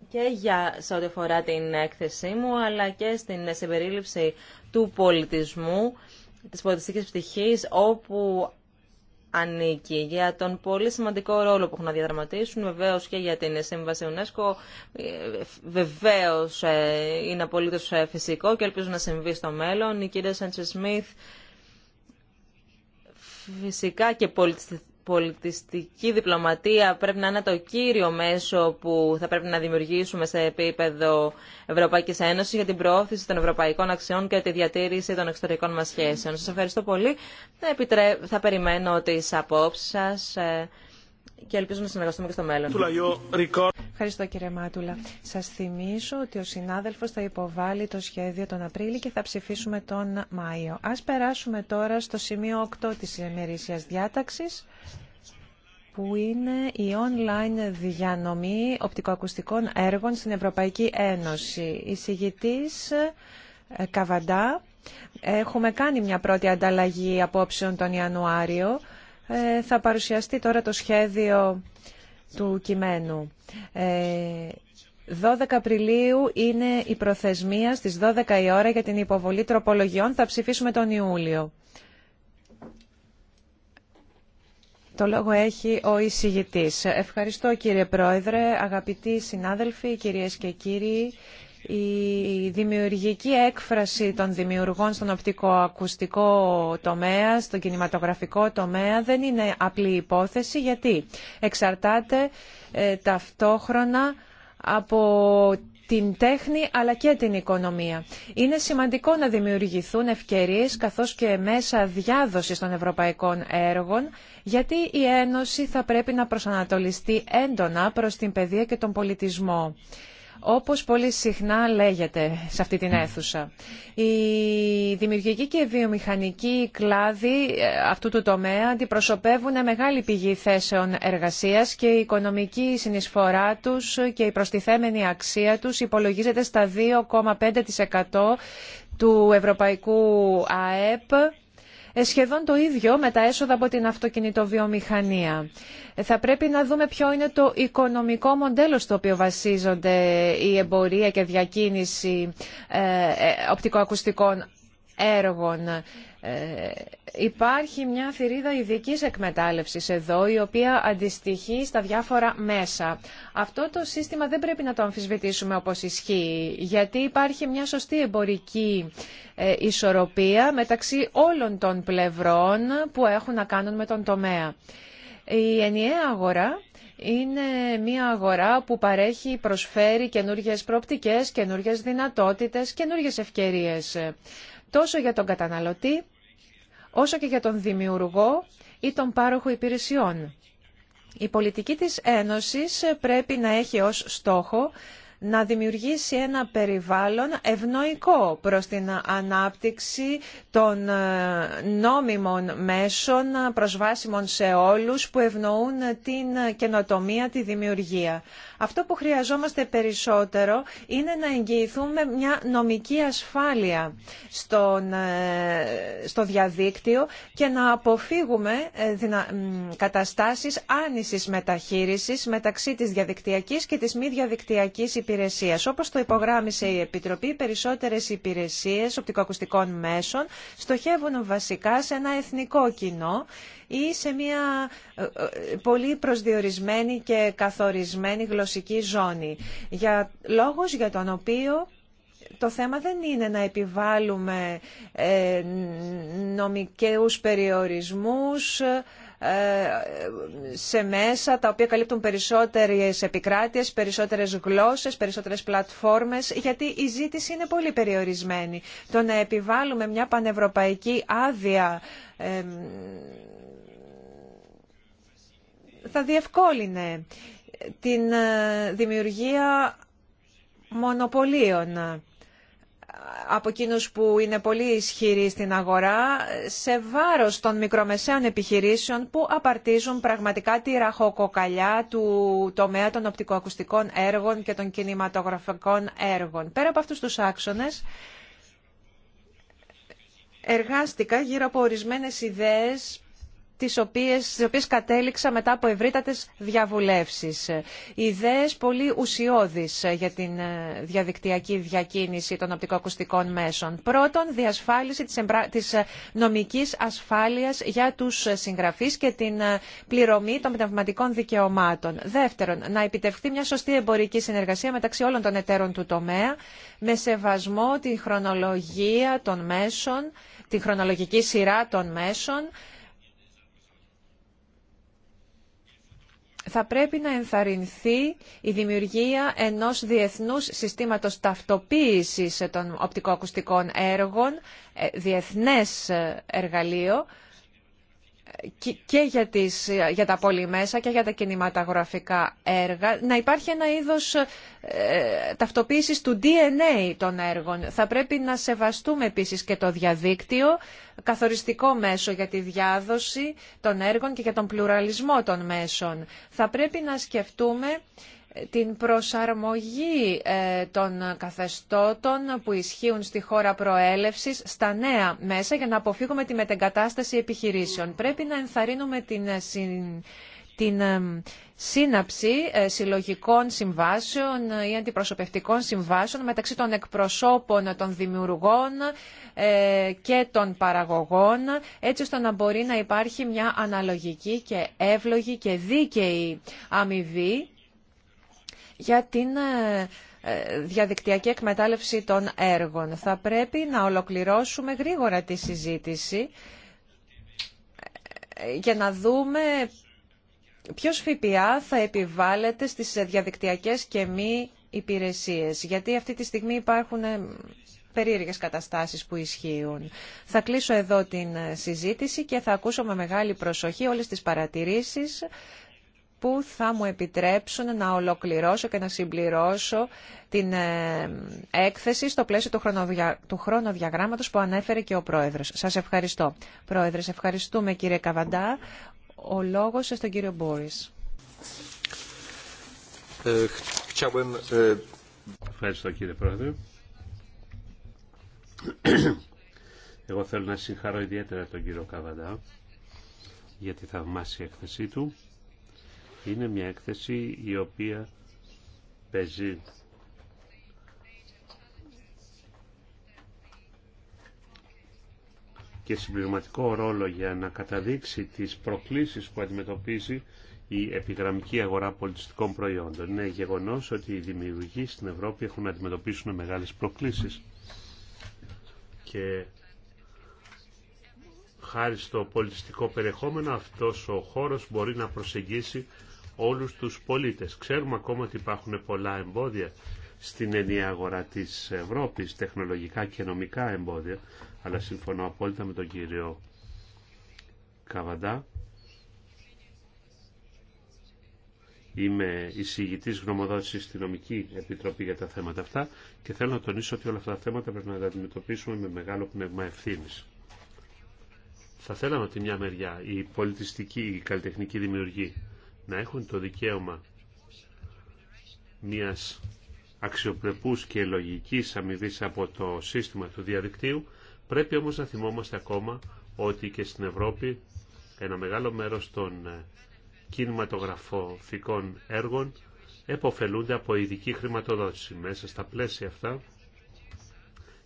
και για σε ό,τι αφορά την έκθεσή μου, αλλά και στην συμπερίληψη του πολιτισμού, της πολιτιστικής πτυχής, όπου ανήκει, για τον πολύ σημαντικό ρόλο που έχουν να διαδραματίσουν, βεβαίω και για την Σύμβαση UNESCO. Ε, βεβαίω ε, είναι απολύτω ε, φυσικό και ελπίζω να συμβεί στο μέλλον. Η κυρία Σάντσε Σμιθ φυσικά και πολιτιστική διπλωματία πρέπει να είναι το κύριο μέσο που θα πρέπει να δημιουργήσουμε σε επίπεδο Ευρωπαϊκής Ένωσης για την προώθηση των ευρωπαϊκών αξιών και τη διατήρηση των εξωτερικών μας σχέσεων. Σας ευχαριστώ πολύ. Θα περιμένω τις απόψεις σας ε, και ελπίζω να συνεργαστούμε και στο μέλλον. Ευχαριστώ κύριε Μάτουλα. Σας θυμίσω ότι ο συνάδελφος θα υποβάλει το σχέδιο τον Απρίλιο και θα ψηφίσουμε τον Μάιο. Ας περάσουμε τώρα στο σημείο 8 της ημερήσιας διάταξης που είναι η online διανομή οπτικοακουστικών έργων στην Ευρωπαϊκή Ένωση. Η συγητής ε, Καβαντά. Έχουμε κάνει μια πρώτη ανταλλαγή απόψεων τον Ιανουάριο. Ε, θα παρουσιαστεί τώρα το σχέδιο του κειμένου. 12 ε, Απριλίου είναι η προθεσμία στις 12 η ώρα για την υποβολή τροπολογιών. Θα ψηφίσουμε τον Ιούλιο. Το λόγο έχει ο εισηγητής. Ευχαριστώ κύριε Πρόεδρε, αγαπητοί συνάδελφοι, κυρίες και κύριοι η δημιουργική έκφραση των δημιουργών στον οπτικοακουστικό τομέα, στον κινηματογραφικό τομέα δεν είναι απλή υπόθεση γιατί εξαρτάται ε, ταυτόχρονα από την τέχνη αλλά και την οικονομία. Είναι σημαντικό να δημιουργηθούν ευκαιρίες καθώς και μέσα διάδοσης των ευρωπαϊκών έργων γιατί η Ένωση θα πρέπει να προσανατολιστεί έντονα προς την παιδεία και τον πολιτισμό. Όπως πολύ συχνά λέγεται σε αυτή την αίθουσα, η δημιουργική και βιομηχανική κλάδη ε, αυτού του τομέα αντιπροσωπεύουν μεγάλη πηγή θέσεων εργασίας και η οικονομική συνεισφορά τους και η προστιθέμενη αξία τους υπολογίζεται στα 2,5% του ευρωπαϊκού ΑΕΠ ε, σχεδόν το ίδιο με τα έσοδα από την αυτοκινητοβιομηχανία. Ε, θα πρέπει να δούμε ποιο είναι το οικονομικό μοντέλο στο οποίο βασίζονται η εμπορία και διακίνηση ε, οπτικοακουστικών έργων ε, υπάρχει μια θηρίδα ειδικής εκμετάλλευσης εδώ, η οποία αντιστοιχεί στα διάφορα μέσα. Αυτό το σύστημα δεν πρέπει να το αμφισβητήσουμε όπως ισχύει, γιατί υπάρχει μια σωστή εμπορική ε, ισορροπία μεταξύ όλων των πλευρών που έχουν να κάνουν με τον τομέα. Η ενιαία αγορά είναι μια αγορά που παρέχει, προσφέρει καινούργιες προοπτικές, καινούργιες δυνατότητες, καινούργιες ευκαιρίες τόσο για τον καταναλωτή όσο και για τον δημιουργό ή τον πάροχο υπηρεσιών. Η πολιτική της Ένωσης πρέπει να έχει ως στόχο να δημιουργήσει ένα περιβάλλον ευνοϊκό προς την ανάπτυξη των ε, νόμιμων μέσων προσβάσιμων σε όλους που ευνοούν την καινοτομία, τη δημιουργία. Αυτό που χρειαζόμαστε περισσότερο είναι να εγγυηθούμε μια νομική ασφάλεια στον, ε, στο διαδίκτυο και να αποφύγουμε ε, καταστάσεις άνησης μεταχείρισης μεταξύ της διαδικτυακής και της μη διαδικτυακής υπηρεσίας υπηρεσία. Όπως το υπογράμμισε η Επιτροπή, οι περισσότερες υπηρεσίες οπτικοακουστικών μέσων στοχεύουν βασικά σε ένα εθνικό κοινό ή σε μια ε, ε, πολύ προσδιορισμένη και καθορισμένη γλωσσική ζώνη. Για λόγους για τον οποίο το θέμα δεν είναι να επιβάλλουμε ε, νομικαίους περιορισμούς σε μέσα τα οποία καλύπτουν περισσότερες επικράτειες, περισσότερες γλώσσες, περισσότερες πλατφόρμες, γιατί η ζήτηση είναι πολύ περιορισμένη. Το να επιβάλλουμε μια πανευρωπαϊκή άδεια θα διευκόλυνε την ε, δημιουργία μονοπωλίων από εκείνου που είναι πολύ ισχυροί στην αγορά σε βάρος των μικρομεσαίων επιχειρήσεων που απαρτίζουν πραγματικά τη ραχοκοκαλιά του τομέα των οπτικοακουστικών έργων και των κινηματογραφικών έργων. Πέρα από αυτούς τους άξονες, εργάστηκα γύρω από ορισμένες ιδέες τις οποίες, κατέληξα μετά από ευρύτατες διαβουλεύσεις. Ιδέες πολύ ουσιώδεις για την ε, διαδικτυακή διακίνηση των οπτικοακουστικών μέσων. Πρώτον, διασφάλιση της, της ε, νομικής ασφάλειας για τους συγγραφείς και την ε, πληρωμή των πνευματικών δικαιωμάτων. Δεύτερον, να επιτευχθεί μια σωστή εμπορική συνεργασία μεταξύ όλων των εταίρων του τομέα με σεβασμό τη χρονολογία των μέσων, τη χρονολογική σειρά των μέσων, θα πρέπει να ενθαρρυνθεί η δημιουργία ενός διεθνούς συστήματος ταυτοποίησης των οπτικοακουστικών έργων, ε, διεθνές ε, εργαλείο, και για, τις, για τα πολυμέσα και για τα κινηματογραφικά έργα να υπάρχει ένα είδος ε, ταυτοποίησης του DNA των έργων. Θα πρέπει να σεβαστούμε επίσης και το διαδίκτυο, καθοριστικό μέσο για τη διάδοση των έργων και για τον πλουραλισμό των μέσων. Θα πρέπει να σκεφτούμε την προσαρμογή ε, των καθεστώτων που ισχύουν στη χώρα προέλευσης στα νέα μέσα για να αποφύγουμε τη μετεγκατάσταση επιχειρήσεων. Πρέπει να ενθαρρύνουμε την, ε, την ε, σύναψη συλλογικών συμβάσεων ή αντιπροσωπευτικών συμβάσεων μεταξύ των εκπροσώπων των δημιουργών και των παραγωγών, έτσι ώστε να μπορεί να υπάρχει μια αναλογική και εύλογη και δίκαιη αμοιβή για την ε, ε, διαδικτυακή εκμετάλλευση των έργων. Θα πρέπει να ολοκληρώσουμε γρήγορα τη συζήτηση ε, για να δούμε ποιος ΦΠΑ θα επιβάλλεται στις διαδικτυακές και μη υπηρεσίες. Γιατί αυτή τη στιγμή υπάρχουν περίεργες καταστάσεις που ισχύουν. Θα κλείσω εδώ την συζήτηση και θα ακούσω με μεγάλη προσοχή όλες τις παρατηρήσεις που θα μου επιτρέψουν να ολοκληρώσω και να συμπληρώσω την ε, έκθεση στο πλαίσιο του, χρονοδια... χρονοδιαγράμματος που ανέφερε και ο Πρόεδρος. Σας ευχαριστώ. Πρόεδρε, ευχαριστούμε κύριε Καβαντά. Ο λόγος στον κύριο Μπόρις. Ε, ε, ευχαριστώ κύριε Πρόεδρε. Εγώ θέλω να συγχαρώ ιδιαίτερα τον κύριο Καβαντά για τη θαυμάσια έκθεσή του είναι μια έκθεση η οποία παίζει και συμπληρωματικό ρόλο για να καταδείξει τις προκλήσεις που αντιμετωπίζει η επιγραμμική αγορά πολιτιστικών προϊόντων. Είναι γεγονός ότι οι δημιουργοί στην Ευρώπη έχουν να αντιμετωπίσουν μεγάλες προκλήσεις. Και χάρη στο πολιτιστικό περιεχόμενο αυτός ο χώρος μπορεί να προσεγγίσει όλους τους πολίτες. Ξέρουμε ακόμα ότι υπάρχουν πολλά εμπόδια στην ενιαία αγορά της Ευρώπης, τεχνολογικά και νομικά εμπόδια, αλλά συμφωνώ απόλυτα με τον κύριο Καβαντά. Είμαι εισηγητή γνωμοδότηση στη Νομική Επιτροπή για τα θέματα αυτά και θέλω να τονίσω ότι όλα αυτά τα θέματα πρέπει να τα αντιμετωπίσουμε με μεγάλο πνεύμα ευθύνη. Θα θέλαμε ότι μια μεριά η πολιτιστική, η καλλιτεχνική δημιουργή να έχουν το δικαίωμα μιας αξιοπρεπούς και λογικής αμοιβή από το σύστημα του διαδικτύου, πρέπει όμως να θυμόμαστε ακόμα ότι και στην Ευρώπη ένα μεγάλο μέρος των ε, κινηματογραφικών έργων εποφελούνται από ειδική χρηματοδότηση. Μέσα στα πλαίσια αυτά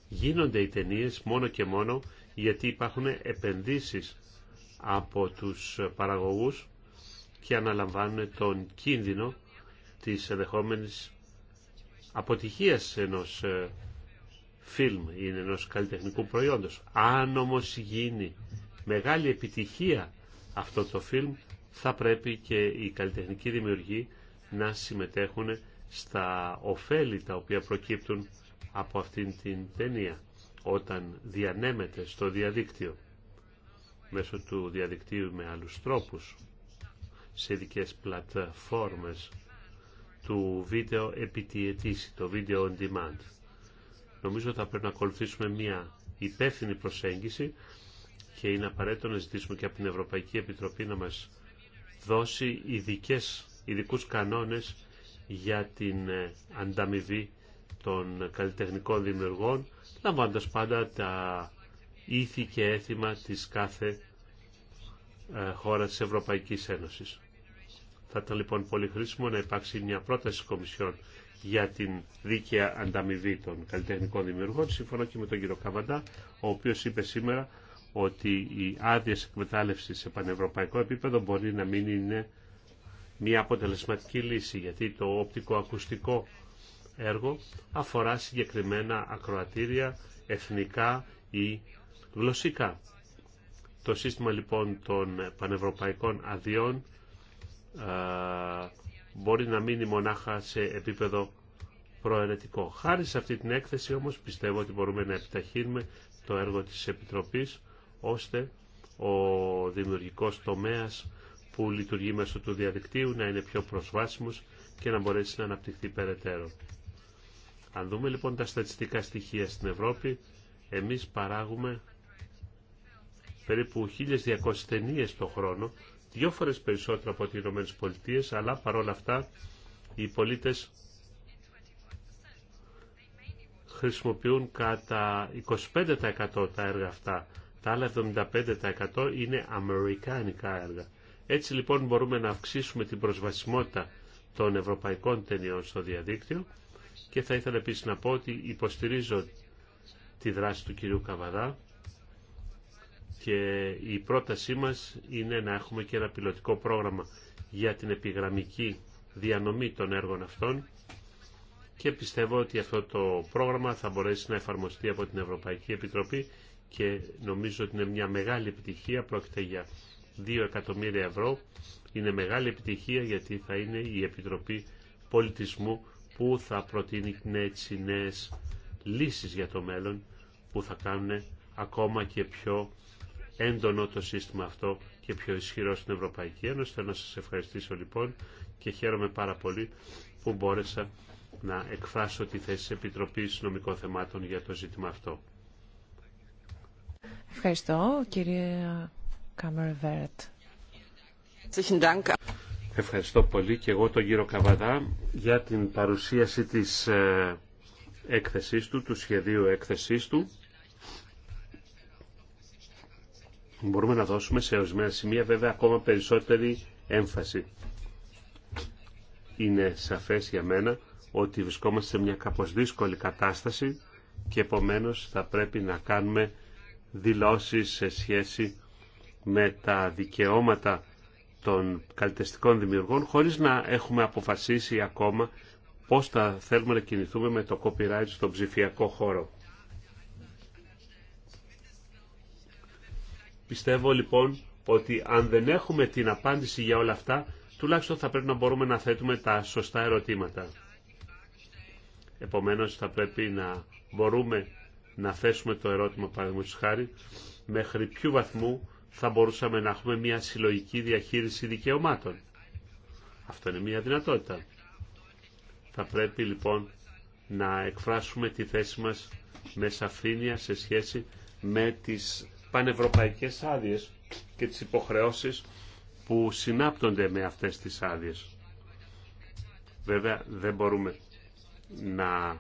γίνονται οι ταινίε μόνο και μόνο γιατί υπάρχουν επενδύσεις από τους παραγωγούς και αναλαμβάνουν τον κίνδυνο της ενδεχόμενης αποτυχίας ενός ε, φιλμ ή ενός καλλιτεχνικού προϊόντος. Αν όμως γίνει μεγάλη επιτυχία αυτό το φιλμ, θα πρέπει και οι καλλιτεχνικοί δημιουργοί να συμμετέχουν στα ωφέλη τα οποία προκύπτουν από αυτήν την ταινία όταν διανέμεται στο διαδίκτυο μέσω του διαδικτύου με άλλους τρόπους σε ειδικέ πλατφόρμες του βίντεο επί το βίντεο on demand. Νομίζω θα πρέπει να ακολουθήσουμε μια υπεύθυνη προσέγγιση και είναι απαραίτητο να ζητήσουμε και από την Ευρωπαϊκή Επιτροπή να μας δώσει ειδικές, ειδικούς κανόνες για την ε, ανταμοιβή των καλλιτεχνικών δημιουργών, λαμβάνοντας πάντα τα ήθη και έθιμα της κάθε ε, χώρας της Ευρωπαϊκής Ένωσης. Θα ήταν λοιπόν πολύ χρήσιμο να υπάρξει μια πρόταση της Κομισιόν για την δίκαια ανταμοιβή των καλλιτεχνικών δημιουργών. Συμφωνώ και με τον κύριο Καβαντά, ο οποίο είπε σήμερα ότι οι άδειε εκμετάλλευση σε πανευρωπαϊκό επίπεδο μπορεί να μην είναι μια αποτελεσματική λύση, γιατί το οπτικοακουστικό έργο αφορά συγκεκριμένα ακροατήρια, εθνικά ή γλωσσικά. Το σύστημα λοιπόν των πανευρωπαϊκών αδειών μπορεί να μείνει μονάχα σε επίπεδο προαιρετικό. Χάρη σε αυτή την έκθεση όμως πιστεύω ότι μπορούμε να επιταχύνουμε το έργο της Επιτροπής ώστε ο δημιουργικός τομέας που λειτουργεί μέσω του διαδικτύου να είναι πιο προσβάσιμος και να μπορέσει να αναπτυχθεί περαιτέρω. Αν δούμε λοιπόν τα στατιστικά στοιχεία στην Ευρώπη, εμείς παράγουμε περίπου 1.200 ταινίε το χρόνο δύο φορές περισσότερο από τις Ηνωμένες Πολιτείες, αλλά παρόλα αυτά οι πολίτες χρησιμοποιούν κατά 25% τα έργα αυτά. Τα άλλα 75% είναι αμερικάνικα έργα. Έτσι λοιπόν μπορούμε να αυξήσουμε την προσβασιμότητα των ευρωπαϊκών ταινιών στο διαδίκτυο και θα ήθελα επίσης να πω ότι υποστηρίζω τη δράση του κυρίου Καβαδά και η πρότασή μας είναι να έχουμε και ένα πιλωτικό πρόγραμμα για την επιγραμμική διανομή των έργων αυτών και πιστεύω ότι αυτό το πρόγραμμα θα μπορέσει να εφαρμοστεί από την Ευρωπαϊκή Επιτροπή και νομίζω ότι είναι μια μεγάλη επιτυχία, πρόκειται για 2 εκατομμύρια ευρώ. Είναι μεγάλη επιτυχία γιατί θα είναι η Επιτροπή Πολιτισμού που θα προτείνει έτσι νέες λύσεις για το μέλλον που θα κάνουν ακόμα και πιο έντονο το σύστημα αυτό και πιο ισχυρό στην Ευρωπαϊκή Ένωση. Θέλω να σας ευχαριστήσω λοιπόν και χαίρομαι πάρα πολύ που μπόρεσα να εκφράσω τη θέση της Επιτροπής Νομικών Θεμάτων για το ζήτημα αυτό. Ευχαριστώ κύριε Βέρετ. Ευχαριστώ πολύ και εγώ τον κύριο Καβαδά για την παρουσίαση της ε, έκθεσής του, του σχεδίου έκθεσής του. μπορούμε να δώσουμε σε ορισμένα σημεία βέβαια ακόμα περισσότερη έμφαση. Είναι σαφές για μένα ότι βρισκόμαστε σε μια κάπως δύσκολη κατάσταση και επομένως θα πρέπει να κάνουμε δηλώσεις σε σχέση με τα δικαιώματα των καλλιτεστικών δημιουργών χωρίς να έχουμε αποφασίσει ακόμα πώς θα θέλουμε να κινηθούμε με το copyright στον ψηφιακό χώρο. Πιστεύω λοιπόν ότι αν δεν έχουμε την απάντηση για όλα αυτά, τουλάχιστον θα πρέπει να μπορούμε να θέτουμε τα σωστά ερωτήματα. Επομένως θα πρέπει να μπορούμε να θέσουμε το ερώτημα παραδείγματος χάρη μέχρι ποιου βαθμού θα μπορούσαμε να έχουμε μια συλλογική διαχείριση δικαιωμάτων. Αυτό είναι μια δυνατότητα. Θα πρέπει λοιπόν να εκφράσουμε τη θέση μας με σαφήνεια σε σχέση με τις πανευρωπαϊκές άδειες και τις υποχρεώσεις που συνάπτονται με αυτές τις άδειες. Βέβαια δεν μπορούμε να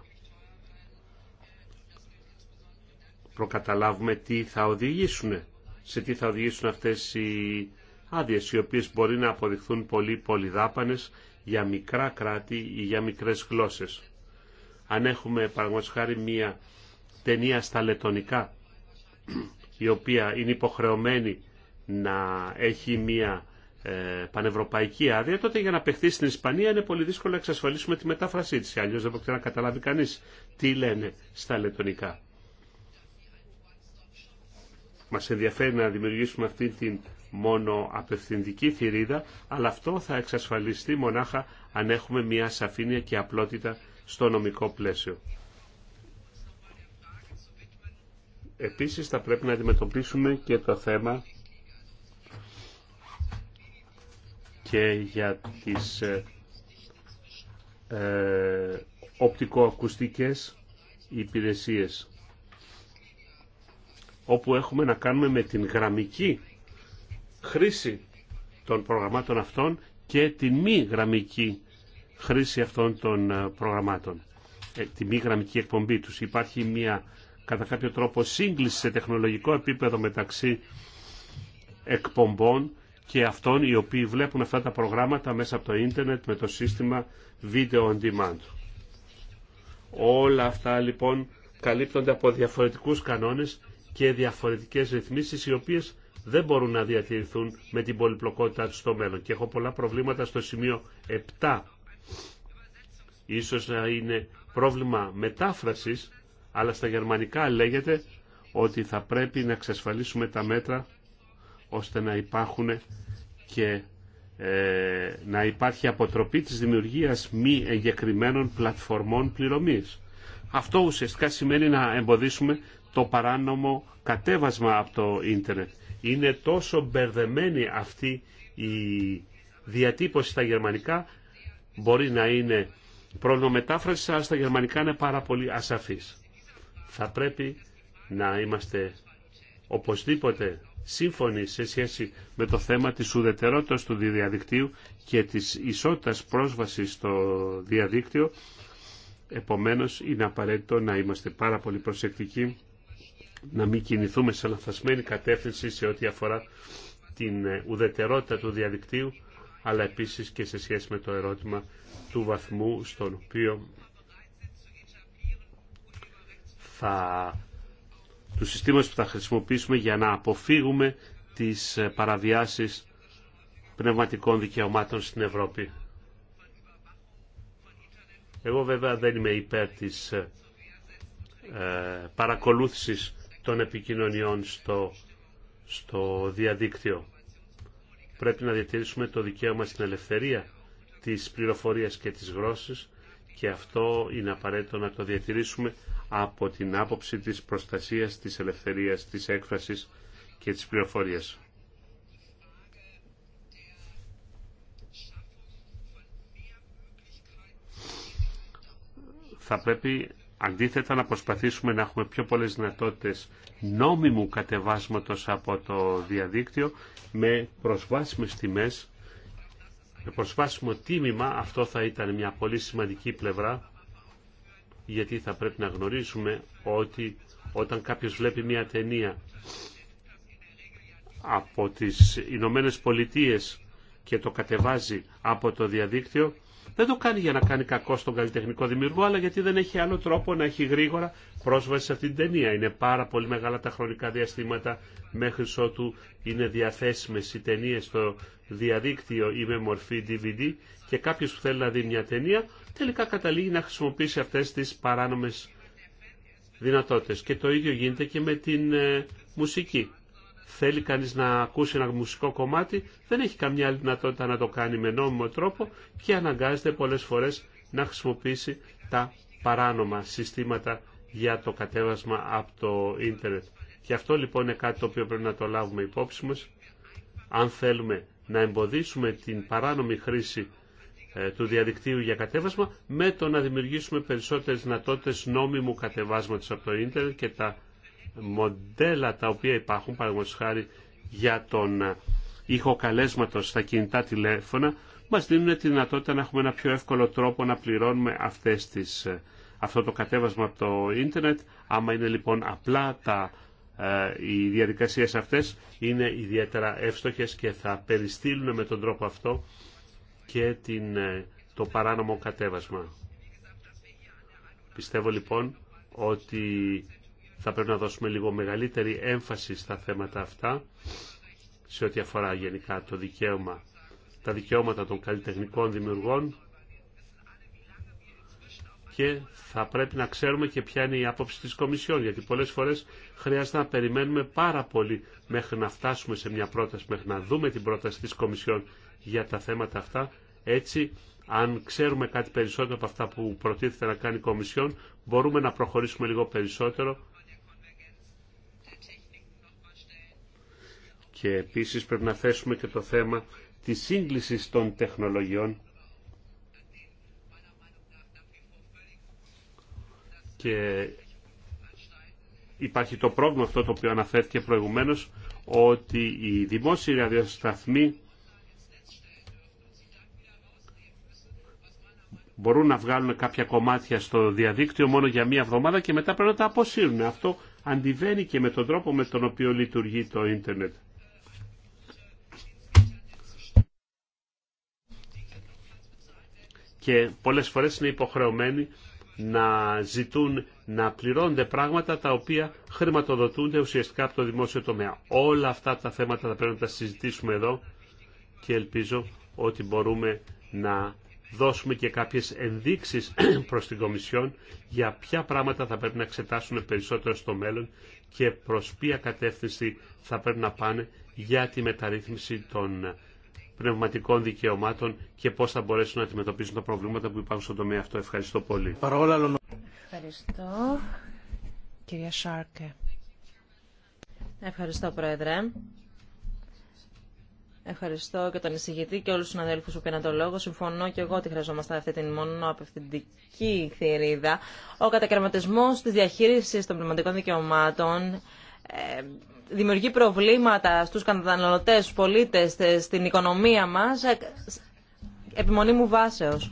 προκαταλάβουμε τι θα οδηγήσουν, σε τι θα οδηγήσουν αυτές οι άδειε, οι οποίες μπορεί να αποδειχθούν πολύ πολυδάπανες για μικρά κράτη ή για μικρές γλώσσες. Αν έχουμε, παραγωγικά μία ταινία στα λετονικά, η οποία είναι υποχρεωμένη να έχει μία ε, πανευρωπαϊκή άδεια, τότε για να παιχθεί στην Ισπανία είναι πολύ δύσκολο να εξασφαλίσουμε τη μετάφρασή της. Αλλιώς δεν μπορεί να καταλάβει κανείς τι λένε στα λετωνικά. Μας ενδιαφέρει να δημιουργήσουμε αυτή την μόνο απευθυντική θηρίδα, αλλά αυτό θα εξασφαλιστεί μονάχα αν έχουμε μια σαφήνεια και απλότητα στο νομικό πλαίσιο. Επίσης θα πρέπει να αντιμετωπίσουμε και το θέμα και για τις ε, ε, οπτικοακουστικές υπηρεσίες όπου έχουμε να κάνουμε με την γραμμική χρήση των προγραμμάτων αυτών και τη μη γραμμική χρήση αυτών των ε, προγραμμάτων, ε, τη μη γραμμική εκπομπή τους. Υπάρχει μια κατά κάποιο τρόπο σύγκληση σε τεχνολογικό επίπεδο μεταξύ εκπομπών και αυτών οι οποίοι βλέπουν αυτά τα προγράμματα μέσα από το ίντερνετ με το σύστημα Video On Demand. Όλα αυτά λοιπόν καλύπτονται από διαφορετικούς κανόνες και διαφορετικές ρυθμίσεις οι οποίες δεν μπορούν να διατηρηθούν με την πολυπλοκότητά του στο μέλλον. Και έχω πολλά προβλήματα στο σημείο 7. Ίσως να είναι πρόβλημα μετάφρασης αλλά στα γερμανικά λέγεται ότι θα πρέπει να εξασφαλίσουμε τα μέτρα ώστε να υπάρχουν και ε, να υπάρχει αποτροπή της δημιουργίας μη εγκεκριμένων πλατφορμών πληρωμής. Αυτό ουσιαστικά σημαίνει να εμποδίσουμε το παράνομο κατέβασμα από το ίντερνετ. Είναι τόσο μπερδεμένη αυτή η διατύπωση στα γερμανικά, μπορεί να είναι προνομετάφραση, αλλά στα γερμανικά είναι πάρα πολύ ασαφής θα πρέπει να είμαστε οπωσδήποτε σύμφωνοι σε σχέση με το θέμα της ουδετερότητας του διαδικτύου και της ισότητας πρόσβασης στο διαδίκτυο. Επομένως, είναι απαραίτητο να είμαστε πάρα πολύ προσεκτικοί, να μην κινηθούμε σε λαθασμένη κατεύθυνση σε ό,τι αφορά την ε, ουδετερότητα του διαδικτύου, αλλά επίσης και σε σχέση με το ερώτημα του βαθμού στον οποίο θα, του συστήματος που θα χρησιμοποιήσουμε για να αποφύγουμε τις ε, παραβιάσεις πνευματικών δικαιωμάτων στην Ευρώπη. Εγώ βέβαια δεν είμαι υπέρ της ε, ε, παρακολούθησης των επικοινωνιών στο, στο διαδίκτυο. Πρέπει να διατηρήσουμε το δικαίωμα στην ελευθερία της πληροφορίας και της γλώσσης και αυτό είναι απαραίτητο να το διατηρήσουμε από την άποψη της προστασίας, της ελευθερίας, της έκφρασης και της πληροφορίας. Θα πρέπει αντίθετα να προσπαθήσουμε να έχουμε πιο πολλές δυνατότητες νόμιμου κατεβάσματος από το διαδίκτυο με προσβάσιμες τιμές, με προσβάσιμο τίμημα, αυτό θα ήταν μια πολύ σημαντική πλευρά γιατί θα πρέπει να γνωρίζουμε ότι όταν κάποιος βλέπει μια ταινία από τις Ηνωμένε Πολιτείες και το κατεβάζει από το διαδίκτυο, δεν το κάνει για να κάνει κακό στον καλλιτεχνικό δημιουργό, αλλά γιατί δεν έχει άλλο τρόπο να έχει γρήγορα πρόσβαση σε αυτή την ταινία. Είναι πάρα πολύ μεγάλα τα χρονικά διαστήματα μέχρι ότου είναι διαθέσιμες οι ταινίες στο διαδίκτυο ή με μορφή DVD και κάποιος που θέλει να δει μια ταινία τελικά καταλήγει να χρησιμοποιήσει αυτές τις παράνομες δυνατότητες. Και το ίδιο γίνεται και με την ε, μουσική. Θέλει κανείς να ακούσει ένα μουσικό κομμάτι, δεν έχει καμιά άλλη δυνατότητα να το κάνει με νόμιμο τρόπο και αναγκάζεται πολλές φορές να χρησιμοποιήσει τα παράνομα συστήματα για το κατέβασμα από το ίντερνετ. Και αυτό λοιπόν είναι κάτι το οποίο πρέπει να το λάβουμε υπόψη μας αν θέλουμε να εμποδίσουμε την παράνομη χρήση ε, του διαδικτύου για κατέβασμα με το να δημιουργήσουμε περισσότερες δυνατότητε νόμιμου κατεβάσματος από το ίντερνετ και τα μοντέλα τα οποία υπάρχουν, παραγωγή χάρη για τον ε, ήχο καλέσματος στα κινητά τηλέφωνα, μας δίνουν τη δυνατότητα να έχουμε ένα πιο εύκολο τρόπο να πληρώνουμε αυτές τις, ε, αυτό το κατέβασμα από το ίντερνετ. Άμα είναι λοιπόν απλά τα, οι διαδικασίες αυτές, είναι ιδιαίτερα εύστοχες και θα περιστήλουν με τον τρόπο αυτό και την, ε, το παράνομο κατέβασμα. Πιστεύω λοιπόν ότι θα πρέπει να δώσουμε λίγο μεγαλύτερη έμφαση στα θέματα αυτά σε ό,τι αφορά γενικά το δικαίωμα, τα δικαιώματα των καλλιτεχνικών δημιουργών και θα πρέπει να ξέρουμε και ποια είναι η άποψη της Κομισιόν, γιατί πολλές φορές χρειάζεται να περιμένουμε πάρα πολύ μέχρι να φτάσουμε σε μια πρόταση, μέχρι να δούμε την πρόταση της Κομισιόν για τα θέματα αυτά. Έτσι, αν ξέρουμε κάτι περισσότερο από αυτά που προτίθεται να κάνει η Κομισιόν, μπορούμε να προχωρήσουμε λίγο περισσότερο. Και επίσης πρέπει να θέσουμε και το θέμα της σύγκλησης των τεχνολογιών και υπάρχει το πρόβλημα αυτό το οποίο αναφέρθηκε προηγουμένως ότι οι δημόσιοι ραδιοσταθμοί μπορούν να βγάλουν κάποια κομμάτια στο διαδίκτυο μόνο για μία εβδομάδα και μετά πρέπει να τα αποσύρουν. Αυτό αντιβαίνει και με τον τρόπο με τον οποίο λειτουργεί το ίντερνετ. Και πολλές φορές είναι υποχρεωμένοι να ζητούν να πληρώνονται πράγματα τα οποία χρηματοδοτούνται ουσιαστικά από το δημόσιο τομέα. Όλα αυτά τα θέματα θα πρέπει να τα συζητήσουμε εδώ και ελπίζω ότι μπορούμε να δώσουμε και κάποιες ενδείξεις (clears throat) προς την Κομισιόν για ποια πράγματα θα πρέπει να εξετάσουν περισσότερο στο μέλλον και προς ποια κατεύθυνση θα πρέπει να πάνε για τη μεταρρύθμιση των πνευματικών δικαιωμάτων και πώς θα μπορέσουν να αντιμετωπίσουν τα προβλήματα που υπάρχουν στον τομέα αυτό. Ευχαριστώ πολύ. Ευχαριστώ. Κυρία Σάρκε. Ευχαριστώ, Πρόεδρε. Ευχαριστώ και τον εισηγητή και όλους τους συναδέλφους που πήραν το λόγο. Συμφωνώ και εγώ ότι χρειαζόμαστε αυτή την μόνο απευθυντική θηρίδα. Ο κατακαιρματισμός της διαχείρισης των πνευματικών δικαιωμάτων ε, δημιουργεί προβλήματα στους καταναλωτές, στους πολίτες, ε, στην οικονομία μας ε, επιμονή μου βάσεως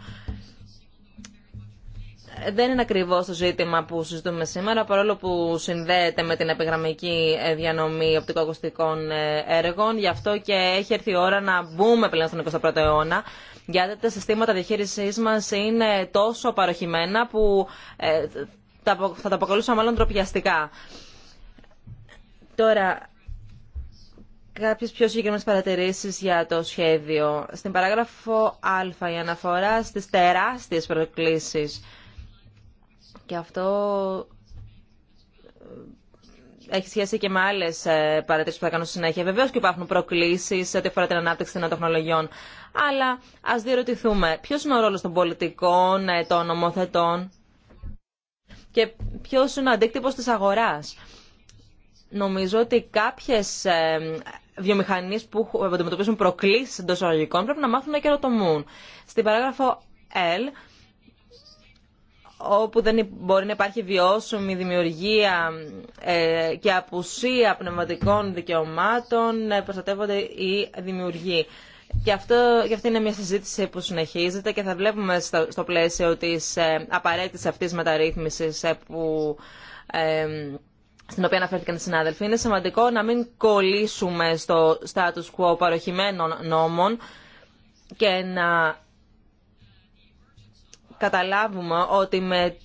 δεν είναι ακριβώ το ζήτημα που συζητούμε σήμερα, παρόλο που συνδέεται με την επιγραμμική ε, διανομή οπτικοακουστικών ε, έργων. Γι' αυτό και έχει έρθει η ώρα να μπούμε πλέον στον 21ο αιώνα, γιατί τα συστήματα διαχείρισή μα είναι τόσο παροχημένα που ε, θα τα αποκαλούσα μάλλον τροπιαστικά. Τώρα, κάποιες πιο συγκεκριμένε παρατηρήσεις για το σχέδιο. Στην παράγραφο Α, η αναφορά στις τεράστιες προκλήσεις και αυτό ε, έχει σχέση και με άλλε παρατηρήσει που θα κάνω στη συνέχεια. Βεβαίω και υπάρχουν προκλήσει σε ό,τι αφορά την ανάπτυξη των τεχνολογιών. Αλλά α διερωτηθούμε ποιο είναι ο ρόλο των πολιτικών, ε, των νομοθετών και ποιο είναι ο αντίκτυπο τη αγορά. Νομίζω ότι κάποιε βιομηχανίε που αντιμετωπίζουν προκλήσει εντό αγωγικών πρέπει να μάθουν να καιροτομούν. Στην παράγραφο L όπου δεν μπορεί να υπάρχει βιώσιμη δημιουργία ε, και απουσία πνευματικών δικαιωμάτων, προστατεύονται οι δημιουργοί. Και, αυτό, και αυτή είναι μια συζήτηση που συνεχίζεται και θα βλέπουμε στο, πλαίσιο της ε, απαραίτητης αυτής μεταρρύθμισης ε, που, ε, στην οποία αναφέρθηκαν οι συνάδελφοι. Είναι σημαντικό να μην κολλήσουμε στο status quo παροχημένων νόμων και να καταλάβουμε ότι με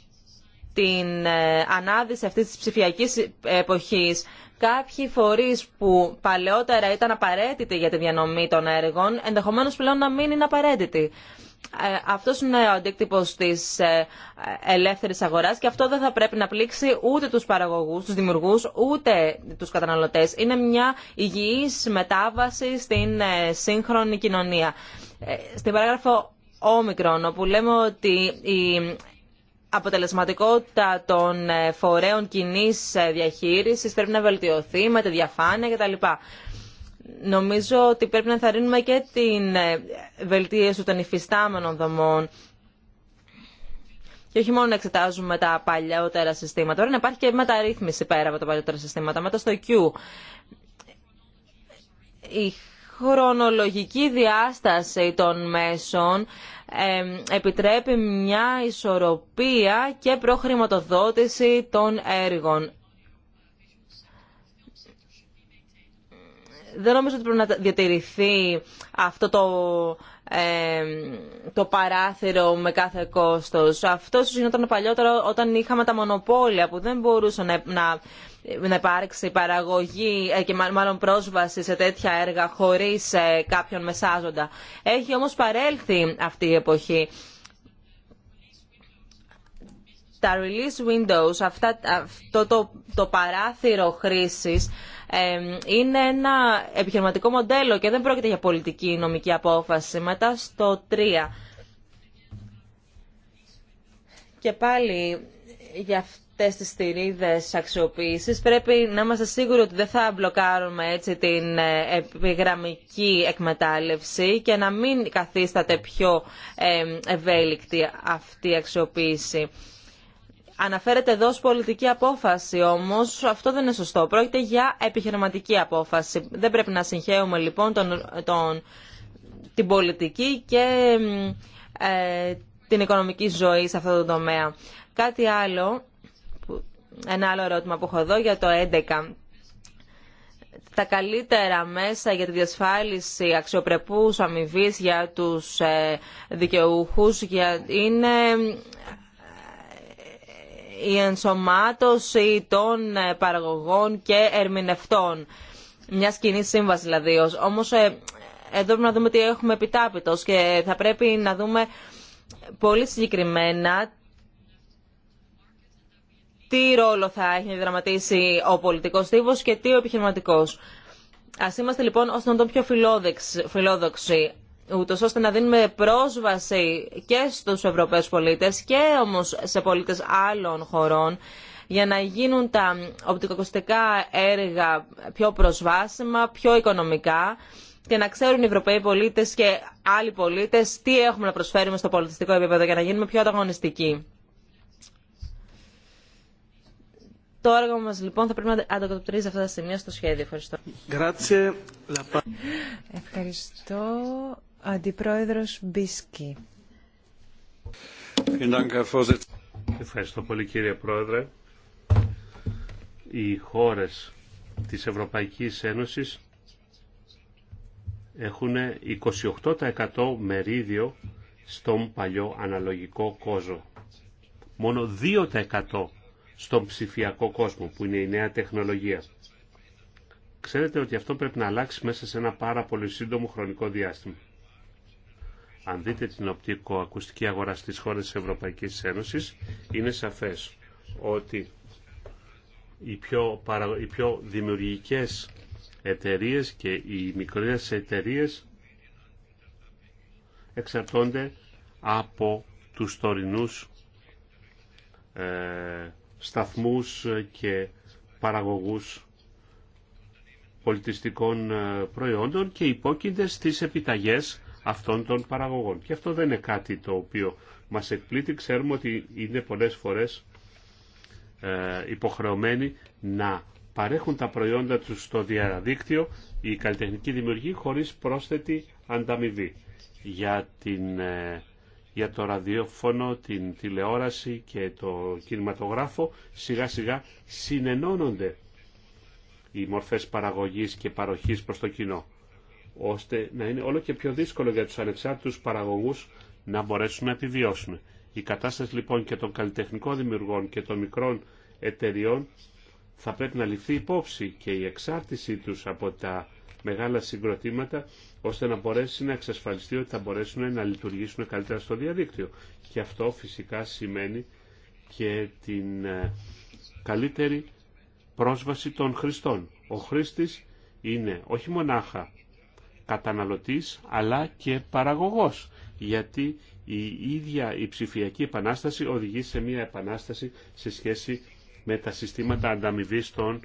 την ε, ανάδυση αυτής της ψηφιακής εποχής κάποιοι φορείς που παλαιότερα ήταν απαραίτητοι για τη διανομή των έργων ενδεχομένως πλέον να μην είναι απαραίτητοι. Ε, αυτός είναι ο αντίκτυπος της ε, ελεύθερης αγοράς και αυτό δεν θα πρέπει να πλήξει ούτε τους παραγωγούς, τους δημιουργούς, ούτε τους καταναλωτές. Είναι μια υγιής μετάβαση στην σύγχρονη κοινωνία. Στην παράγραφο όμικρον, όπου λέμε ότι η αποτελεσματικότητα των ε, φορέων κοινή ε, διαχείρισης πρέπει να βελτιωθεί με τη διαφάνεια κτλ. Νομίζω ότι πρέπει να ενθαρρύνουμε και την ε, βελτίωση των υφιστάμενων δομών και όχι μόνο να εξετάζουμε τα παλιότερα συστήματα. Τώρα να υπάρχει και μεταρρύθμιση πέρα από τα παλιότερα συστήματα. Μετά στο Q χρονολογική διάσταση των μέσων επιτρέπει μια ισορροπία και προχρηματοδότηση των έργων. δεν νομίζω ότι πρέπει να διατηρηθεί αυτό το, ε, το παράθυρο με κάθε κόστος. Αυτό σου γινόταν παλιότερο, όταν είχαμε τα μονοπόλια που δεν μπορούσε να, να, να υπάρξει παραγωγή ε, και μάλλον πρόσβαση σε τέτοια έργα χωρίς ε, κάποιον μεσάζοντα. Έχει όμως παρέλθει αυτή η εποχή. Τα release windows, αυτό το, το παράθυρο χρήσης, είναι ένα επιχειρηματικό μοντέλο και δεν πρόκειται για πολιτική νομική απόφαση. Μετά στο 3. Και πάλι για αυτές τις στηρίδες αξιοποίησης πρέπει να είμαστε σίγουροι ότι δεν θα μπλοκάρουμε έτσι την ε, επιγραμμική εκμετάλλευση και να μην καθίσταται πιο ευέλικτη αυτή η αξιοποίηση. Αναφέρεται εδώ ως πολιτική απόφαση, όμως αυτό δεν είναι σωστό. Πρόκειται για επιχειρηματική απόφαση. Δεν πρέπει να συγχαίουμε λοιπόν τον, τον, την πολιτική και ε, την οικονομική ζωή σε αυτό το τομέα. Κάτι άλλο, ένα άλλο ερώτημα που έχω εδώ για το 11 τα καλύτερα μέσα για τη διασφάλιση αξιοπρεπούς αμοιβή για τους ε, δικαιούχους για, είναι η ενσωμάτωση των ε, παραγωγών και ερμηνευτών. Μια κοινή σύμβαση δηλαδή. Όμως ε, εδώ πρέπει να δούμε τι έχουμε επιτάπητο και θα πρέπει να δούμε πολύ συγκεκριμένα τι ρόλο θα έχει να δραματίσει ο πολιτικός τύπος και τι ο επιχειρηματικός. Ας είμαστε λοιπόν ως τον πιο φιλόδοξοι ούτως ώστε να δίνουμε πρόσβαση και στους Ευρωπαίους πολίτες και όμως σε πολίτες άλλων χωρών για να γίνουν τα οπτικοκοστικά έργα πιο προσβάσιμα, πιο οικονομικά και να ξέρουν οι Ευρωπαίοι πολίτες και άλλοι πολίτες τι έχουμε να προσφέρουμε στο πολιτιστικό επίπεδο για να γίνουμε πιο ανταγωνιστικοί. Το έργο μα λοιπόν θα πρέπει να αντακατοπτρίζει αυτά τα σημεία στο σχέδιο. Ευχαριστώ. Αντιπρόεδρος Μπίσκι. Ευχαριστώ πολύ κύριε Πρόεδρε. Οι χώρες της Ευρωπαϊκής Ένωσης έχουν 28% μερίδιο στον παλιό αναλογικό κόσμο. Μόνο 2% στον ψηφιακό κόσμο που είναι η νέα τεχνολογία. Ξέρετε ότι αυτό πρέπει να αλλάξει μέσα σε ένα πάρα πολύ σύντομο χρονικό διάστημα. Αν δείτε την οπτικοακουστική αγορά στις χώρες της Ευρωπαϊκής Ένωσης, είναι σαφές ότι οι πιο, παρα... οι δημιουργικές εταιρείες και οι μικρές εταιρείες εξαρτώνται από τους τωρινούς ε, σταθμούς και παραγωγούς πολιτιστικών ε, προϊόντων και υπόκεινται στις επιταγές αυτών των παραγωγών. Και αυτό δεν είναι κάτι το οποίο μας εκπλήττει. Ξέρουμε ότι είναι πολλές φορές ε, υποχρεωμένοι να παρέχουν τα προϊόντα τους στο διαδίκτυο η καλλιτεχνική δημιουργή χωρίς πρόσθετη ανταμοιβή. Για, την, ε, για το ραδιοφωνο, την τηλεόραση και το κινηματογράφο σιγά σιγά συνενώνονται οι μορφές παραγωγής και παροχής προς το κοινό ώστε να είναι όλο και πιο δύσκολο για τους ανεξάρτητους παραγωγούς να μπορέσουν να επιβιώσουν. Η κατάσταση λοιπόν και των καλλιτεχνικών δημιουργών και των μικρών εταιριών θα πρέπει να ληφθεί υπόψη και η εξάρτησή τους από τα μεγάλα συγκροτήματα ώστε να μπορέσει να εξασφαλιστεί ότι θα μπορέσουν να λειτουργήσουν καλύτερα στο διαδίκτυο. Και αυτό φυσικά σημαίνει και την ε, καλύτερη πρόσβαση των χρηστών. Ο χρήστης είναι όχι μονάχα καταναλωτής αλλά και παραγωγός γιατί η ίδια η ψηφιακή επανάσταση οδηγεί σε μια επανάσταση σε σχέση με τα συστήματα ανταμοιβή των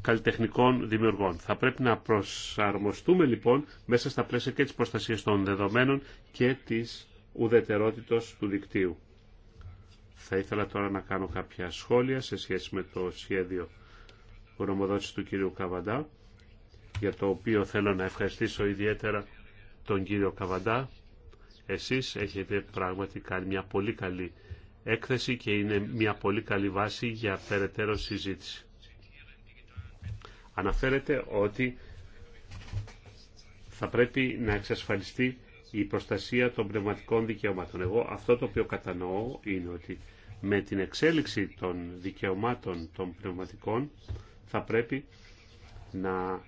καλλιτεχνικών δημιουργών. Θα πρέπει να προσαρμοστούμε λοιπόν μέσα στα πλαίσια και της προστασίας των δεδομένων και της ουδετερότητος του δικτύου. Θα ήθελα τώρα να κάνω κάποια σχόλια σε σχέση με το σχέδιο γνωμοδότηση του κυρίου Καβαντά για το οποίο θέλω να ευχαριστήσω ιδιαίτερα τον κύριο Καβαντά. Εσείς έχετε πράγματι κάνει μια πολύ καλή έκθεση και είναι μια πολύ καλή βάση για περαιτέρω συζήτηση. Αναφέρεται ότι θα πρέπει να εξασφαλιστεί η προστασία των πνευματικών δικαιωμάτων. Εγώ αυτό το οποίο κατανοώ είναι ότι με την εξέλιξη των δικαιωμάτων των πνευματικών θα πρέπει να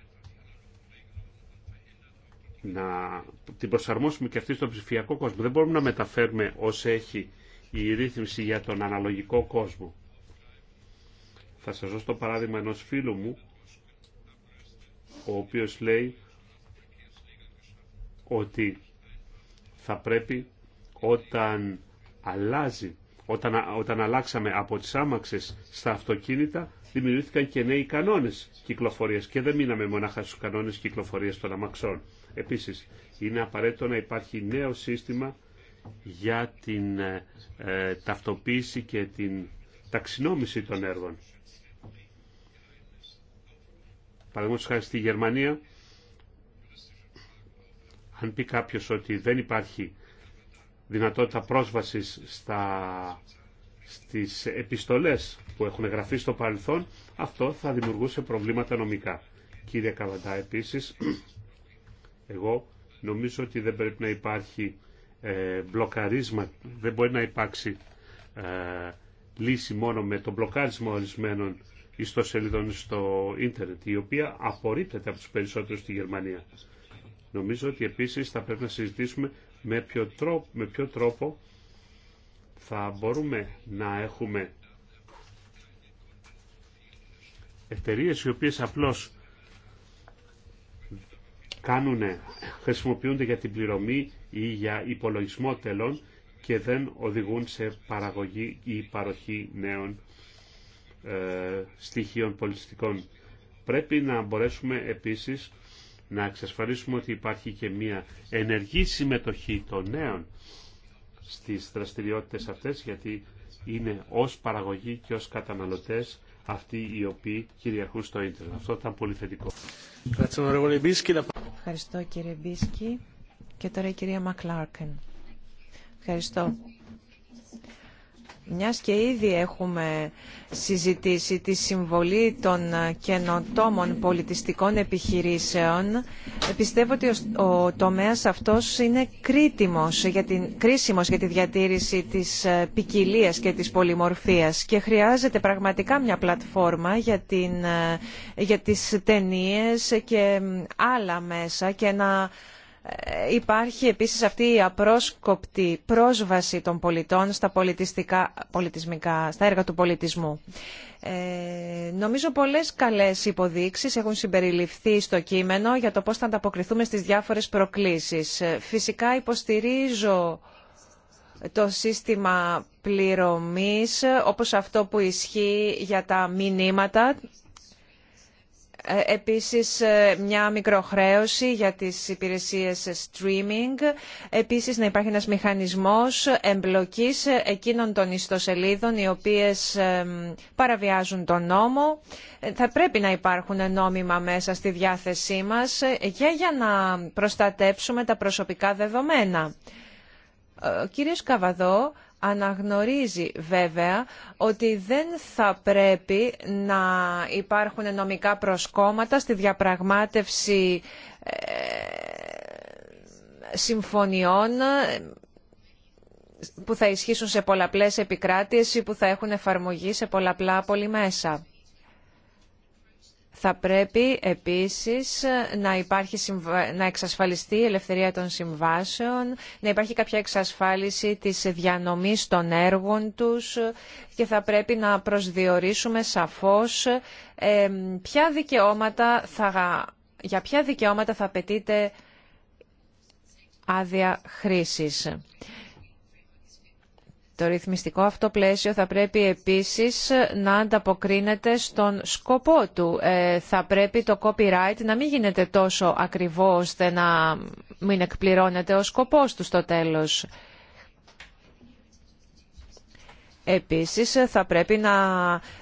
να την προσαρμόσουμε και αυτή στον ψηφιακό κόσμο. Δεν μπορούμε να μεταφέρουμε όσα έχει η ρύθμιση για τον αναλογικό κόσμο. Θα σας δώσω το παράδειγμα ενός φίλου μου, ο οποίος λέει ότι θα πρέπει όταν αλλάζει όταν, αλλάξαμε από τις άμαξες στα αυτοκίνητα, δημιουργήθηκαν και νέοι κανόνες κυκλοφορίας και δεν μείναμε μονάχα στους κανόνες κυκλοφορίας των αμαξών. Επίσης, είναι απαραίτητο να υπάρχει νέο σύστημα για την ε, ε, ταυτοποίηση και την ταξινόμηση των έργων. Παραδείγματος χάρη στη Γερμανία, αν πει κάποιος ότι δεν υπάρχει δυνατότητα πρόσβασης στα, στις επιστολές που έχουν γραφεί στο παρελθόν, αυτό θα δημιουργούσε προβλήματα νομικά. Κύριε Καβαντά, επίσης, εγώ νομίζω ότι δεν πρέπει να υπάρχει ε, μπλοκαρίσμα, δεν μπορεί να υπάρξει ε, λύση μόνο με τον μπλοκάρισμα ορισμένων ιστοσελίδων στο ίντερνετ, η οποία απορρίπτεται από τους περισσότερους στη Γερμανία. Νομίζω ότι επίσης θα πρέπει να συζητήσουμε με ποιο τρόπο, με τρόπο θα μπορούμε να έχουμε εταιρείε οι οποίες απλώς κάνουνε χρησιμοποιούνται για την πληρωμή ή για υπολογισμό τελών και δεν οδηγούν σε παραγωγή ή παροχή νέων ε, στοιχείων πολιτιστικών. Πρέπει να μπορέσουμε επίσης να εξασφαλίσουμε ότι υπάρχει και μια ενεργή συμμετοχή των νέων στις δραστηριότητες αυτές, γιατί είναι ως παραγωγή και ως καταναλωτές αυτοί οι οποίοι κυριαρχούν στο ίντερνετ. Αυτό ήταν πολύ θετικό. Ευχαριστώ κύριε Μπίσκι. Και τώρα η κυρία Μακλάρκεν. Ευχαριστώ. Μιας και ήδη έχουμε συζητήσει τη συμβολή των καινοτόμων πολιτιστικών επιχειρήσεων, πιστεύω ότι ο τομέας αυτός είναι κρίτιμος για την, κρίσιμος για τη διατήρηση της ε, ποικιλία και της πολυμορφίας και χρειάζεται πραγματικά μια πλατφόρμα για, την, ε, για τις ταινίες και άλλα μέσα και να ε, υπάρχει επίσης αυτή η απρόσκοπτη πρόσβαση των πολιτών στα πολιτιστικά, πολιτισμικά, στα έργα του πολιτισμού. Ε, νομίζω πολλές καλές υποδείξεις έχουν συμπεριληφθεί στο κείμενο για το πώς θα ανταποκριθούμε στις διάφορες προκλήσεις. Ε, φυσικά υποστηρίζω το σύστημα πληρωμής όπως αυτό που ισχύει για τα μηνύματα ε, επίσης ε, μια μικροχρέωση για τις υπηρεσίες streaming. Επίσης να υπάρχει ένας μηχανισμός εμπλοκής εκείνων των ιστοσελίδων οι οποίες παραβιάζουν τον νόμο. Ε, θα πρέπει να υπάρχουν νόμιμα μέσα στη διάθεσή μας για, να προστατέψουμε τα προσωπικά δεδομένα. Κύριε Καβαδό Αναγνωρίζει βέβαια ότι δεν θα πρέπει να υπάρχουν νομικά προσκόμματα στη διαπραγμάτευση ε, συμφωνιών ε, που θα ισχύσουν σε πολλαπλές επικράτειες ή που θα έχουν εφαρμογή σε πολλαπλά πολυμέσα. Θα πρέπει επίσης να, υπάρχει, να εξασφαλιστεί η ελευθερία των συμβάσεων, να υπάρχει κάποια εξασφάλιση της διανομής των έργων τους και θα πρέπει να προσδιορίσουμε σαφώς ε, ποια δικαιώματα θα, για ποια δικαιώματα θα απαιτείται άδεια χρήσης. Το ρυθμιστικό αυτό πλαίσιο θα πρέπει επίσης να ανταποκρίνεται στον σκοπό του. Ε, θα πρέπει το copyright να μην γίνεται τόσο ακριβό ώστε να μην εκπληρώνεται ο σκοπός του στο τέλος. Επίσης θα πρέπει να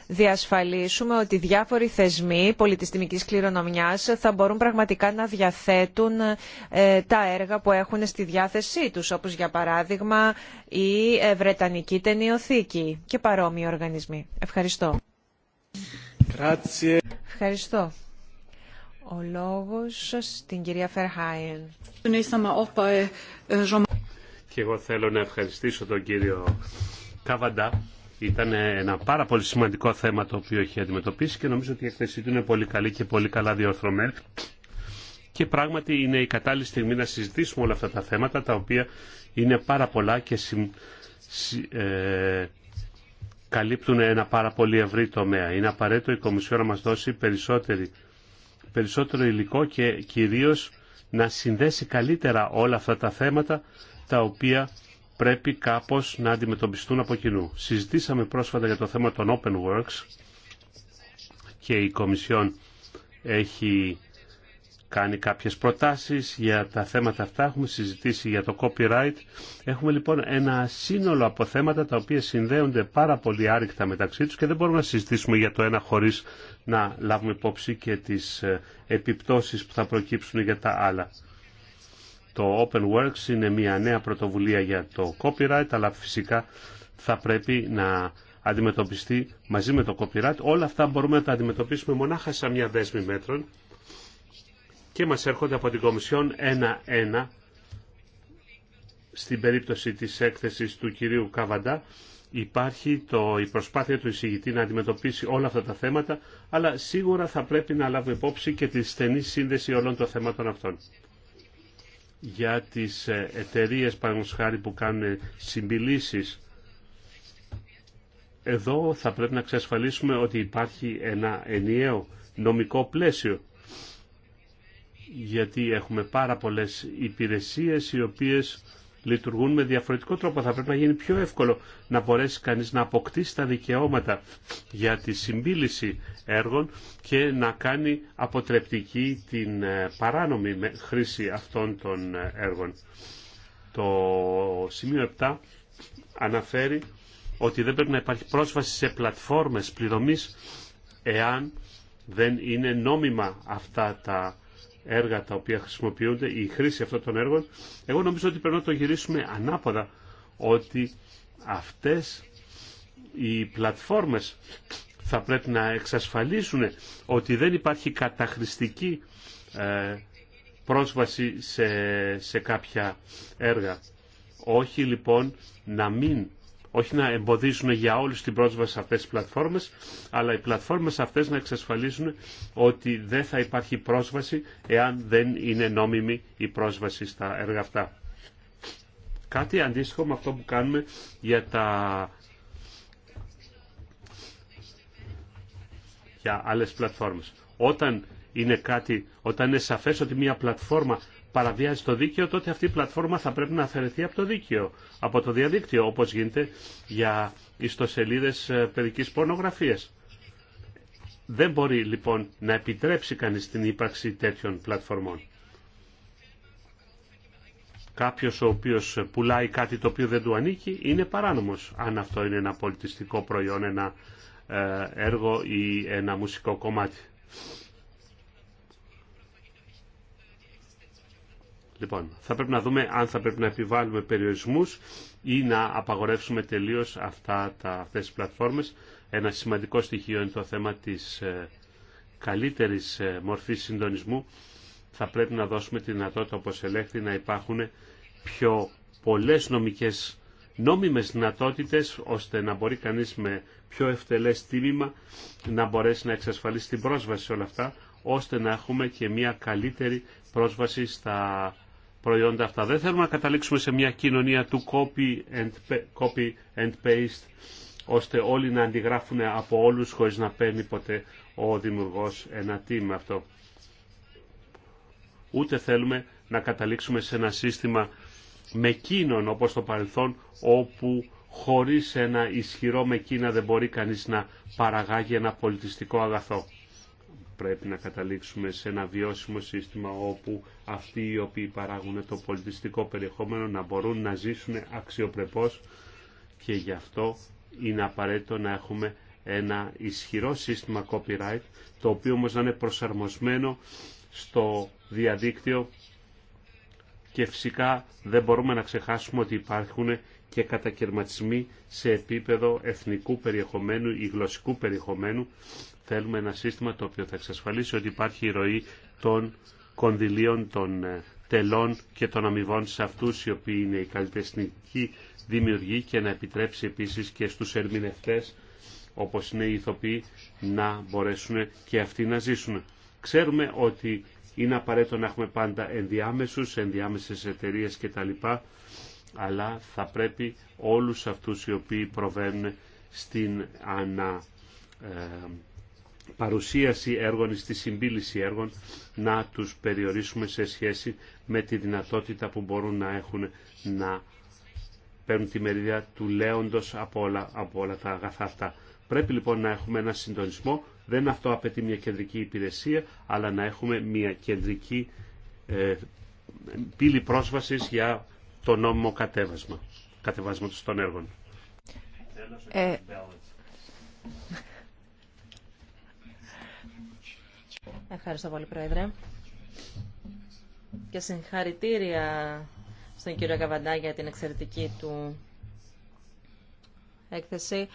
διασφαλίσουμε ότι διάφοροι θεσμοί πολιτιστημικής κληρονομιάς θα μπορούν πραγματικά να διαθέτουν ε, τα έργα που έχουν στη διάθεσή τους, όπως για παράδειγμα η ε, Βρετανική Ταινιοθήκη και παρόμοιοι οργανισμοί. Ευχαριστώ. Ευχαριστώ. Ο λόγος στην κυρία Φερχάιεν. Äh, και εγώ θέλω να ευχαριστήσω τον κύριο Καβαντά ήταν ένα πάρα πολύ σημαντικό θέμα το οποίο έχει αντιμετωπίσει και νομίζω ότι η εκθεσή του είναι πολύ καλή και πολύ καλά διορθωμένη. Και πράγματι είναι η κατάλληλη στιγμή να συζητήσουμε όλα αυτά τα θέματα τα οποία είναι πάρα πολλά και ε, καλύπτουν ένα πάρα πολύ ευρύ τομέα. Είναι απαραίτητο η Κομισιό να μας δώσει περισσότερο υλικό και κυρίως να συνδέσει καλύτερα όλα αυτά τα θέματα τα οποία πρέπει κάπως να αντιμετωπιστούν από κοινού. Συζητήσαμε πρόσφατα για το θέμα των Open Works και η Κομισιόν έχει κάνει κάποιες προτάσεις για τα θέματα αυτά. Έχουμε συζητήσει για το copyright. Έχουμε λοιπόν ένα σύνολο από θέματα τα οποία συνδέονται πάρα πολύ άρρηκτα μεταξύ τους και δεν μπορούμε να συζητήσουμε για το ένα χωρίς να λάβουμε υπόψη και τις ε, επιπτώσεις που θα προκύψουν για τα άλλα. Το Open Works είναι μια νέα πρωτοβουλία για το copyright, αλλά φυσικά θα πρέπει να αντιμετωπιστεί μαζί με το copyright. Όλα αυτά μπορούμε να τα αντιμετωπίσουμε μονάχα σαν μια δέσμη μέτρων και μας έρχονται από την Κομισιόν ένα-ένα στην περίπτωση της έκθεσης του κυρίου Καβαντά υπάρχει το, η προσπάθεια του εισηγητή να αντιμετωπίσει όλα αυτά τα θέματα αλλά σίγουρα θα πρέπει να λάβουμε υπόψη και τη στενή σύνδεση όλων των θεμάτων αυτών για τις ε, εταιρείες χάρη που κάνουν συμπιλήσεις. Εδώ θα πρέπει να εξασφαλίσουμε ότι υπάρχει ένα ενιαίο νομικό πλαίσιο γιατί έχουμε πάρα πολλές υπηρεσίες οι οποίες λειτουργούν με διαφορετικό τρόπο. Θα πρέπει να γίνει πιο εύκολο να μπορέσει κανείς να αποκτήσει τα δικαιώματα για τη συμπίληση έργων και να κάνει αποτρεπτική την ε, παράνομη χρήση αυτών των ε, έργων. Το σημείο 7 αναφέρει ότι δεν πρέπει να υπάρχει πρόσβαση σε πλατφόρμες πληρωμής εάν δεν είναι νόμιμα αυτά τα έργα τα οποία χρησιμοποιούνται, η χρήση αυτών των έργων, εγώ νομίζω ότι πρέπει να το γυρίσουμε ανάποδα, ότι αυτές οι πλατφόρμες θα πρέπει να εξασφαλίσουν ότι δεν υπάρχει καταχρηστική ε, πρόσβαση σε, σε κάποια έργα. Όχι λοιπόν να μην όχι να εμποδίζουν για όλους την πρόσβαση σε αυτές τις πλατφόρμες, αλλά οι πλατφόρμες αυτές να εξασφαλίσουν ότι δεν θα υπάρχει πρόσβαση εάν δεν είναι νόμιμη η πρόσβαση στα έργα αυτά. Κάτι αντίστοιχο με αυτό που κάνουμε για τα για άλλες πλατφόρμες. Όταν είναι κάτι, όταν είναι σαφές ότι μια πλατφόρμα παραβιάζει το δίκαιο, τότε αυτή η πλατφόρμα θα πρέπει να αφαιρεθεί από το δίκαιο, από το διαδίκτυο, όπως γίνεται για ιστοσελίδες ε, παιδικής πορνογραφίας. Δεν μπορεί λοιπόν να επιτρέψει κανείς την ύπαρξη τέτοιων πλατφορμών. Κάποιος ο οποίος πουλάει κάτι το οποίο δεν του ανήκει είναι παράνομος, αν αυτό είναι ένα πολιτιστικό προϊόν, ένα ε, έργο ή ένα μουσικό κομμάτι. Λοιπόν, θα πρέπει να δούμε αν θα πρέπει να επιβάλλουμε περιορισμούς ή να απαγορεύσουμε τελείως αυτά, τα, αυτές τις πλατφόρμες. Ένα σημαντικό στοιχείο είναι το θέμα της ε, καλύτερης ε, μορφής συντονισμού. Θα πρέπει να δώσουμε τη δυνατότητα, όπως ελέγχθη, να υπάρχουν πιο πολλές νομικές νόμιμες δυνατότητες ώστε να μπορεί κανείς με πιο ευτελές τίμημα να μπορέσει να εξασφαλίσει την πρόσβαση σε όλα αυτά ώστε να έχουμε και μια καλύτερη πρόσβαση στα προϊόντα αυτά. Δεν θέλουμε να καταλήξουμε σε μια κοινωνία του copy and, copy and paste, ώστε όλοι να αντιγράφουν από όλους χωρίς να παίρνει ποτέ ο δημιουργός ένα team αυτό. Ούτε θέλουμε να καταλήξουμε σε ένα σύστημα με κίνον όπως το παρελθόν όπου χωρίς ένα ισχυρό με κίνα δεν μπορεί κανείς να παραγάγει ένα πολιτιστικό αγαθό πρέπει να καταλήξουμε σε ένα βιώσιμο σύστημα όπου αυτοί οι οποίοι παράγουν το πολιτιστικό περιεχόμενο να μπορούν να ζήσουν αξιοπρεπώς και γι' αυτό είναι απαραίτητο να έχουμε ένα ισχυρό σύστημα copyright το οποίο όμως να είναι προσαρμοσμένο στο διαδίκτυο και φυσικά δεν μπορούμε να ξεχάσουμε ότι υπάρχουν και κατακαιρματισμοί σε επίπεδο εθνικού περιεχομένου ή γλωσσικού περιεχομένου Θέλουμε ένα σύστημα το οποίο θα εξασφαλίσει ότι υπάρχει η ροή των κονδυλίων, των ε, τελών και των αμοιβών σε αυτούς οι οποίοι είναι οι καλλιτεχνικοί δημιουργοί και να επιτρέψει επίσης και στους ερμηνευτές όπως είναι οι ηθοποιοί να μπορέσουν και αυτοί να ζήσουν. Ξέρουμε ότι είναι απαραίτητο να έχουμε πάντα ενδιάμεσους, ενδιάμεσες εταιρείες κτλ. Αλλά θα πρέπει όλους αυτούς οι οποίοι προβαίνουν στην ανα, ε, παρουσίαση έργων ή στη συμπίληση έργων να τους περιορίσουμε σε σχέση με τη δυνατότητα που μπορούν να έχουν να παίρνουν τη μερίδα του λέοντος από όλα, από τα αγαθά αυτά. Πρέπει λοιπόν να έχουμε ένα συντονισμό, δεν αυτό απαιτεί μια κεντρική υπηρεσία, αλλά να έχουμε μια κεντρική ε, πύλη πρόσβασης για το νόμιμο κατέβασμα, κατεβάσματος των έργων. Ε, Ευχαριστώ πολύ, Πρόεδρε. Και συγχαρητήρια στον κύριο Καβαντά για την εξαιρετική του έκθεση.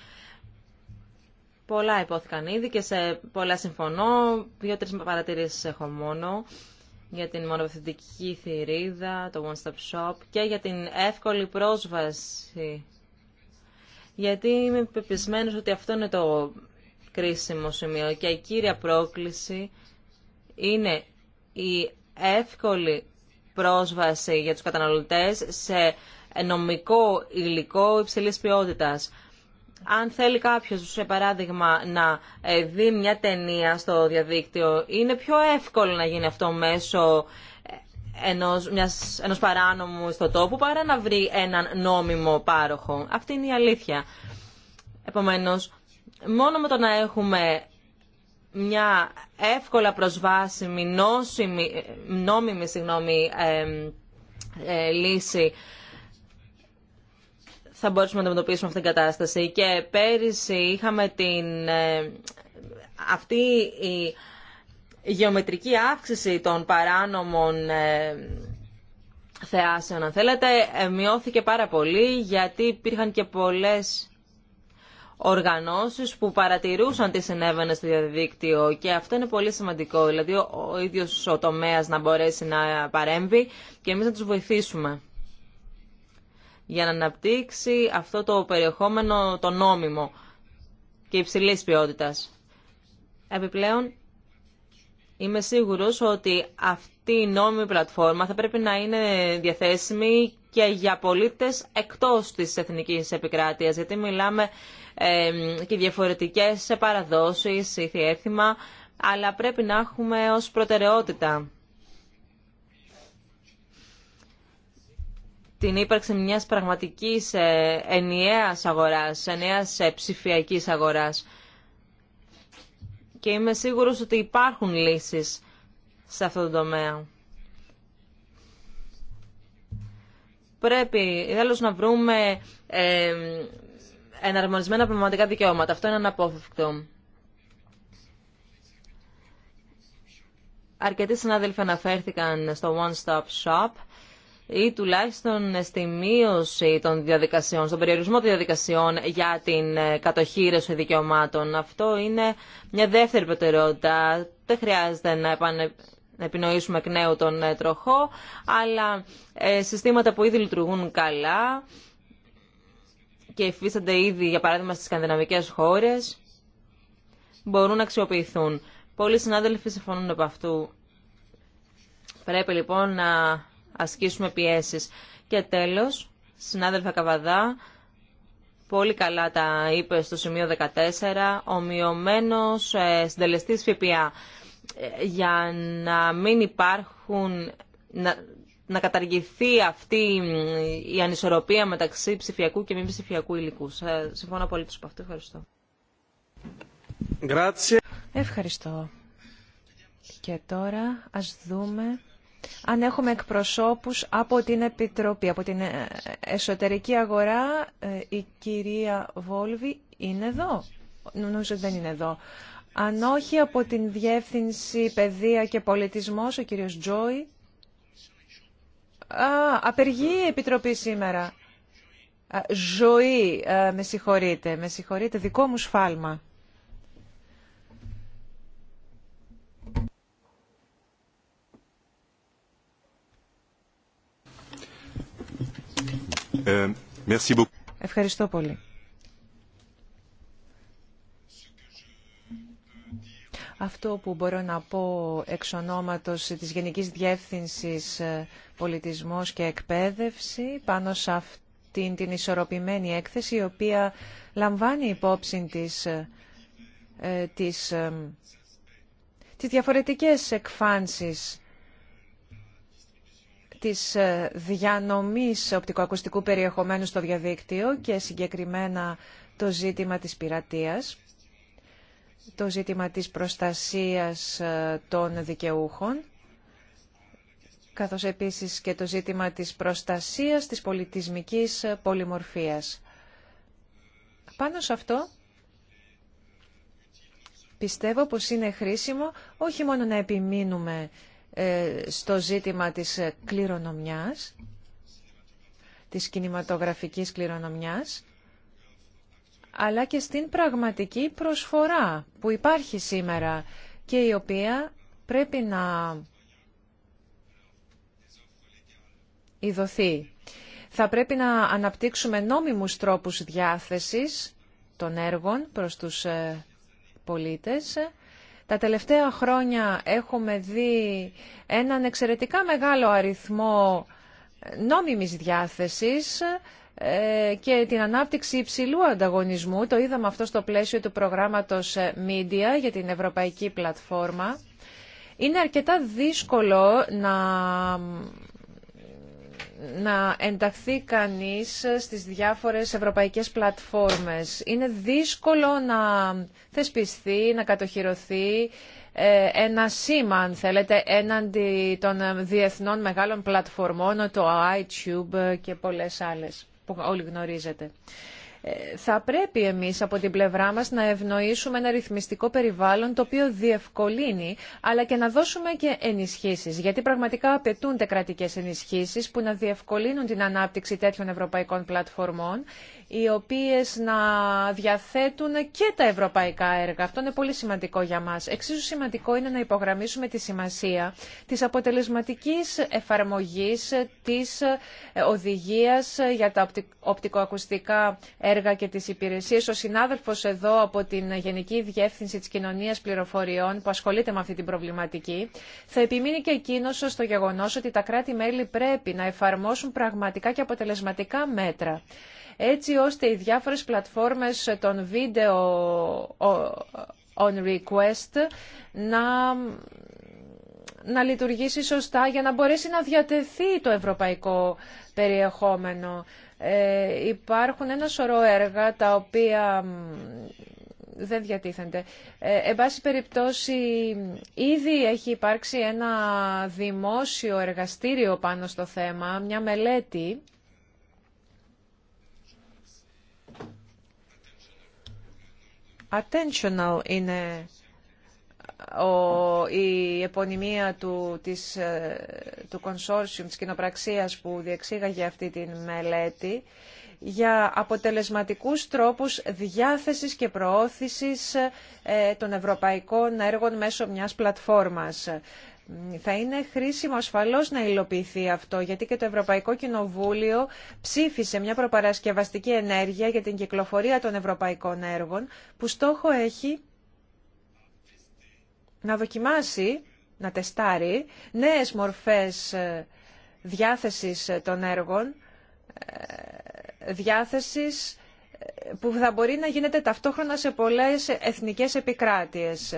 Πολλά υπόθηκαν ήδη και σε πολλά συμφωνώ. Δύο-τρεις παρατηρήσεις έχω μόνο για την μονοπευθυντική θηρίδα, το One Stop Shop και για την εύκολη πρόσβαση. Γιατί είμαι πεπισμένος ότι αυτό είναι το κρίσιμο σημείο και η κύρια πρόκληση είναι η εύκολη πρόσβαση για τους καταναλωτές σε νομικό υλικό υψηλής ποιότητας. Αν θέλει κάποιος, σε παράδειγμα, να ε, δει μια ταινία στο διαδίκτυο, είναι πιο εύκολο να γίνει αυτό μέσω ε, ενός, μιας, ενός παράνομου στο τόπο παρά να βρει έναν νόμιμο πάροχο. Αυτή είναι η αλήθεια. Επομένως, μόνο με το να έχουμε μια εύκολα προσβάσιμη, νόμιμη συγγνώμη, ε, λύση θα μπορούσαμε να αντιμετωπίσουμε αυτήν την κατάσταση. Και πέρυσι είχαμε την, ε, αυτή η γεωμετρική αύξηση των παράνομων ε, θεάσεων, αν θέλετε, μειώθηκε πάρα πολύ γιατί υπήρχαν και πολλές οργανώσεις που παρατηρούσαν τι συνέβαινε στο διαδίκτυο και αυτό είναι πολύ σημαντικό, δηλαδή ο ίδιος ο τομέας να μπορέσει να παρέμβει και εμείς να τους βοηθήσουμε για να αναπτύξει αυτό το περιεχόμενο το νόμιμο και υψηλής ποιότητας. Επιπλέον, είμαι σίγουρος ότι αυτή η νόμιμη πλατφόρμα θα πρέπει να είναι διαθέσιμη και για πολίτες εκτός της εθνικής επικράτειας, γιατί μιλάμε και διαφορετικές παραδόσεις ή έθιμα, αλλά πρέπει να έχουμε ως προτεραιότητα την ύπαρξη μιας πραγματικής ε, ενιαίας αγοράς, ενιαίας ε, ψηφιακής αγοράς. Και είμαι σίγουρος ότι υπάρχουν λύσεις σε αυτό το τομέα. Πρέπει, Θέλω να βρούμε ε, εναρμονισμένα πνευματικά δικαιώματα. Αυτό είναι αναπόφευκτο. Αρκετοί συνάδελφοι αναφέρθηκαν στο One Stop Shop ή τουλάχιστον στη μείωση των διαδικασιών, στον περιορισμό των διαδικασιών για την ε, κατοχήρωση δικαιωμάτων. Αυτό είναι μια δεύτερη προτεραιότητα. Δεν χρειάζεται να επινοήσουμε εκ νέου τον ε, τροχό, αλλά ε, συστήματα που ήδη λειτουργούν καλά και υφίστανται ήδη, για παράδειγμα, στις σκανδιναμικές χώρες, μπορούν να αξιοποιηθούν. Πολλοί συνάδελφοι συμφωνούν από αυτού. Πρέπει λοιπόν να ασκήσουμε πιέσεις. Και τέλος, συνάδελφα Καβαδά, πολύ καλά τα είπε στο σημείο 14, ομοιωμένος ε, συντελεστής ΦΠΑ, ε, για να μην υπάρχουν να καταργηθεί αυτή η ανισορροπία μεταξύ ψηφιακού και μη ψηφιακού υλικού. Συμφωνώ πολύ από αυτό. Ευχαριστώ. Ευχαριστώ. Και τώρα ας δούμε αν έχουμε εκπροσώπους από την Επιτροπή, από την ε, Εσωτερική Αγορά. Ε, η κυρία Βόλβη είναι εδώ. Νομίζω δεν είναι εδώ. Αν όχι από την Διεύθυνση Παιδεία και Πολιτισμός, ο κύριος Τζόι. Α, απεργεί η Επιτροπή σήμερα. ζωή, με συγχωρείτε, με συγχωρείτε, δικό μου σφάλμα. Ε, Ευχαριστώ πολύ. Αυτό που μπορώ να πω εξ ονόματος της Γενικής Διεύθυνσης ε, Πολιτισμός και Εκπαίδευση πάνω σε αυτήν την ισορροπημένη έκθεση η οποία λαμβάνει υπόψη της, ε, ε, της, τις διαφορετικές εκφάνσεις της διανομής οπτικοακουστικού περιεχομένου στο διαδίκτυο και συγκεκριμένα το ζήτημα της πειρατείας το ζήτημα της προστασίας ε, των δικαιούχων, καθώς επίσης και το ζήτημα της προστασίας της πολιτισμικής ε, πολυμορφίας. Πάνω σε αυτό, πιστεύω πως είναι χρήσιμο όχι μόνο να επιμείνουμε ε, στο ζήτημα της κληρονομιάς, της κινηματογραφικής κληρονομιάς, αλλά και στην πραγματική προσφορά που υπάρχει σήμερα και η οποία πρέπει να ιδωθεί. Θα πρέπει να αναπτύξουμε νόμιμους τρόπους διάθεσης των έργων προς τους ε, πολίτες. Τα τελευταία χρόνια έχουμε δει έναν εξαιρετικά μεγάλο αριθμό ε, νόμιμης διάθεσης ε, και την ανάπτυξη υψηλού ανταγωνισμού. Το είδαμε αυτό στο πλαίσιο του προγράμματος ε, Media για την Ευρωπαϊκή Πλατφόρμα. Είναι αρκετά δύσκολο να να ενταχθεί κανείς στις διάφορες ευρωπαϊκές πλατφόρμες. Είναι δύσκολο να θεσπιστεί, να κατοχυρωθεί ε, ένα σήμα, αν θέλετε, έναντι των διεθνών μεγάλων πλατφορμών, το iTube και πολλές άλλες που όλοι γνωρίζετε. Ε, θα πρέπει εμείς από την πλευρά μας να ευνοήσουμε ένα ρυθμιστικό περιβάλλον το οποίο διευκολύνει αλλά και να δώσουμε και ενισχύσεις γιατί πραγματικά απαιτούνται κρατικές ενισχύσεις που να διευκολύνουν την ανάπτυξη τέτοιων ευρωπαϊκών πλατφορμών οι οποίες να διαθέτουν και τα ευρωπαϊκά έργα. Αυτό είναι πολύ σημαντικό για μας. Εξίσου σημαντικό είναι να υπογραμμίσουμε τη σημασία της αποτελεσματικής εφαρμογής της ε, οδηγίας ε, για τα οπτικοακουστικά έργα και τις υπηρεσίες. Ο συνάδελφος εδώ από την Γενική Διεύθυνση της Κοινωνίας Πληροφοριών που ασχολείται με αυτή την προβληματική θα επιμείνει και εκείνος στο γεγονός ότι τα κράτη-μέλη πρέπει να εφαρμόσουν πραγματικά και αποτελεσματικά μέτρα έτσι ώστε οι διάφορες πλατφόρμες των βίντεο on request να, να λειτουργήσει σωστά για να μπορέσει να διατεθεί το ευρωπαϊκό περιεχόμενο. Ε, υπάρχουν ένα σωρό έργα τα οποία δεν διατίθενται. Ε, εν πάση περιπτώσει, ήδη έχει υπάρξει ένα δημόσιο εργαστήριο πάνω στο θέμα, μια μελέτη attentional είναι η επωνυμία του, της, ε, του consortium, της κοινοπραξίας που διεξήγαγε αυτή τη μελέτη για αποτελεσματικούς τρόπους διάθεσης και προώθησης ε, των ευρωπαϊκών έργων μέσω μιας πλατφόρμας. Θα είναι χρήσιμο ασφαλώ να υλοποιηθεί αυτό, γιατί και το Ευρωπαϊκό Κοινοβούλιο ψήφισε μια προπαρασκευαστική ενέργεια για την κυκλοφορία των ευρωπαϊκών έργων, που στόχο έχει να δοκιμάσει, να τεστάρει νέες μορφές ε, διάθεσης ε, των έργων, ε, διάθεσης που θα μπορεί να γίνεται ταυτόχρονα σε πολλές εθνικές επικράτειες.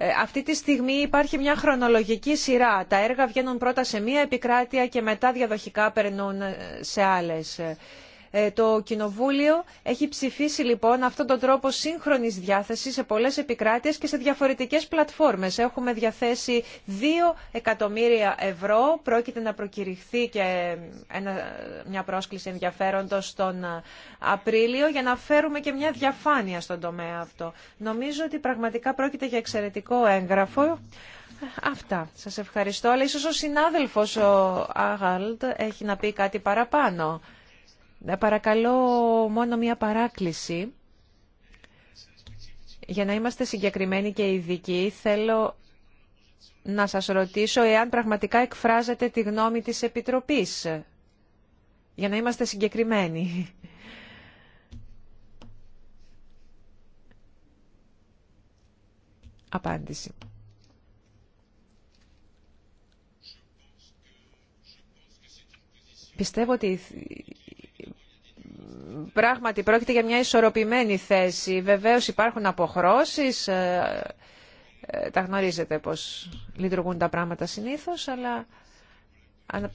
Ε, αυτή τη στιγμή υπάρχει μια χρονολογική σειρά. Τα έργα βγαίνουν πρώτα σε μία επικράτεια και μετά διαδοχικά περνούν ε, σε άλλες. Ε, ε, το Κοινοβούλιο έχει ψηφίσει λοιπόν αυτόν τον τρόπο σύγχρονης διάθεσης σε πολλές επικράτειες και σε διαφορετικές πλατφόρμες. Έχουμε διαθέσει 2 εκατομμύρια ευρώ. Πρόκειται να προκηρυχθεί και ε, μια πρόσκληση ενδιαφέροντος τον ε, Απρίλιο για να φέρουμε και μια διαφάνεια στον τομέα αυτό. Νομίζω ότι πραγματικά πρόκειται για εξαιρετικό έγγραφο. Αυτά. Σας ευχαριστώ. Αλλά ίσως ο συνάδελφος ο Αγάλτ έχει να πει κάτι παραπάνω. Παρακαλώ μόνο μία παράκληση. Για να είμαστε συγκεκριμένοι και ειδικοί, θέλω να σας ρωτήσω εάν πραγματικά εκφράζετε τη γνώμη της Επιτροπής. Για να είμαστε συγκεκριμένοι. Απάντηση. Πιστεύω ότι πράγματι πρόκειται για μια ισορροπημένη θέση. Βεβαίως υπάρχουν αποχρώσεις, ε, ε, τα γνωρίζετε πώς λειτουργούν τα πράγματα συνήθως, αλλά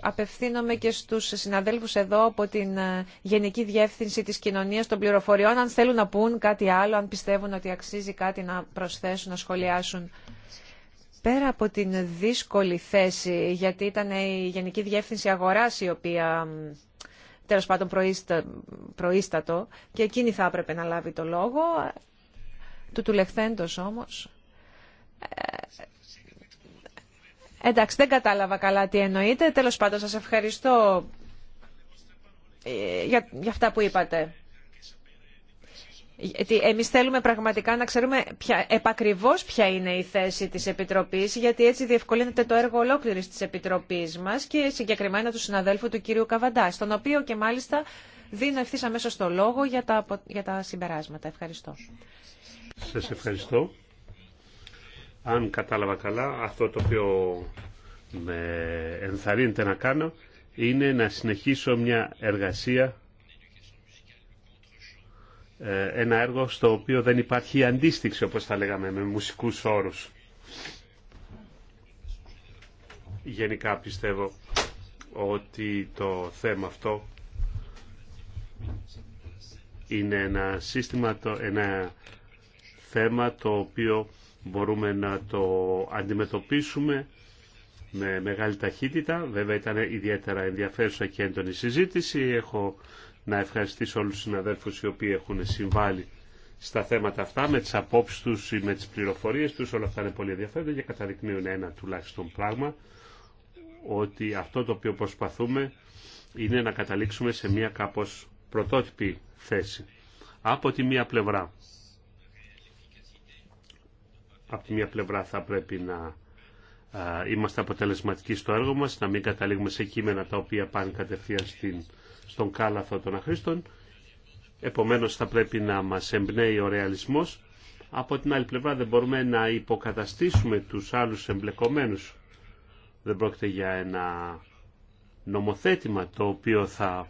απευθύνομαι και στους συναδέλφους εδώ από την ε, Γενική Διεύθυνση της Κοινωνίας των Πληροφοριών, αν θέλουν να πούν κάτι άλλο, αν πιστεύουν ότι αξίζει κάτι να προσθέσουν, να σχολιάσουν. Πέρα από την δύσκολη θέση, γιατί ήταν η Γενική Διεύθυνση Αγοράς η οποία τέλος πάντων προείστα, προείστατο και εκείνη θα έπρεπε να λάβει το λόγο. Του του τουλεχθέντος όμως. Ε, εντάξει, δεν κατάλαβα καλά τι εννοείτε. Τέλος πάντων, σα ευχαριστώ ε, για, για αυτά που είπατε. Εμεί θέλουμε πραγματικά να ξέρουμε ποια, επακριβώς ποια είναι η θέση της Επιτροπής, γιατί έτσι διευκολύνεται το έργο ολόκληρη της Επιτροπής μας και συγκεκριμένα του συναδέλφου του κυρίου Καβαντά, στον οποίο και μάλιστα δίνω ευθύ αμέσω το λόγο για τα, για τα συμπεράσματα. Ευχαριστώ. Σας ευχαριστώ. Αν κατάλαβα καλά, αυτό το οποίο με ενθαρρύνεται να κάνω είναι να συνεχίσω μια εργασία ε, ένα έργο στο οποίο δεν υπάρχει αντίστοιξη, όπως θα λέγαμε, με μουσικούς όρους. Γενικά πιστεύω ότι το θέμα αυτό είναι ένα σύστημα, ένα θέμα το οποίο μπορούμε να το αντιμετωπίσουμε με μεγάλη ταχύτητα. Βέβαια ήταν ιδιαίτερα ενδιαφέρουσα και έντονη συζήτηση. Έχω να ευχαριστήσω όλους τους συναδέλφους οι οποίοι έχουν συμβάλει στα θέματα αυτά, με τις απόψεις τους ή με τις πληροφορίες τους, όλα αυτά είναι πολύ ενδιαφέροντα και καταδεικνύουν ένα τουλάχιστον πράγμα, ότι αυτό το οποίο προσπαθούμε είναι να καταλήξουμε σε μια κάπως πρωτότυπη θέση. Από τη μία πλευρά, από τη μία πλευρά θα πρέπει να είμαστε αποτελεσματικοί στο έργο μας, να μην καταλήγουμε σε κείμενα τα οποία πάνε κατευθείαν στην στον κάλαθο των αχρήστων. Επομένως θα πρέπει να μας εμπνέει ο ρεαλισμός. Από την άλλη πλευρά δεν μπορούμε να υποκαταστήσουμε τους άλλους εμπλεκομένους. Δεν πρόκειται για ένα νομοθέτημα το οποίο θα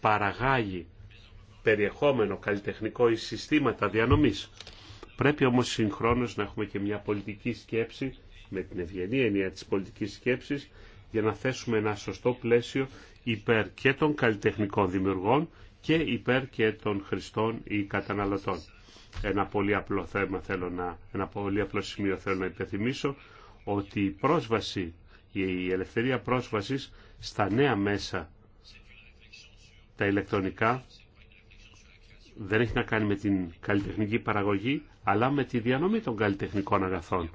παραγάγει περιεχόμενο καλλιτεχνικό ή συστήματα διανομής. Πρέπει όμως συγχρόνως να έχουμε και μια πολιτική σκέψη με την ευγενή έννοια της πολιτικής σκέψης για να θέσουμε ένα σωστό πλαίσιο υπέρ και των καλλιτεχνικών δημιουργών και υπέρ και των χρηστών ή καταναλωτών. Ένα πολύ απλό θέμα θέλω να, ένα πολύ απλό σημείο θέλω να υπενθυμίσω ότι η πρόσβαση, η ελευθερία πρόσβασης στα νέα μέσα, τα ηλεκτρονικά, δεν έχει να κάνει με την καλλιτεχνική παραγωγή, αλλά με τη διανομή των καλλιτεχνικών αγαθών.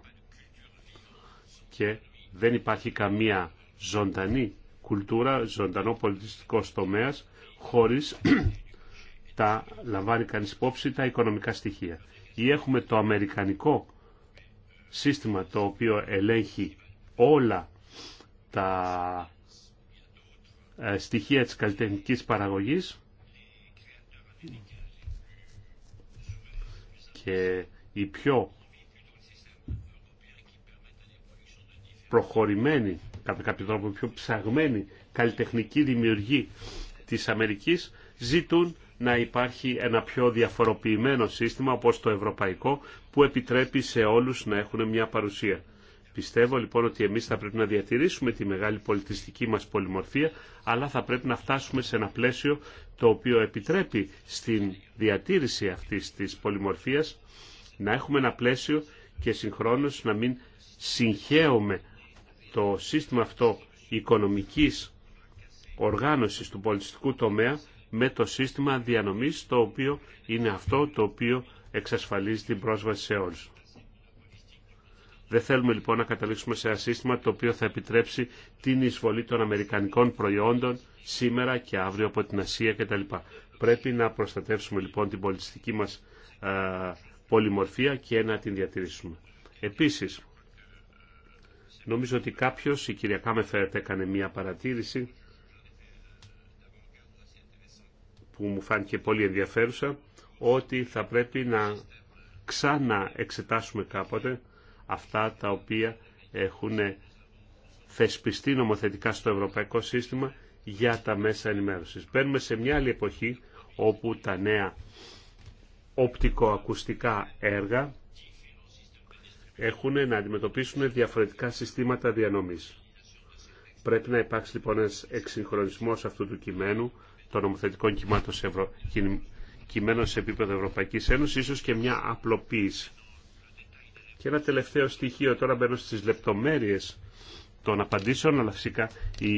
Και δεν υπάρχει καμία ζωντανή κουλτούρα, ζωντανό πολιτιστικό τομέα, χωρί (clears throat) τα λαμβάνει κανεί υπόψη τα οικονομικά στοιχεία. Ή έχουμε το αμερικανικό σύστημα το οποίο ελέγχει όλα τα ε, στοιχεία της καλλιτεχνικής παραγωγής και η πιο προχωρημένη κατά κάποιο τρόπο πιο ψαγμένη καλλιτεχνική δημιουργή της Αμερικής ζητούν να υπάρχει ένα πιο διαφοροποιημένο σύστημα όπως το ευρωπαϊκό που επιτρέπει σε όλους να έχουν μια παρουσία. Πιστεύω λοιπόν ότι εμείς θα πρέπει να διατηρήσουμε τη μεγάλη πολιτιστική μας πολυμορφία, αλλά θα πρέπει να φτάσουμε σε ένα πλαίσιο το οποίο επιτρέπει στην διατήρηση αυτής της πολυμορφίας να έχουμε ένα πλαίσιο και συγχρόνως να μην συγχαίουμε το σύστημα αυτό οικονομικής οργάνωσης του πολιτιστικού τομέα με το σύστημα διανομής το οποίο είναι αυτό το οποίο εξασφαλίζει την πρόσβαση σε όλους. Δεν θέλουμε λοιπόν να καταλήξουμε σε ένα σύστημα το οποίο θα επιτρέψει την εισβολή των αμερικανικών προϊόντων σήμερα και αύριο από την Ασία κτλ. Πρέπει να προστατεύσουμε λοιπόν την πολιτιστική μας ε, πολυμορφία και να την διατηρήσουμε. Επίσης, Νομίζω ότι κάποιος, η κυρία Κάμεφερτ έκανε μία παρατήρηση που μου φάνηκε πολύ ενδιαφέρουσα, ότι θα πρέπει να ξαναεξετάσουμε κάποτε αυτά τα οποία έχουν θεσπιστεί νομοθετικά στο ευρωπαϊκό σύστημα για τα μέσα ενημέρωσης. Μπαίνουμε σε μια άλλη εποχή όπου τα νέα οπτικοακουστικά έργα έχουν να αντιμετωπίσουν διαφορετικά συστήματα διανομής. Πρέπει να υπάρξει λοιπόν ένας εξυγχρονισμός αυτού του κειμένου των νομοθετικών ευρω... κειμένων σε επίπεδο Ευρωπαϊκής Ένωσης, ίσως και μια απλοποίηση. Και ένα τελευταίο στοιχείο, τώρα μπαίνω στις λεπτομέρειες των απαντήσεων, αλλά φυσικά οι,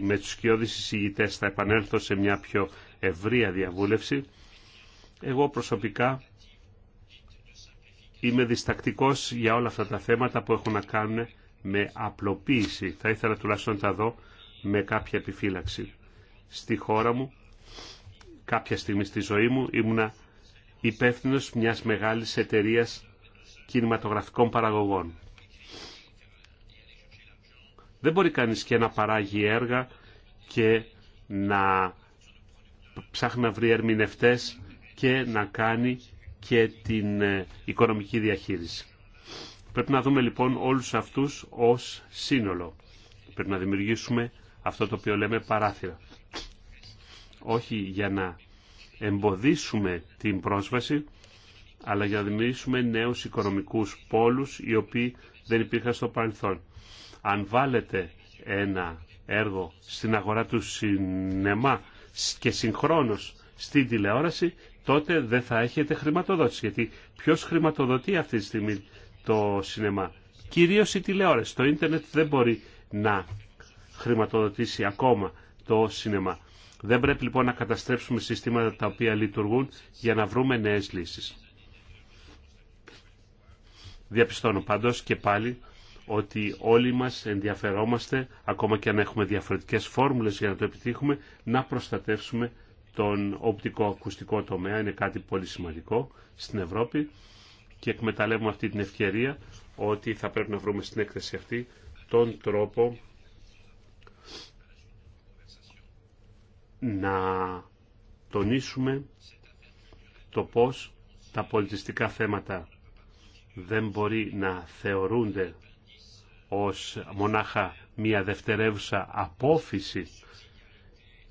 με τους κοιόδης εισηγητές θα επανέλθω σε μια πιο ευρεία διαβούλευση. Εγώ προσωπικά είμαι διστακτικός για όλα αυτά τα θέματα που έχουν να κάνουν με απλοποίηση. Θα ήθελα τουλάχιστον να τα δω με κάποια επιφύλαξη. Στη χώρα μου, κάποια στιγμή στη ζωή μου, ήμουνα υπεύθυνο μιας μεγάλης εταιρεία κινηματογραφικών παραγωγών. Δεν μπορεί κανείς και να παράγει έργα και να ψάχνει να βρει ερμηνευτές και να κάνει και την ε, οικονομική διαχείριση. Πρέπει να δούμε λοιπόν όλους αυτούς ως σύνολο. Πρέπει να δημιουργήσουμε αυτό το οποίο λέμε παράθυρα. Όχι για να εμποδίσουμε την πρόσβαση, αλλά για να δημιουργήσουμε νέους οικονομικούς πόλους οι οποίοι δεν υπήρχαν στο παρελθόν. Αν βάλετε ένα έργο στην αγορά του σινεμά και συγχρόνως στην τηλεόραση, τότε δεν θα έχετε χρηματοδότηση. Γιατί ποιο χρηματοδοτεί αυτή τη στιγμή το σινεμά. Κυρίω η τηλεόραση. Το ίντερνετ δεν μπορεί να χρηματοδοτήσει ακόμα το σινεμά. Δεν πρέπει λοιπόν να καταστρέψουμε συστήματα τα οποία λειτουργούν για να βρούμε νέες λύσεις. Διαπιστώνω πάντως και πάλι ότι όλοι μας ενδιαφερόμαστε, ακόμα και αν έχουμε διαφορετικές φόρμουλες για να το επιτύχουμε, να προστατεύσουμε τον ακουστικό τομέα είναι κάτι πολύ σημαντικό στην Ευρώπη και εκμεταλλεύουμε αυτή την ευκαιρία ότι θα πρέπει να βρούμε στην έκθεση αυτή τον τρόπο να τονίσουμε το πώς τα πολιτιστικά θέματα δεν μπορεί να θεωρούνται ως μονάχα μια δευτερεύουσα απόφυση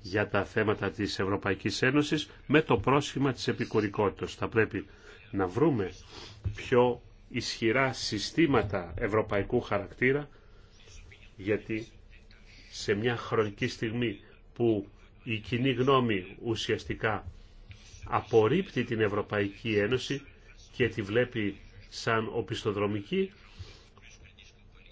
για τα θέματα της Ευρωπαϊκής Ένωσης με το πρόσχημα της επικουρικότητας. Θα πρέπει να βρούμε πιο ισχυρά συστήματα ευρωπαϊκού χαρακτήρα γιατί σε μια χρονική στιγμή που η κοινή γνώμη ουσιαστικά απορρίπτει την Ευρωπαϊκή Ένωση και τη βλέπει σαν οπισθοδρομική,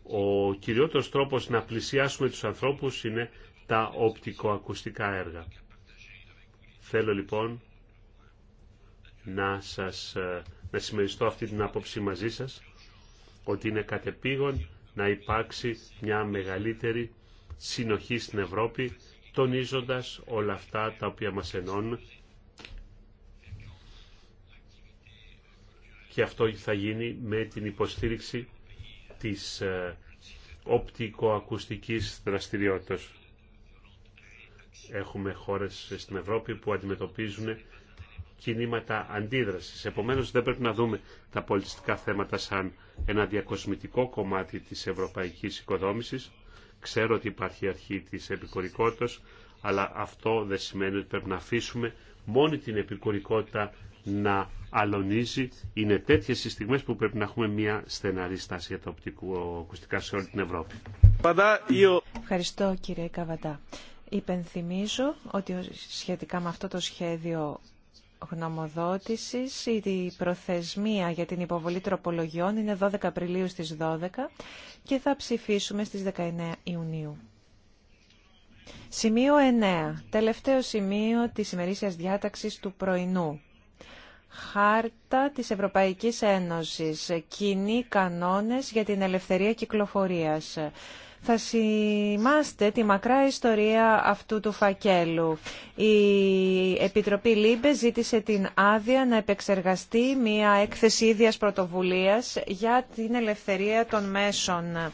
ο κυριότερος τρόπος να πλησιάσουμε τους ανθρώπους είναι τα οπτικοακουστικά έργα. Θέλω λοιπόν να σας ε, να συμμεριστώ αυτή την άποψη μαζί σας ότι είναι κατεπήγον να υπάρξει μια μεγαλύτερη συνοχή στην Ευρώπη τονίζοντας όλα αυτά τα οποία μας ενώνουν και αυτό θα γίνει με την υποστήριξη της ε, οπτικοακουστικής δραστηριότητας. Έχουμε χώρες στην Ευρώπη που αντιμετωπίζουν κινήματα αντίδρασης. Επομένως δεν πρέπει να δούμε τα πολιτιστικά θέματα σαν ένα διακοσμητικό κομμάτι της ευρωπαϊκής οικοδόμησης. Ξέρω ότι υπάρχει αρχή της επικορικότητας, αλλά αυτό δεν σημαίνει ότι πρέπει να αφήσουμε μόνη την επικορικότητα να αλωνίζει. Είναι τέτοιε οι στιγμές που πρέπει να έχουμε μια στεναρή στάση για τα οπτικοακουστικά σε όλη την Ευρώπη. Ευχαριστώ κύριε Καβατά. Υπενθυμίζω ότι σχετικά με αυτό το σχέδιο γνωμοδότησης η προθεσμία για την υποβολή τροπολογιών είναι 12 Απριλίου στις 12 και θα ψηφίσουμε στις 19 Ιουνίου. Σημείο 9. Τελευταίο σημείο της ημερήσιας διάταξης του πρωινού. Χάρτα της Ευρωπαϊκής Ένωσης. Κοινοί κανόνες για την ελευθερία κυκλοφορίας θα σημάστε τη μακρά ιστορία αυτού του φακέλου. Η Επιτροπή Λίμπε ζήτησε την άδεια να επεξεργαστεί μια έκθεση ίδιας πρωτοβουλίας για την ελευθερία των μέσων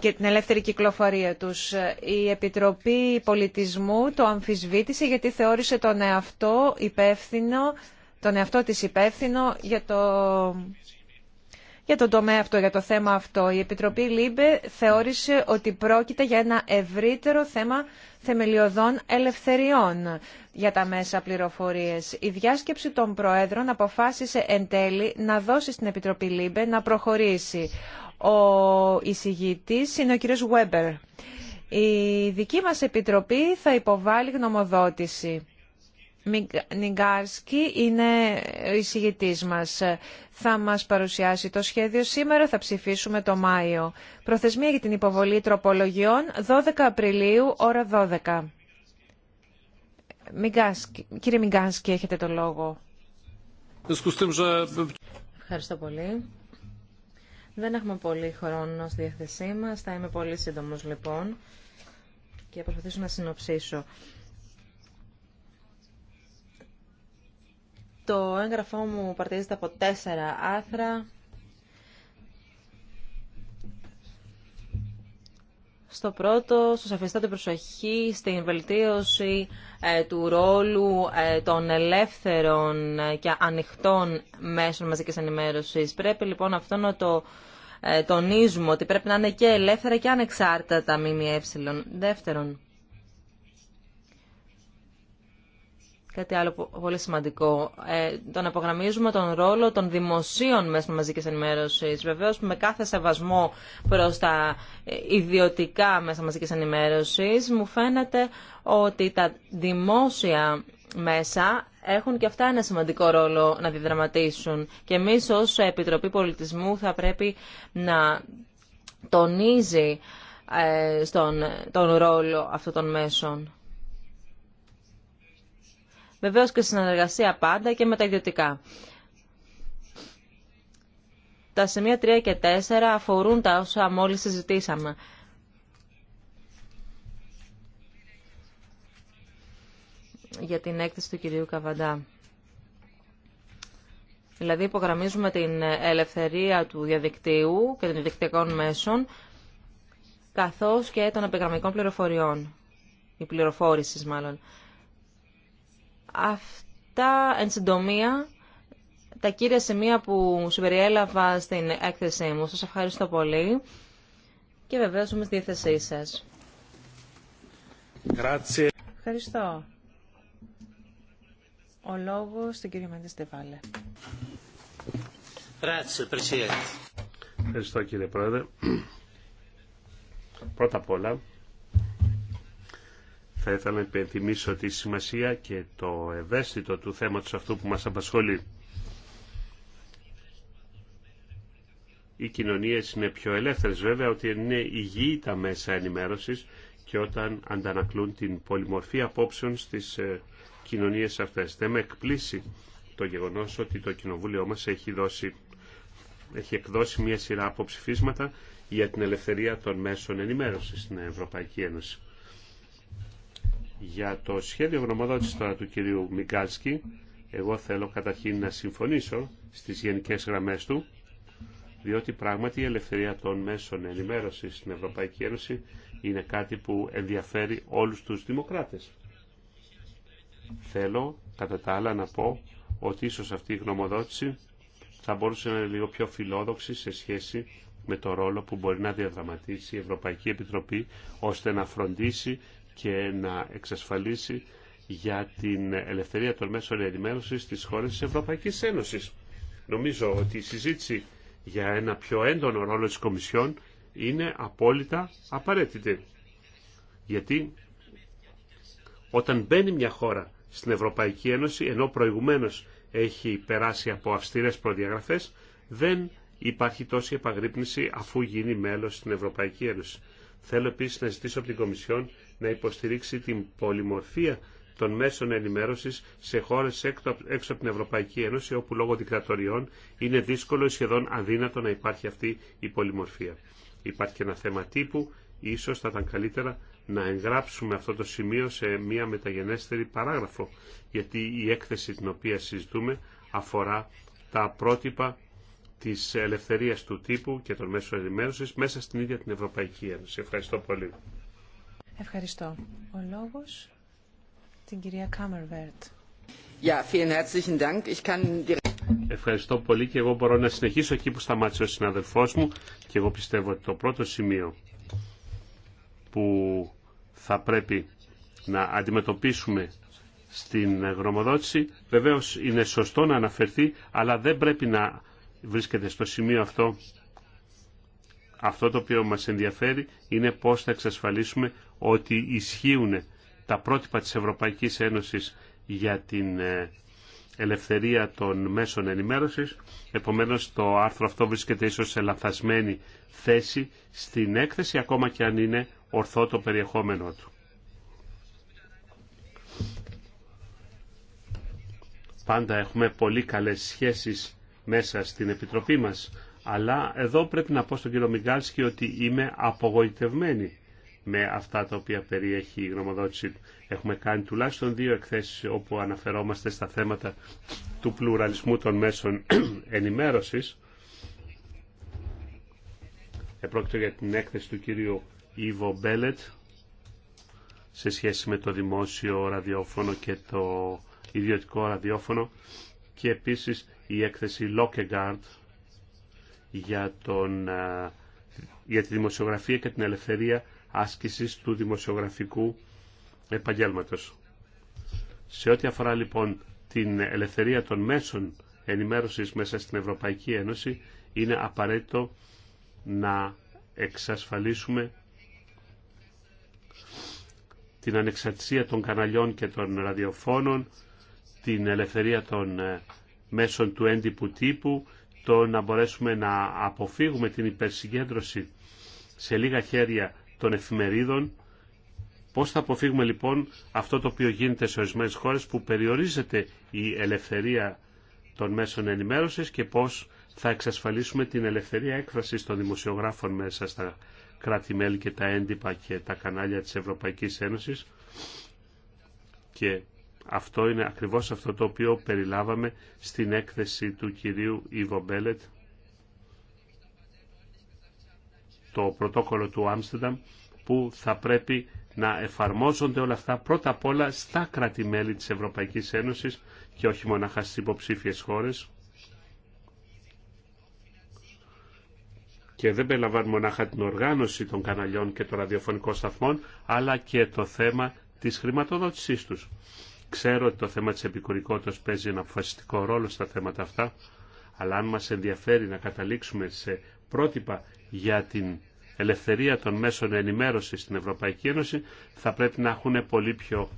και την ελεύθερη κυκλοφορία τους. Η Επιτροπή Πολιτισμού το αμφισβήτησε γιατί θεώρησε τον εαυτό υπεύθυνο, τον εαυτό της υπεύθυνο για το για τον τομέα αυτό, για το θέμα αυτό. Η Επιτροπή ΛΥΜΠΕ θεώρησε ότι πρόκειται για ένα ευρύτερο θέμα θεμελιωδών ελευθεριών για τα μέσα πληροφορίες. Η διάσκεψη των Προέδρων αποφάσισε εν τέλει να δώσει στην Επιτροπή ΛΥΜΠΕ να προχωρήσει. Ο εισηγητής είναι ο κ. Βέμπερ. Η δική μας Επιτροπή θα υποβάλει γνωμοδότηση. Νιγκάρσκι είναι η συγητή μα. Θα μας παρουσιάσει το σχέδιο σήμερα, θα ψηφίσουμε το Μάιο. Προθεσμία για την υποβολή τροπολογιών 12 Απριλίου, ώρα 12. Μιγκάσκι. Κύριε Μιγκάρσκι, έχετε το λόγο. Ευχαριστώ πολύ. Δεν έχουμε πολύ χρόνο στη διάθεσή μας. Θα είμαι πολύ σύντομος λοιπόν και προσπαθήσω να συνοψίσω. Το έγγραφό μου παρτίζεται από τέσσερα άθρα. Στο πρώτο, στους την προσοχή στην βελτίωση ε, του ρόλου ε, των ελεύθερων και ανοιχτών μέσων μαζικής ενημέρωσης. Πρέπει λοιπόν αυτό να το ε, τονίζουμε, ότι πρέπει να είναι και ελεύθερα και ανεξάρτητα τα ΜΜΕ. Δεύτερον, Κάτι άλλο πολύ σημαντικό. Ε, τον απογραμμίζουμε τον ρόλο των δημοσίων μέσα μαζική ενημέρωση. Βεβαίω με κάθε σεβασμό προ τα ε, ιδιωτικά μέσα μαζική ενημέρωση, μου φαίνεται ότι τα δημόσια μέσα έχουν και αυτά ένα σημαντικό ρόλο να διδραματίσουν. Και εμεί ω Επιτροπή Πολιτισμού θα πρέπει να τονίζει ε, τον ρόλο αυτών των μέσων. Βεβαίως και συνεργασία πάντα και με τα ιδιωτικά. Τα σημεία 3 και 4 αφορούν τα όσα μόλις συζητήσαμε. για την έκθεση του κυρίου Καβαντά. Δηλαδή υπογραμμίζουμε την ελευθερία του διαδικτύου και των διαδικτυακών μέσων καθώς και των επιγραμμικών πληροφοριών, η πληροφόρησης μάλλον. Αυτά εν συντομία τα κύρια σημεία που συμπεριέλαβα στην έκθεσή μου. Σας ευχαριστώ πολύ και βεβαίως είμαι στη θέσή σας. Ευχαριστώ. Ο λόγος στην κυρία Μέντες Τεβάλε. Ευχαριστώ κύριε Πρόεδρε. Πρώτα απ' όλα θα ήθελα να υπενθυμίσω τη σημασία και το ευαίσθητο του θέματος αυτού που μας απασχολεί. Οι κοινωνίες είναι πιο ελεύθερες βέβαια ότι είναι υγιή τα μέσα ενημέρωσης και όταν αντανακλούν την πολυμορφή απόψεων στις ε, κοινωνίες αυτές. Δεν με εκπλήσει το γεγονός ότι το Κοινοβούλιο μας έχει, δώσει, εκδώσει μια σειρά αποψηφίσματα για την ελευθερία των μέσων ενημέρωσης στην Ευρωπαϊκή Ένωση. Για το σχέδιο γνωμοδότηση τώρα του κυρίου Μικάλσκι, εγώ θέλω καταρχήν να συμφωνήσω στις γενικές γραμμές του, διότι πράγματι η ελευθερία των μέσων ενημέρωσης στην Ευρωπαϊκή Ένωση είναι κάτι που ενδιαφέρει όλους τους δημοκράτες. Θέλω κατά τα άλλα να πω ότι ίσως αυτή η γνωμοδότηση θα μπορούσε να είναι λίγο πιο φιλόδοξη σε σχέση με το ρόλο που μπορεί να διαδραματίσει η Ευρωπαϊκή Επιτροπή ώστε να φροντίσει και να εξασφαλίσει για την ελευθερία των μέσων ενημέρωσης στις χώρες της Ευρωπαϊκής Ένωσης. Νομίζω ότι η συζήτηση για ένα πιο έντονο ρόλο της Κομισιόν είναι απόλυτα απαραίτητη. Γιατί όταν μπαίνει μια χώρα στην Ευρωπαϊκή Ένωση, ενώ προηγουμένως έχει περάσει από αυστηρές προδιαγραφές, δεν υπάρχει τόση επαγρύπνηση αφού γίνει μέλος στην Ευρωπαϊκή Ένωση. Θέλω επίσης να ζητήσω από την Κομισιόν να υποστηρίξει την πολυμορφία των μέσων ενημέρωση σε χώρε έξω από την Ευρωπαϊκή Ένωση όπου λόγω δικτατοριών είναι δύσκολο ή σχεδόν αδύνατο να υπάρχει αυτή η πολυμορφία. Υπάρχει και ένα θέμα τύπου, ίσως θα ήταν καλύτερα να εγγράψουμε αυτό το σημείο σε μια μεταγενέστερη παράγραφο, γιατί η έκθεση την οποία συζητούμε αφορά τα πρότυπα της ελευθερίας του τύπου και των μέσων ενημέρωσης μέσα στην ίδια την Ευρωπαϊκή Ένωση. Ευχαριστώ πολύ. Ευχαριστώ. Ο λόγος την κυρία Κάμερβερτ. Ευχαριστώ πολύ και εγώ μπορώ να συνεχίσω εκεί που σταμάτησε ο συναδελφός μου και εγώ πιστεύω ότι το πρώτο σημείο που θα πρέπει να αντιμετωπίσουμε στην γνωμοδότηση βεβαίως είναι σωστό να αναφερθεί αλλά δεν πρέπει να βρίσκεται στο σημείο αυτό αυτό το οποίο μας ενδιαφέρει είναι πώς θα εξασφαλίσουμε ότι ισχύουν τα πρότυπα της Ευρωπαϊκής Ένωσης για την ε, ελευθερία των μέσων ενημέρωσης. Επομένως το άρθρο αυτό βρίσκεται ίσως σε λαθασμένη θέση στην έκθεση ακόμα και αν είναι ορθό το περιεχόμενό του. Πάντα έχουμε πολύ καλές σχέσεις μέσα στην Επιτροπή μας, αλλά εδώ πρέπει να πω στον κύριο Μιγκάλσκι ότι είμαι απογοητευμένη με αυτά τα οποία περιέχει η γνωμοδότηση Έχουμε κάνει τουλάχιστον δύο εκθέσεις όπου αναφερόμαστε στα θέματα του πλουραλισμού των μέσων (clears throat) ενημέρωσης. Επρόκειτο για την έκθεση του κύριου Ιβο Μπέλετ σε σχέση με το δημόσιο ραδιόφωνο και το ιδιωτικό ραδιόφωνο και επίσης η έκθεση Lockegaard για, τον, ε, για τη δημοσιογραφία και την ελευθερία άσκησης του δημοσιογραφικού επαγγέλματος. Σε ό,τι αφορά λοιπόν την ελευθερία των μέσων ενημέρωσης μέσα στην Ευρωπαϊκή Ένωση, είναι απαραίτητο να εξασφαλίσουμε την ανεξαρτησία των καναλιών και των ραδιοφώνων, την ελευθερία των ε, μέσων του έντυπου τύπου, το να μπορέσουμε να αποφύγουμε την υπερσυγκέντρωση σε λίγα χέρια των εφημερίδων. Πώς θα αποφύγουμε λοιπόν αυτό το οποίο γίνεται σε ορισμένε χώρες που περιορίζεται η ελευθερία των μέσων ενημέρωσης και πώς θα εξασφαλίσουμε την ελευθερία έκφρασης των δημοσιογράφων μέσα στα κράτη-μέλη και τα έντυπα και τα κανάλια της Ευρωπαϊκής Ένωσης. Και αυτό είναι ακριβώς αυτό το οποίο περιλάβαμε στην έκθεση του κυρίου Ιβο Μπέλετ το πρωτόκολλο του Άμστερνταμ που θα πρέπει να εφαρμόζονται όλα αυτά πρώτα απ' όλα στα κράτη-μέλη της Ευρωπαϊκής Ένωσης και όχι μονάχα στις υποψήφιες χώρες. Και δεν περιλαμβάνει μονάχα την οργάνωση των καναλιών και των ραδιοφωνικών σταθμών, αλλά και το θέμα της χρηματοδότησής τους. Ξέρω ότι το θέμα της επικουρικότητας παίζει ένα αποφασιστικό ρόλο στα θέματα αυτά, αλλά αν μας ενδιαφέρει να καταλήξουμε σε πρότυπα για την ελευθερία των μέσων ενημέρωσης στην Ευρωπαϊκή Ένωση θα πρέπει να έχουν πολύ πιο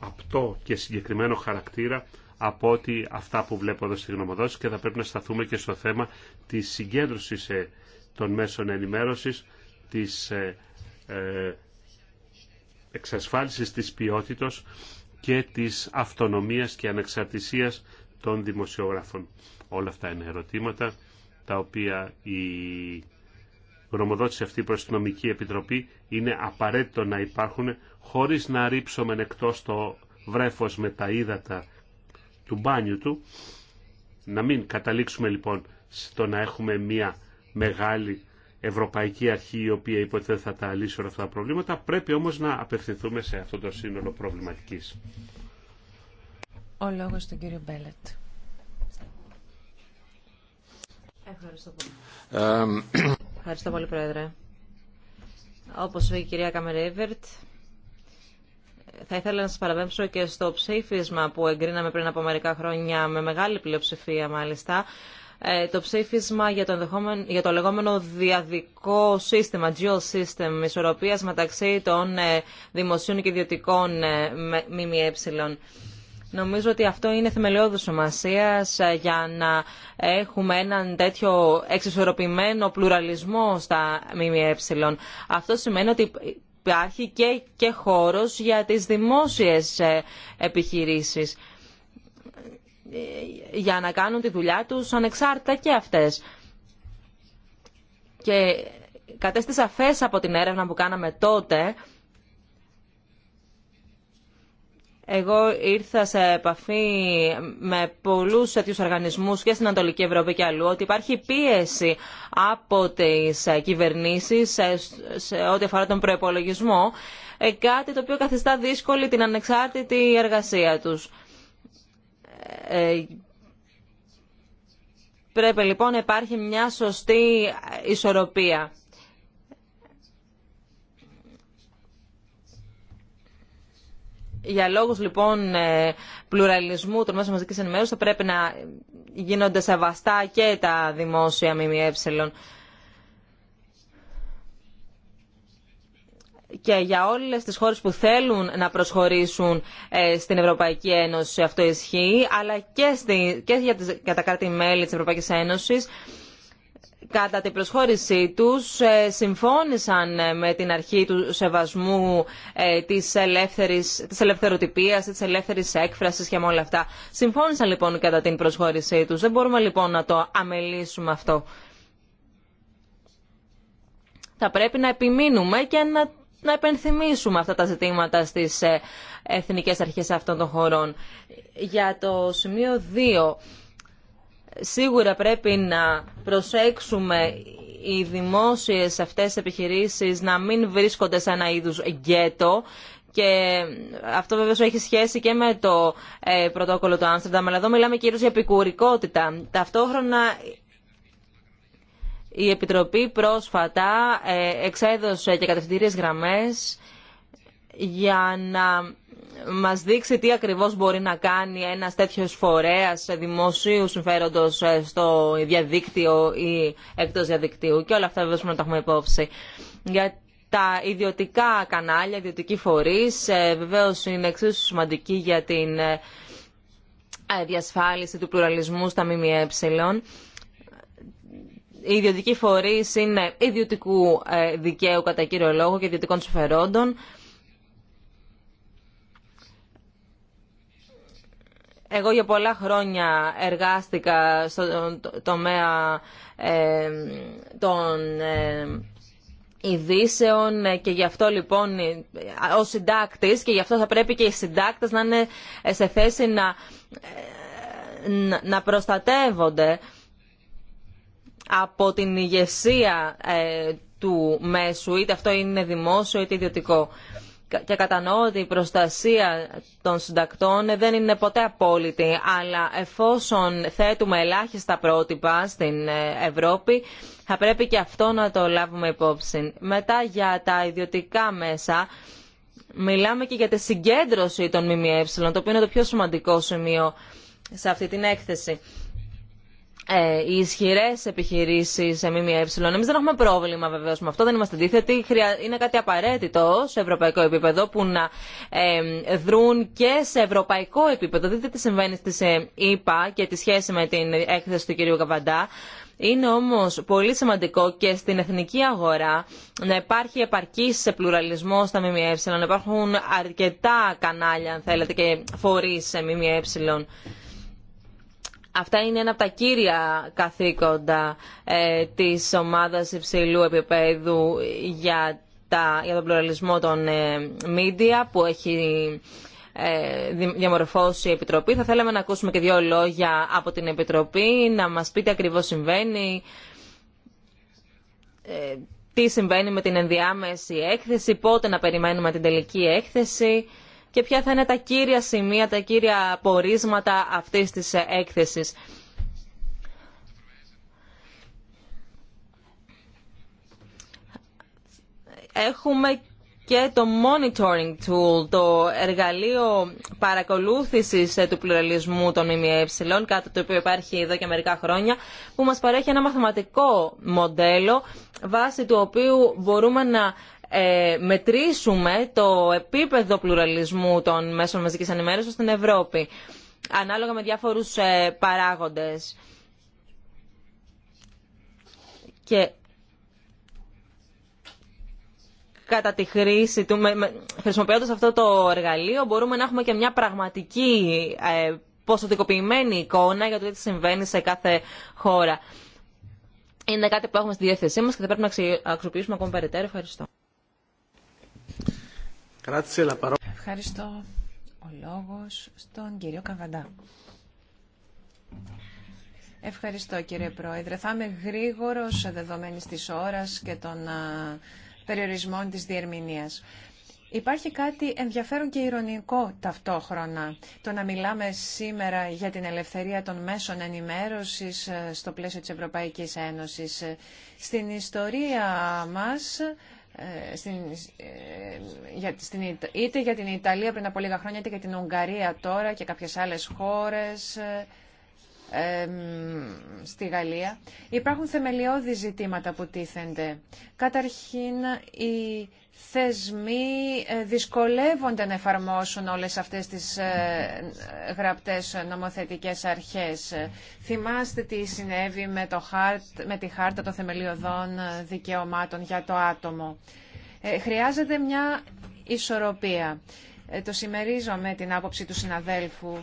απτό και συγκεκριμένο χαρακτήρα από ότι αυτά που βλέπω εδώ στη γνωμοδότηση και θα πρέπει να σταθούμε και στο θέμα της συγκέντρωσης ε, των μέσων ενημέρωσης, της ε, ε, εξασφάλισης της ποιότητος και της αυτονομίας και ανεξαρτησίας των δημοσιογράφων. Όλα αυτά είναι ερωτήματα τα οποία η γνωμοδότηση αυτή προς την νομική επιτροπή είναι απαραίτητο να υπάρχουν χωρίς να ρίψουμε εκτός το βρέφος με τα ύδατα του μπάνιου του. Να μην καταλήξουμε λοιπόν στο να έχουμε μια μεγάλη ευρωπαϊκή αρχή η οποία υποτίθεται θα τα λύσει όλα αυτά τα προβλήματα. Πρέπει όμως να απευθυνθούμε σε αυτό το σύνολο προβληματικής. λόγος Ευχαριστώ πολύ, Πρόεδρε. Όπως είπε η κυρία Καμερίβερτ, θα ήθελα να σας παραπέμψω και στο ψήφισμα που εγκρίναμε πριν από μερικά χρόνια, με μεγάλη πλειοψηφία μάλιστα, ε, το ψήφισμα για το, για το λεγόμενο διαδικό σύστημα, dual system, ισορροπίας μεταξύ των ε, δημοσίων και ιδιωτικών ε, ΜΜΕ. Νομίζω ότι αυτό είναι θεμελιώδη σημασία ε, για να έχουμε έναν τέτοιο εξισορροπημένο πλουραλισμό στα ΜΜΕ. Αυτό σημαίνει ότι υπάρχει και, και χώρος για τις δημόσιες ε, επιχειρήσεις ε, για να κάνουν τη δουλειά τους ανεξάρτητα και αυτές. Και κατέστησα σαφές από την έρευνα που κάναμε τότε Εγώ ήρθα σε επαφή με πολλού τέτοιου οργανισμού και στην Ανατολική Ευρώπη και αλλού ότι υπάρχει πίεση από τι κυβερνήσει σε ό,τι αφορά τον προπολογισμό, ε, κάτι το οποίο καθιστά δύσκολη την ανεξάρτητη εργασία του. Ε, ε, πρέπει λοιπόν να υπάρχει μια σωστή ισορροπία Για λόγους λοιπόν ε, πλουραλισμού των μέσων μαζικής ενημέρωσης θα πρέπει να γίνονται σεβαστά και τα δημόσια ΜΜΕ. Και για όλες τις χώρες που θέλουν να προσχωρήσουν ε, στην Ευρωπαϊκή Ένωση αυτό ισχύει, αλλά και, για, τα κράτη-μέλη της Ευρωπαϊκής Ένωσης κατά την προσχώρησή τους ε, συμφώνησαν ε, με την αρχή του σεβασμού ε, της, ελεύθερης, της ελευθεροτυπίας, της ελεύθερης έκφρασης και με όλα αυτά. Συμφώνησαν λοιπόν κατά την προσχώρησή τους. Δεν μπορούμε λοιπόν να το αμελήσουμε αυτό. Θα πρέπει να επιμείνουμε και να, να επενθυμίσουμε αυτά τα ζητήματα στις εθνικές αρχές αυτών των χωρών. Για το σημείο 2 Σίγουρα πρέπει να προσέξουμε οι δημόσιες αυτές επιχειρήσεις να μην βρίσκονται σε ένα είδους γκέτο και αυτό βέβαια έχει σχέση και με το ε, πρωτόκολλο του Άμστερνταμ, αλλά εδώ μιλάμε κυρίως για επικουρικότητα. Ταυτόχρονα η Επιτροπή πρόσφατα ε, εξέδωσε και κατευθυντήριες γραμμές για να μας δείξει τι ακριβώς μπορεί να κάνει ένα τέτοιο φορέα δημοσίου συμφέροντος ε, στο διαδίκτυο ή εκτός διαδικτύου. Και όλα αυτά βέβαια να τα έχουμε υπόψη. Για τα ιδιωτικά κανάλια, ιδιωτικοί φορεί, ε, βεβαίω είναι εξίσου σημαντική για την ε, διασφάλιση του πλουραλισμού στα ΜΜΕ. Οι ιδιωτικοί φορείς είναι ιδιωτικού δικαίου κατά κύριο λόγο και ιδιωτικών συμφερόντων. Εγώ για πολλά χρόνια εργάστηκα στον τομέα ε, των ε, ειδήσεων ε, και γι' αυτό λοιπόν ο συντάκτης και γι' αυτό θα πρέπει και οι συντάκτες να είναι σε θέση να, να προστατεύονται από την ηγεσία του μέσου, είτε αυτό είναι δημόσιο είτε ιδιωτικό και κατανοώ ότι η προστασία των συντακτών δεν είναι ποτέ απόλυτη, αλλά εφόσον θέτουμε ελάχιστα πρότυπα στην ε, Ευρώπη, θα πρέπει και αυτό να το λάβουμε υπόψη. Μετά για τα ιδιωτικά μέσα, μιλάμε και για τη συγκέντρωση των ΜΜΕ, το οποίο είναι το πιο σημαντικό σημείο σε αυτή την έκθεση. Ε, οι ισχυρέ επιχειρήσει σε ΜΜΕ. Εμεί δεν έχουμε πρόβλημα βεβαίω με αυτό, δεν είμαστε αντίθετοι. Είναι κάτι απαραίτητο σε ευρωπαϊκό επίπεδο που να δρούν και σε ευρωπαϊκό επίπεδο. Δείτε τι συμβαίνει στι ε, ΗΠΑ και τη σχέση με την έκθεση του κυρίου Καβαντά. Είναι όμω πολύ σημαντικό και στην εθνική αγορά να υπάρχει επαρκή σε πλουραλισμό στα ΜΜΕ, να υπάρχουν αρκετά κανάλια, αν θέλετε, και φορεί σε ΜΜΕ Αυτά είναι ένα από τα κύρια καθήκοντα ε, της ομάδας υψηλού επίπεδου για, τα, για τον πλουραλισμό των ε, που έχει ε, διαμορφώσει η Επιτροπή. Θα θέλαμε να ακούσουμε και δύο λόγια από την Επιτροπή, να μας πείτε ακριβώς συμβαίνει, ε, τι συμβαίνει με την ενδιάμεση έκθεση, πότε να περιμένουμε την τελική έκθεση και ποια θα είναι τα κύρια σημεία, τα κύρια πορίσματα αυτής της έκθεσης. Έχουμε και το monitoring tool, το εργαλείο παρακολούθησης ε, του πλουραλισμού των ΜΜΕ, κάτι το οποίο υπάρχει εδώ και μερικά χρόνια, που μας παρέχει ένα μαθηματικό μοντέλο, βάσει του οποίου μπορούμε να ε, μετρήσουμε το επίπεδο πλουραλισμού των μέσων μαζικής ενημέρωσης στην Ευρώπη, ανάλογα με διάφορους ε, παράγοντες. Και κατά τη χρήση του, χρησιμοποιώντας αυτό το εργαλείο, μπορούμε να έχουμε και μια πραγματική ε, ποσοτικοποιημένη εικόνα για το τι συμβαίνει σε κάθε χώρα. Είναι κάτι που έχουμε στη διευθυνσία μας και θα πρέπει να αξιοποιήσουμε ακόμα περαιτέρω. Ευχαριστώ. Ευχαριστώ. Ο λόγος στον κύριο Καβαντά. Ευχαριστώ κύριε Πρόεδρε. Θα είμαι γρήγορος δεδομένης της ώρας και των περιορισμών της διερμηνίας. Υπάρχει κάτι ενδιαφέρον και ηρωνικό ταυτόχρονα. Το να μιλάμε σήμερα για την ελευθερία των μέσων ενημέρωσης ε, στο πλαίσιο της Ευρωπαϊκής Ένωσης. Ε, στην ιστορία μας ε, ε, για, είτε για την Ιταλία πριν από λίγα χρόνια, είτε για την Ουγγαρία τώρα και κάποιες άλλες χώρες ε, στη Γαλλία, υπάρχουν θεμελιώδη ζητήματα που τίθενται. Καταρχήν, οι θεσμοί ε, δυσκολεύονται να εφαρμόσουν όλες αυτές τις ε, γραπτές νομοθετικές αρχές. Θυμάστε τι συνέβη με, το χάρτ, με τη Χάρτα των Θεμελιωδών Δικαιωμάτων για το άτομο. Ε, χρειάζεται μια ισορροπία. Το με την άποψη του συναδέλφου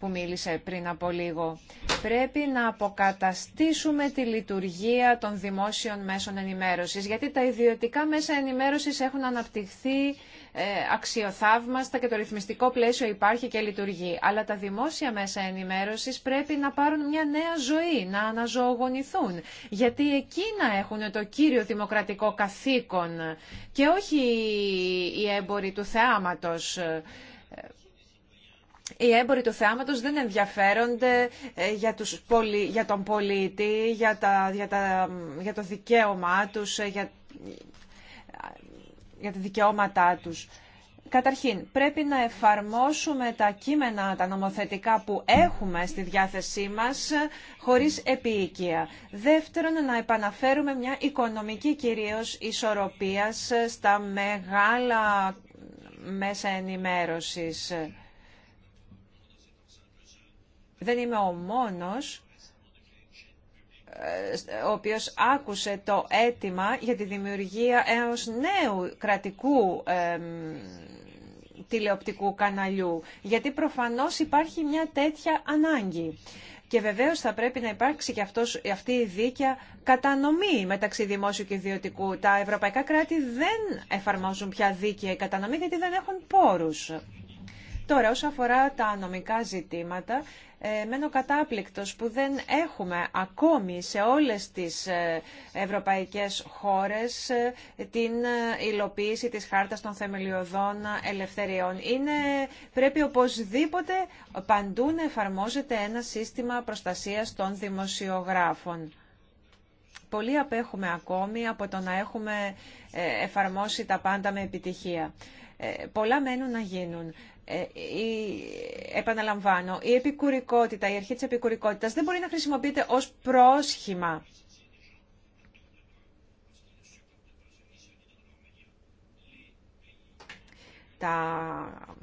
που μίλησε πριν από λίγο. Πρέπει να αποκαταστήσουμε τη λειτουργία των δημόσιων μέσων ενημέρωσης, γιατί τα ιδιωτικά μέσα ενημέρωσης έχουν αναπτυχθεί ε, αξιοθαύμαστα και το ρυθμιστικό πλαίσιο υπάρχει και λειτουργεί. Αλλά τα δημόσια μέσα ενημέρωσης πρέπει να πάρουν μια νέα ζωή, να αναζωογονηθούν. Γιατί εκείνα έχουν το κύριο δημοκρατικό καθήκον και όχι οι έμποροι του θεάματος οι έμποροι του θεάματος δεν ενδιαφέρονται ε, για, τους πολι... για τον πολίτη, για, τα... Για, το δικαίωμά τους, ε, για... Ε, για τα δικαιώματά τους. Καταρχήν, πρέπει να εφαρμόσουμε τα κείμενα, τα νομοθετικά που έχουμε στη διάθεσή μας, χωρίς επίοικια. Δεύτερον, να επαναφέρουμε μια οικονομική κυρίως ισορροπίας στα μεγάλα μέσα ενημέρωσης δεν είμαι ο μόνος ε, ο οποίος άκουσε το αίτημα για τη δημιουργία ενός νέου κρατικού τηλεοπτικού καναλιού, γιατί προφανώς υπάρχει μια τέτοια ανάγκη. Και βεβαίως θα πρέπει να υπάρξει και αυτός, αυτή η δίκαια κατανομή μεταξύ δημόσιου και ιδιωτικού. Τα ευρωπαϊκά κράτη δεν εφαρμόζουν πια δίκαια κατανομή γιατί δεν έχουν πόρους. Τώρα, όσον αφορά τα νομικά ζητήματα, ε, μένω κατάπληκτος που δεν έχουμε ακόμη σε όλες τις ε, ευρωπαϊκές χώρες ε, την υλοποίηση της Χάρτας των Θεμελιωδών Ελευθεριών. Είναι, πρέπει οπωσδήποτε παντού να εφαρμόζεται ένα σύστημα προστασίας των δημοσιογράφων. Πολύ απέχουμε ακόμη από το να έχουμε εφαρμόσει τα πάντα με επιτυχία. Πολλά μένουν να γίνουν. Ε, επαναλαμβάνω, η επικουρικότητα, η αρχή της επικουρικότητας δεν μπορεί να χρησιμοποιείται ως πρόσχημα. Τα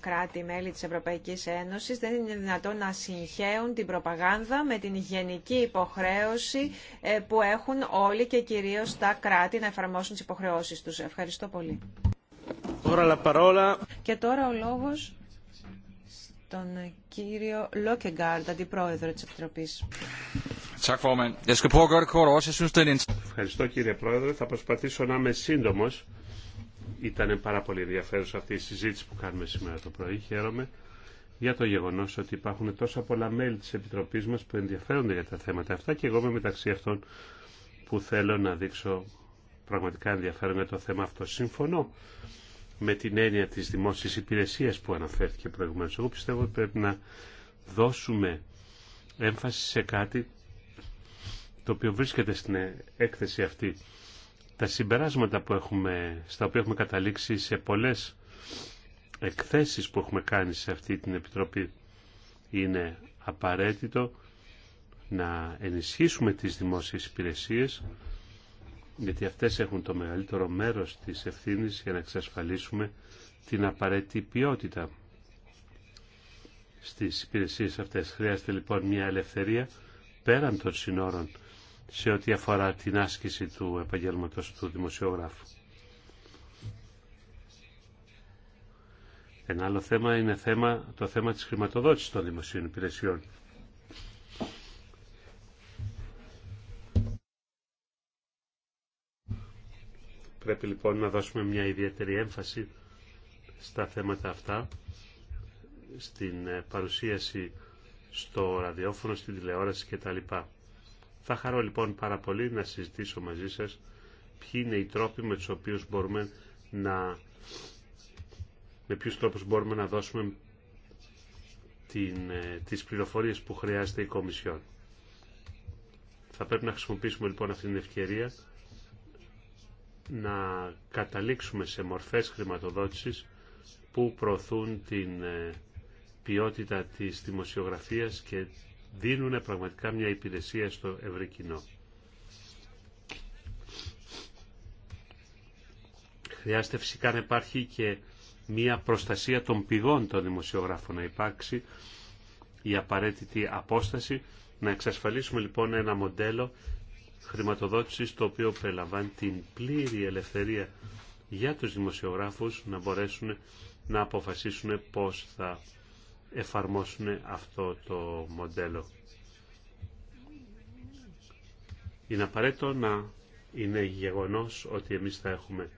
κράτη-μέλη της Ευρωπαϊκής Ένωσης δεν είναι δυνατόν να συγχέουν την προπαγάνδα με την γενική υποχρέωση ε, που έχουν όλοι και κυρίως τα κράτη να εφαρμόσουν τις υποχρεώσεις τους. Ευχαριστώ πολύ. Και τώρα ο λόγος στον κύριο Λόκεγκάρντ, αντιπρόεδρο της Επιτροπής. Ευχαριστώ κύριε Πρόεδρε. Θα προσπαθήσω να είμαι σύντομο. Ήταν πάρα πολύ ενδιαφέρουσα αυτή η συζήτηση που κάνουμε σήμερα το πρωί. Χαίρομαι για το γεγονό ότι υπάρχουν τόσα πολλά μέλη τη Επιτροπή μα που ενδιαφέρονται για τα θέματα αυτά και εγώ είμαι μεταξύ αυτών που θέλω να δείξω πραγματικά ενδιαφέρον για το θέμα αυτό. Συμφωνώ με την έννοια της δημόσιας υπηρεσίας που αναφέρθηκε προηγουμένως. Εγώ πιστεύω ότι πρέπει να δώσουμε έμφαση σε κάτι το οποίο βρίσκεται στην έκθεση αυτή. Τα συμπεράσματα που έχουμε, στα οποία έχουμε καταλήξει σε πολλές εκθέσεις που έχουμε κάνει σε αυτή την Επιτροπή είναι απαραίτητο να ενισχύσουμε τις δημόσιες υπηρεσίες, γιατί αυτές έχουν το μεγαλύτερο μέρος της ευθύνης για να εξασφαλίσουμε την απαραίτητη ποιότητα στις υπηρεσίες αυτές. Χρειάζεται λοιπόν μια ελευθερία πέραν των συνόρων σε ό,τι αφορά την άσκηση του επαγγέλματος του δημοσιογράφου. Ένα άλλο θέμα είναι θέμα, το θέμα της χρηματοδότησης των δημοσίων υπηρεσιών. Πρέπει λοιπόν να δώσουμε μια ιδιαίτερη έμφαση στα θέματα αυτά, στην ε, παρουσίαση στο ραδιόφωνο, στην τηλεόραση κτλ. Θα χαρώ λοιπόν πάρα πολύ να συζητήσω μαζί σας ποιοι είναι οι τρόποι με τους οποίους μπορούμε να με ποιους τρόπους μπορούμε να δώσουμε την, ε, τις πληροφορίες που χρειάζεται η Κομισιόν. Θα πρέπει να χρησιμοποιήσουμε λοιπόν αυτή την ευκαιρία να καταλήξουμε σε μορφές χρηματοδότησης που προωθούν την ε, ποιότητα της δημοσιογραφίας και δίνουν πραγματικά μια υπηρεσία στο ευρύ κοινό. Χρειάζεται φυσικά να υπάρχει και μια προστασία των πηγών των δημοσιογράφων, να υπάρξει η απαραίτητη απόσταση. Να εξασφαλίσουμε λοιπόν ένα μοντέλο Χρηματοδότηση το οποίο περιλαμβάνει την πλήρη ελευθερία για τους δημοσιογράφους να μπορέσουν να αποφασίσουν πώς θα εφαρμόσουν αυτό το μοντέλο. Είναι απαραίτητο να είναι γεγονός ότι εμείς θα έχουμε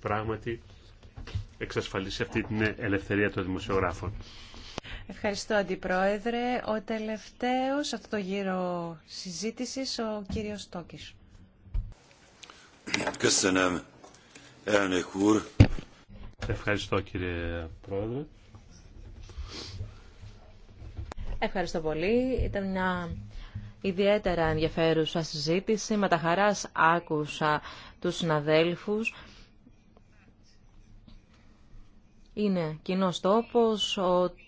πράγματι εξασφαλίσει αυτή την ελευθερία των δημοσιογράφων. Ευχαριστώ, Αντιπρόεδρε. Ο τελευταίος αυτό το γύρο συζήτησης, ο κύριος Τόκης. Ευχαριστώ, κύριε Πρόεδρε. Ευχαριστώ πολύ. Ήταν μια ιδιαίτερα ενδιαφέρουσα συζήτηση. Με τα χαράς άκουσα τους συναδέλφους. Είναι κοινό τόπος ότι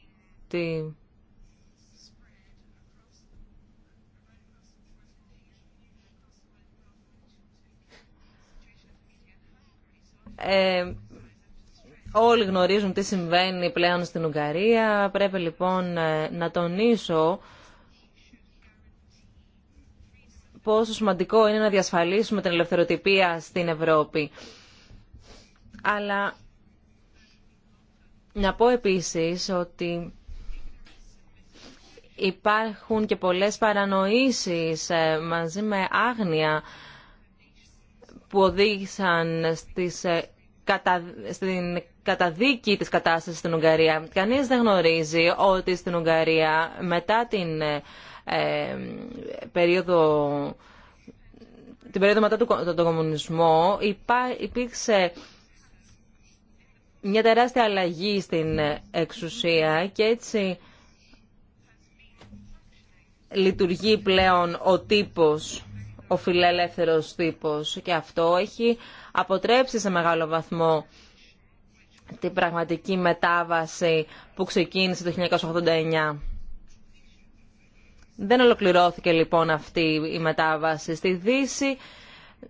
ε, όλοι γνωρίζουν τι συμβαίνει πλέον στην Ουγγαρία. Πρέπει λοιπόν ε, να τονίσω πόσο σημαντικό είναι να διασφαλίσουμε την ελευθεροτυπία στην Ευρώπη. Αλλά να πω επίσης ότι υπάρχουν και πολλές παρανοήσεις ε, μαζί με άγνοια που οδήγησαν στις, ε, στην καταδίκη της κατάστασης στην Ουγγαρία. Κανείς δεν γνωρίζει ότι στην Ουγγαρία μετά την ε, περίοδο την περίοδο μετά τον, τον κομμουνισμό υπήρξε μια τεράστια αλλαγή στην εξουσία και έτσι λειτουργεί πλέον ο τύπος, ο φιλελεύθερος τύπος και αυτό έχει αποτρέψει σε μεγάλο βαθμό την πραγματική μετάβαση που ξεκίνησε το 1989. Δεν ολοκληρώθηκε λοιπόν αυτή η μετάβαση. Στη Δύση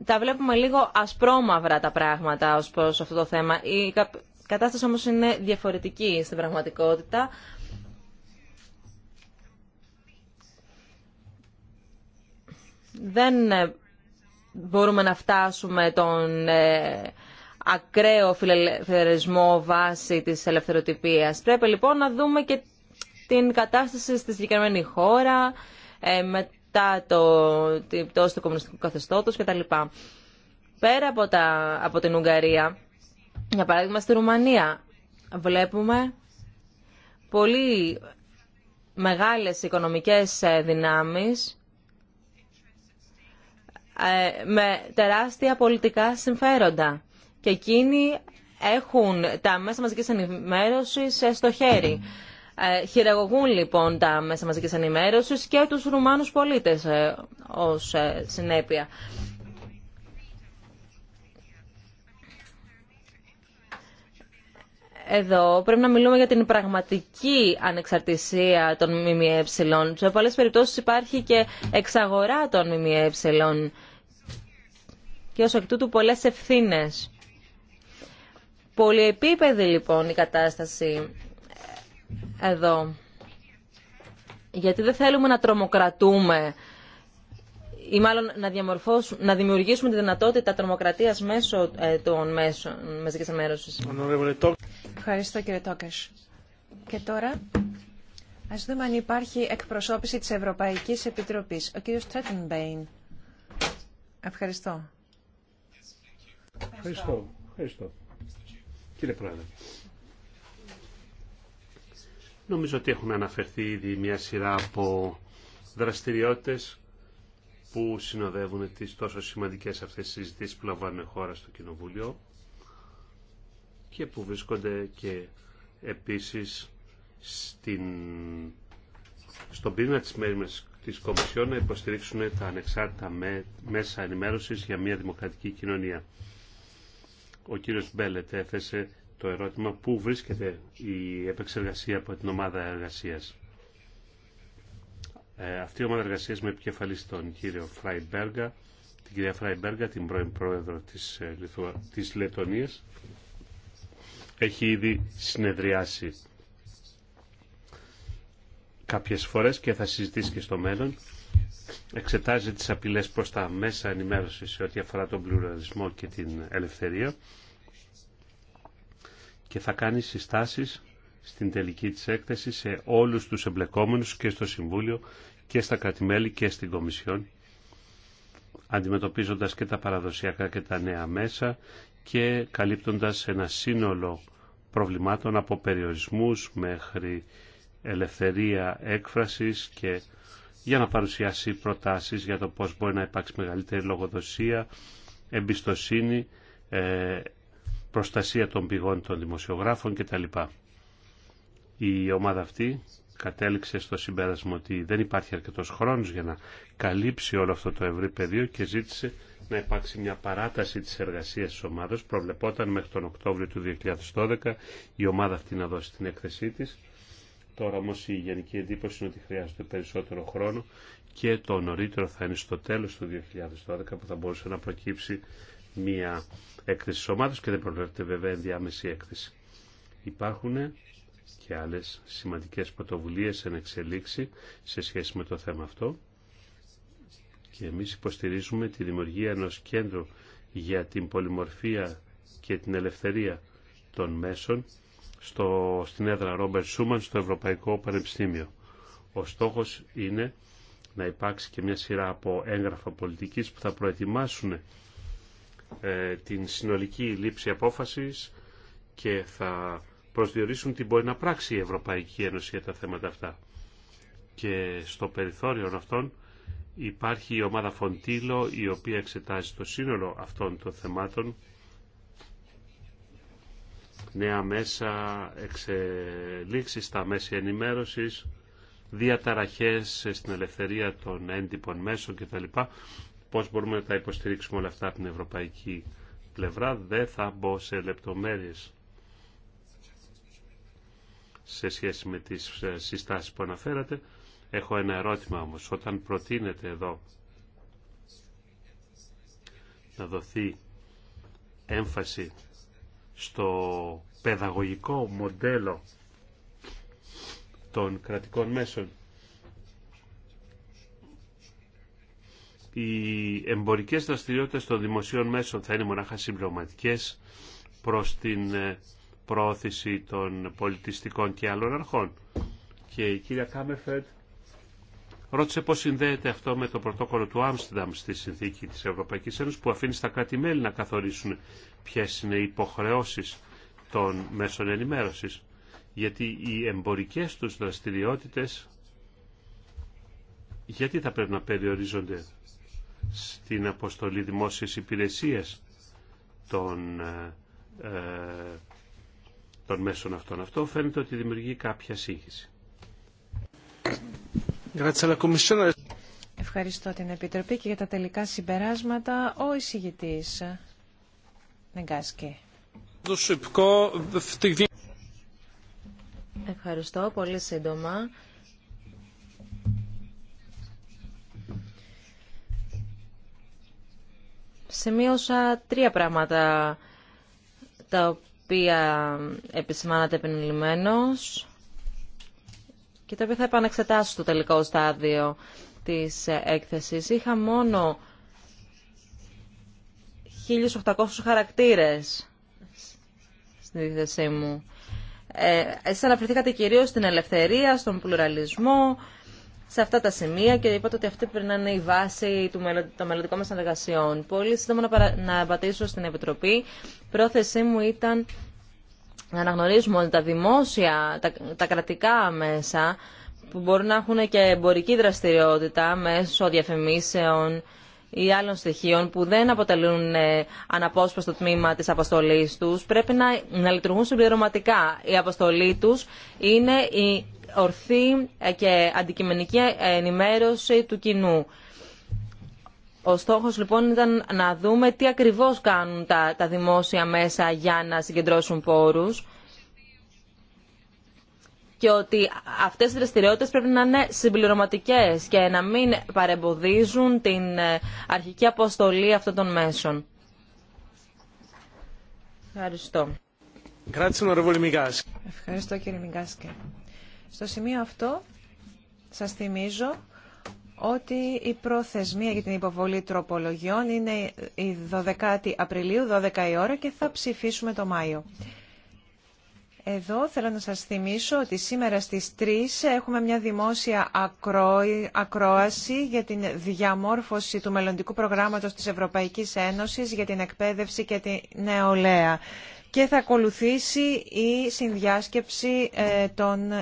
τα βλέπουμε λίγο ασπρόμαυρα τα πράγματα ως προς αυτό το θέμα. Η κατάσταση όμως είναι διαφορετική στην πραγματικότητα. δεν ε, μπορούμε να φτάσουμε τον ε, ακραίο φιλελευθερισμό βάση της ελευθεροτυπίας. Πρέπει λοιπόν να δούμε και την κατάσταση στη συγκεκριμένη χώρα ε, μετά το, την πτώση του κομμουνιστικού καθεστώτος κτλ. Πέρα από, τα, από την Ουγγαρία, για παράδειγμα στη Ρουμανία, βλέπουμε πολύ μεγάλες οικονομικές δυνάμεις ε, με τεράστια πολιτικά συμφέροντα. Και εκείνοι έχουν τα μέσα μαζικής ενημέρωσης ε, στο χέρι. Ε, χειραγωγούν λοιπόν τα μέσα μαζικής ενημέρωσης και τους Ρουμάνους πολίτες ως συνέπεια. εδώ πρέπει να μιλούμε για την πραγματική ανεξαρτησία των ΜΜΕ. Σε πολλέ περιπτώσεις υπάρχει και εξαγορά των ΜΜΕ και ω εκ τούτου πολλές ευθύνε. Πολυεπίπεδη λοιπόν η κατάσταση εδώ. Γιατί δεν θέλουμε να τρομοκρατούμε ή μάλλον να, διαμορφώσουν, να δημιουργήσουμε τη δυνατότητα τρομοκρατία μέσω ε, των μέσων μαζική ενημέρωση. Ευχαριστώ κύριε Τόκε. Και τώρα α δούμε αν υπάρχει εκπροσώπηση τη Ευρωπαϊκή Επιτροπή, Ο κύριο Τρέτενμπέιν. Ευχαριστώ. Ευχαριστώ. Ευχαριστώ. Κύριε Πρόεδρε. Νομίζω ότι έχουμε αναφερθεί ήδη μια σειρά από δραστηριότητες που συνοδεύουν τις τόσο σημαντικές αυτές τις συζητήσεις που λαμβάνουν χώρα στο Κοινοβούλιο και που βρίσκονται και επίσης στην, στον τη της μέρης της Κομισιόν να υποστηρίξουν τα ανεξάρτητα μέσα ενημέρωσης για μια δημοκρατική κοινωνία. Ο κύριος Μπέλετ έθεσε το ερώτημα πού βρίσκεται η επεξεργασία από την ομάδα εργασίας ε, αυτή η ομάδα εργασία με επικεφαλή τον κύριο Φράιμπεργα, την κυρία Φράιμπεργα, την πρώην πρόεδρο της, ε, έχει ήδη συνεδριάσει κάποιες φορές και θα συζητήσει και στο μέλλον. Εξετάζει τις απειλές προς τα μέσα ενημέρωση σε ό,τι αφορά τον πλουραλισμό και την ελευθερία και θα κάνει συστάσεις στην τελική της έκθεση σε όλους τους εμπλεκόμενους και στο Συμβούλιο και στα κρατημέλη και στην Κομισιόν αντιμετωπίζοντας και τα παραδοσιακά και τα νέα μέσα και καλύπτοντας ένα σύνολο προβλημάτων από περιορισμούς μέχρι ελευθερία έκφρασης και για να παρουσιάσει προτάσεις για το πώς μπορεί να υπάρξει μεγαλύτερη λογοδοσία, εμπιστοσύνη, ε, προστασία των πηγών των δημοσιογράφων κτλ η ομάδα αυτή κατέληξε στο συμπέρασμα ότι δεν υπάρχει αρκετός χρόνος για να καλύψει όλο αυτό το ευρύ πεδίο και ζήτησε να υπάρξει μια παράταση της εργασίας της ομάδας. Προβλεπόταν μέχρι τον Οκτώβριο του 2012 η ομάδα αυτή να δώσει την έκθεσή της. Τώρα όμως η γενική εντύπωση είναι ότι χρειάζεται περισσότερο χρόνο και το νωρίτερο θα είναι στο τέλος του 2012 που θα μπορούσε να προκύψει μια έκθεση της ομάδας και δεν προβλέπεται βέβαια ενδιάμεση έκθεση. Υπάρχουν και άλλες σημαντικές πρωτοβουλίες εν εξελίξη σε σχέση με το θέμα αυτό. Και εμείς υποστηρίζουμε τη δημιουργία ενός κέντρου για την πολυμορφία και την ελευθερία των μέσων στο, στην έδρα Ρόμπερ Σούμαν στο Ευρωπαϊκό Πανεπιστήμιο. Ο στόχος είναι να υπάρξει και μια σειρά από έγγραφα πολιτικής που θα προετοιμάσουν ε, την συνολική λήψη απόφασης και θα προσδιορίσουν τι μπορεί να πράξει η Ευρωπαϊκή Ένωση για τα θέματα αυτά. Και στο περιθώριο αυτών υπάρχει η ομάδα Φοντήλο η οποία εξετάζει το σύνολο αυτών των θεμάτων νέα μέσα εξελίξεις στα μέσα ενημέρωσης, διαταραχές στην ελευθερία των έντυπων μέσων κτλ. Πώς μπορούμε να τα υποστηρίξουμε όλα αυτά από την ευρωπαϊκή πλευρά. Δεν θα μπω σε λεπτομέρειες σε σχέση με τις ε, συστάσεις που αναφέρατε. Έχω ένα ερώτημα όμως. Όταν προτείνεται εδώ να δοθεί έμφαση στο παιδαγωγικό μοντέλο των κρατικών μέσων οι εμπορικές δραστηριότητες των δημοσίων μέσων θα είναι μονάχα συμπληρωματικέ προς την ε, πρόθεση των πολιτιστικών και άλλων αρχών. Και η κυρία Κάμεφερτ ρώτησε πώς συνδέεται αυτό με το πρωτόκολλο του Άμστερνταμ στη συνθήκη της Ευρωπαϊκής Ένωσης που αφήνει στα κράτη-μέλη να καθορίσουν ποιες είναι οι υποχρεώσεις των μέσων ενημέρωσης. Γιατί οι εμπορικές τους δραστηριότητες γιατί θα πρέπει να περιορίζονται στην αποστολή δημόσιας υπηρεσίας των ε, ε, των μέσων αυτών. Αυτό φαίνεται ότι δημιουργεί κάποια σύγχυση. Ευχαριστώ την Επιτροπή και για τα τελικά συμπεράσματα ο εισηγητής Νεγκάσκη. Ευχαριστώ πολύ σύντομα. Σημείωσα τρία πράγματα τα οποία οποία επισημάνατε επενειλημμένως και τα οποία θα επανεξετάσει στο τελικό στάδιο της έκθεσης. Είχα μόνο 1.800 χαρακτήρες στην έκθεσή μου. Ε, εσείς αναφερθήκατε κυρίως στην ελευθερία, στον πλουραλισμό, σε αυτά τα σημεία και είπατε ότι αυτή πρέπει να είναι η βάση του των μελλοντικών μας εργασιών. Πολύ σύντομα να, παρα... να στην Επιτροπή. Πρόθεσή μου ήταν να αναγνωρίσουμε ότι τα δημόσια, τα, κρατικά μέσα που μπορούν να έχουν και εμπορική δραστηριότητα μέσω διαφημίσεων ή άλλων στοιχείων που δεν αποτελούν ε, αναπόσπαστο τμήμα της αποστολής τους πρέπει να, να λειτουργούν συμπληρωματικά. Η αποστολή τους είναι η ορθή και αντικειμενική ενημέρωση του κοινού. Ο στόχος λοιπόν ήταν να δούμε τι ακριβώς κάνουν τα, δημόσια μέσα για να συγκεντρώσουν πόρους και ότι αυτές οι δραστηριότητες πρέπει να είναι συμπληρωματικές και να μην παρεμποδίζουν την ε, αρχική αποστολή αυτών των μέσων. Ευχαριστώ. Ευχαριστώ κύριε Μιγκάσκε. Στο σημείο αυτό σας θυμίζω ότι η προθεσμία για την υποβολή τροπολογιών είναι η 12η Απριλίου, 12 η ώρα και θα ψηφίσουμε το Μάιο. Εδώ θέλω να σας θυμίσω ότι σήμερα στις 3 έχουμε μια δημόσια ακρόαση για την διαμόρφωση του μελλοντικού προγράμματος της Ευρωπαϊκής Ένωσης για την εκπαίδευση και τη νεολαία. Και θα ακολουθήσει η συνδιάσκεψη ε, των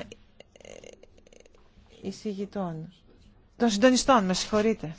εισηγητών. Των συντονιστών, με συγχωρείτε.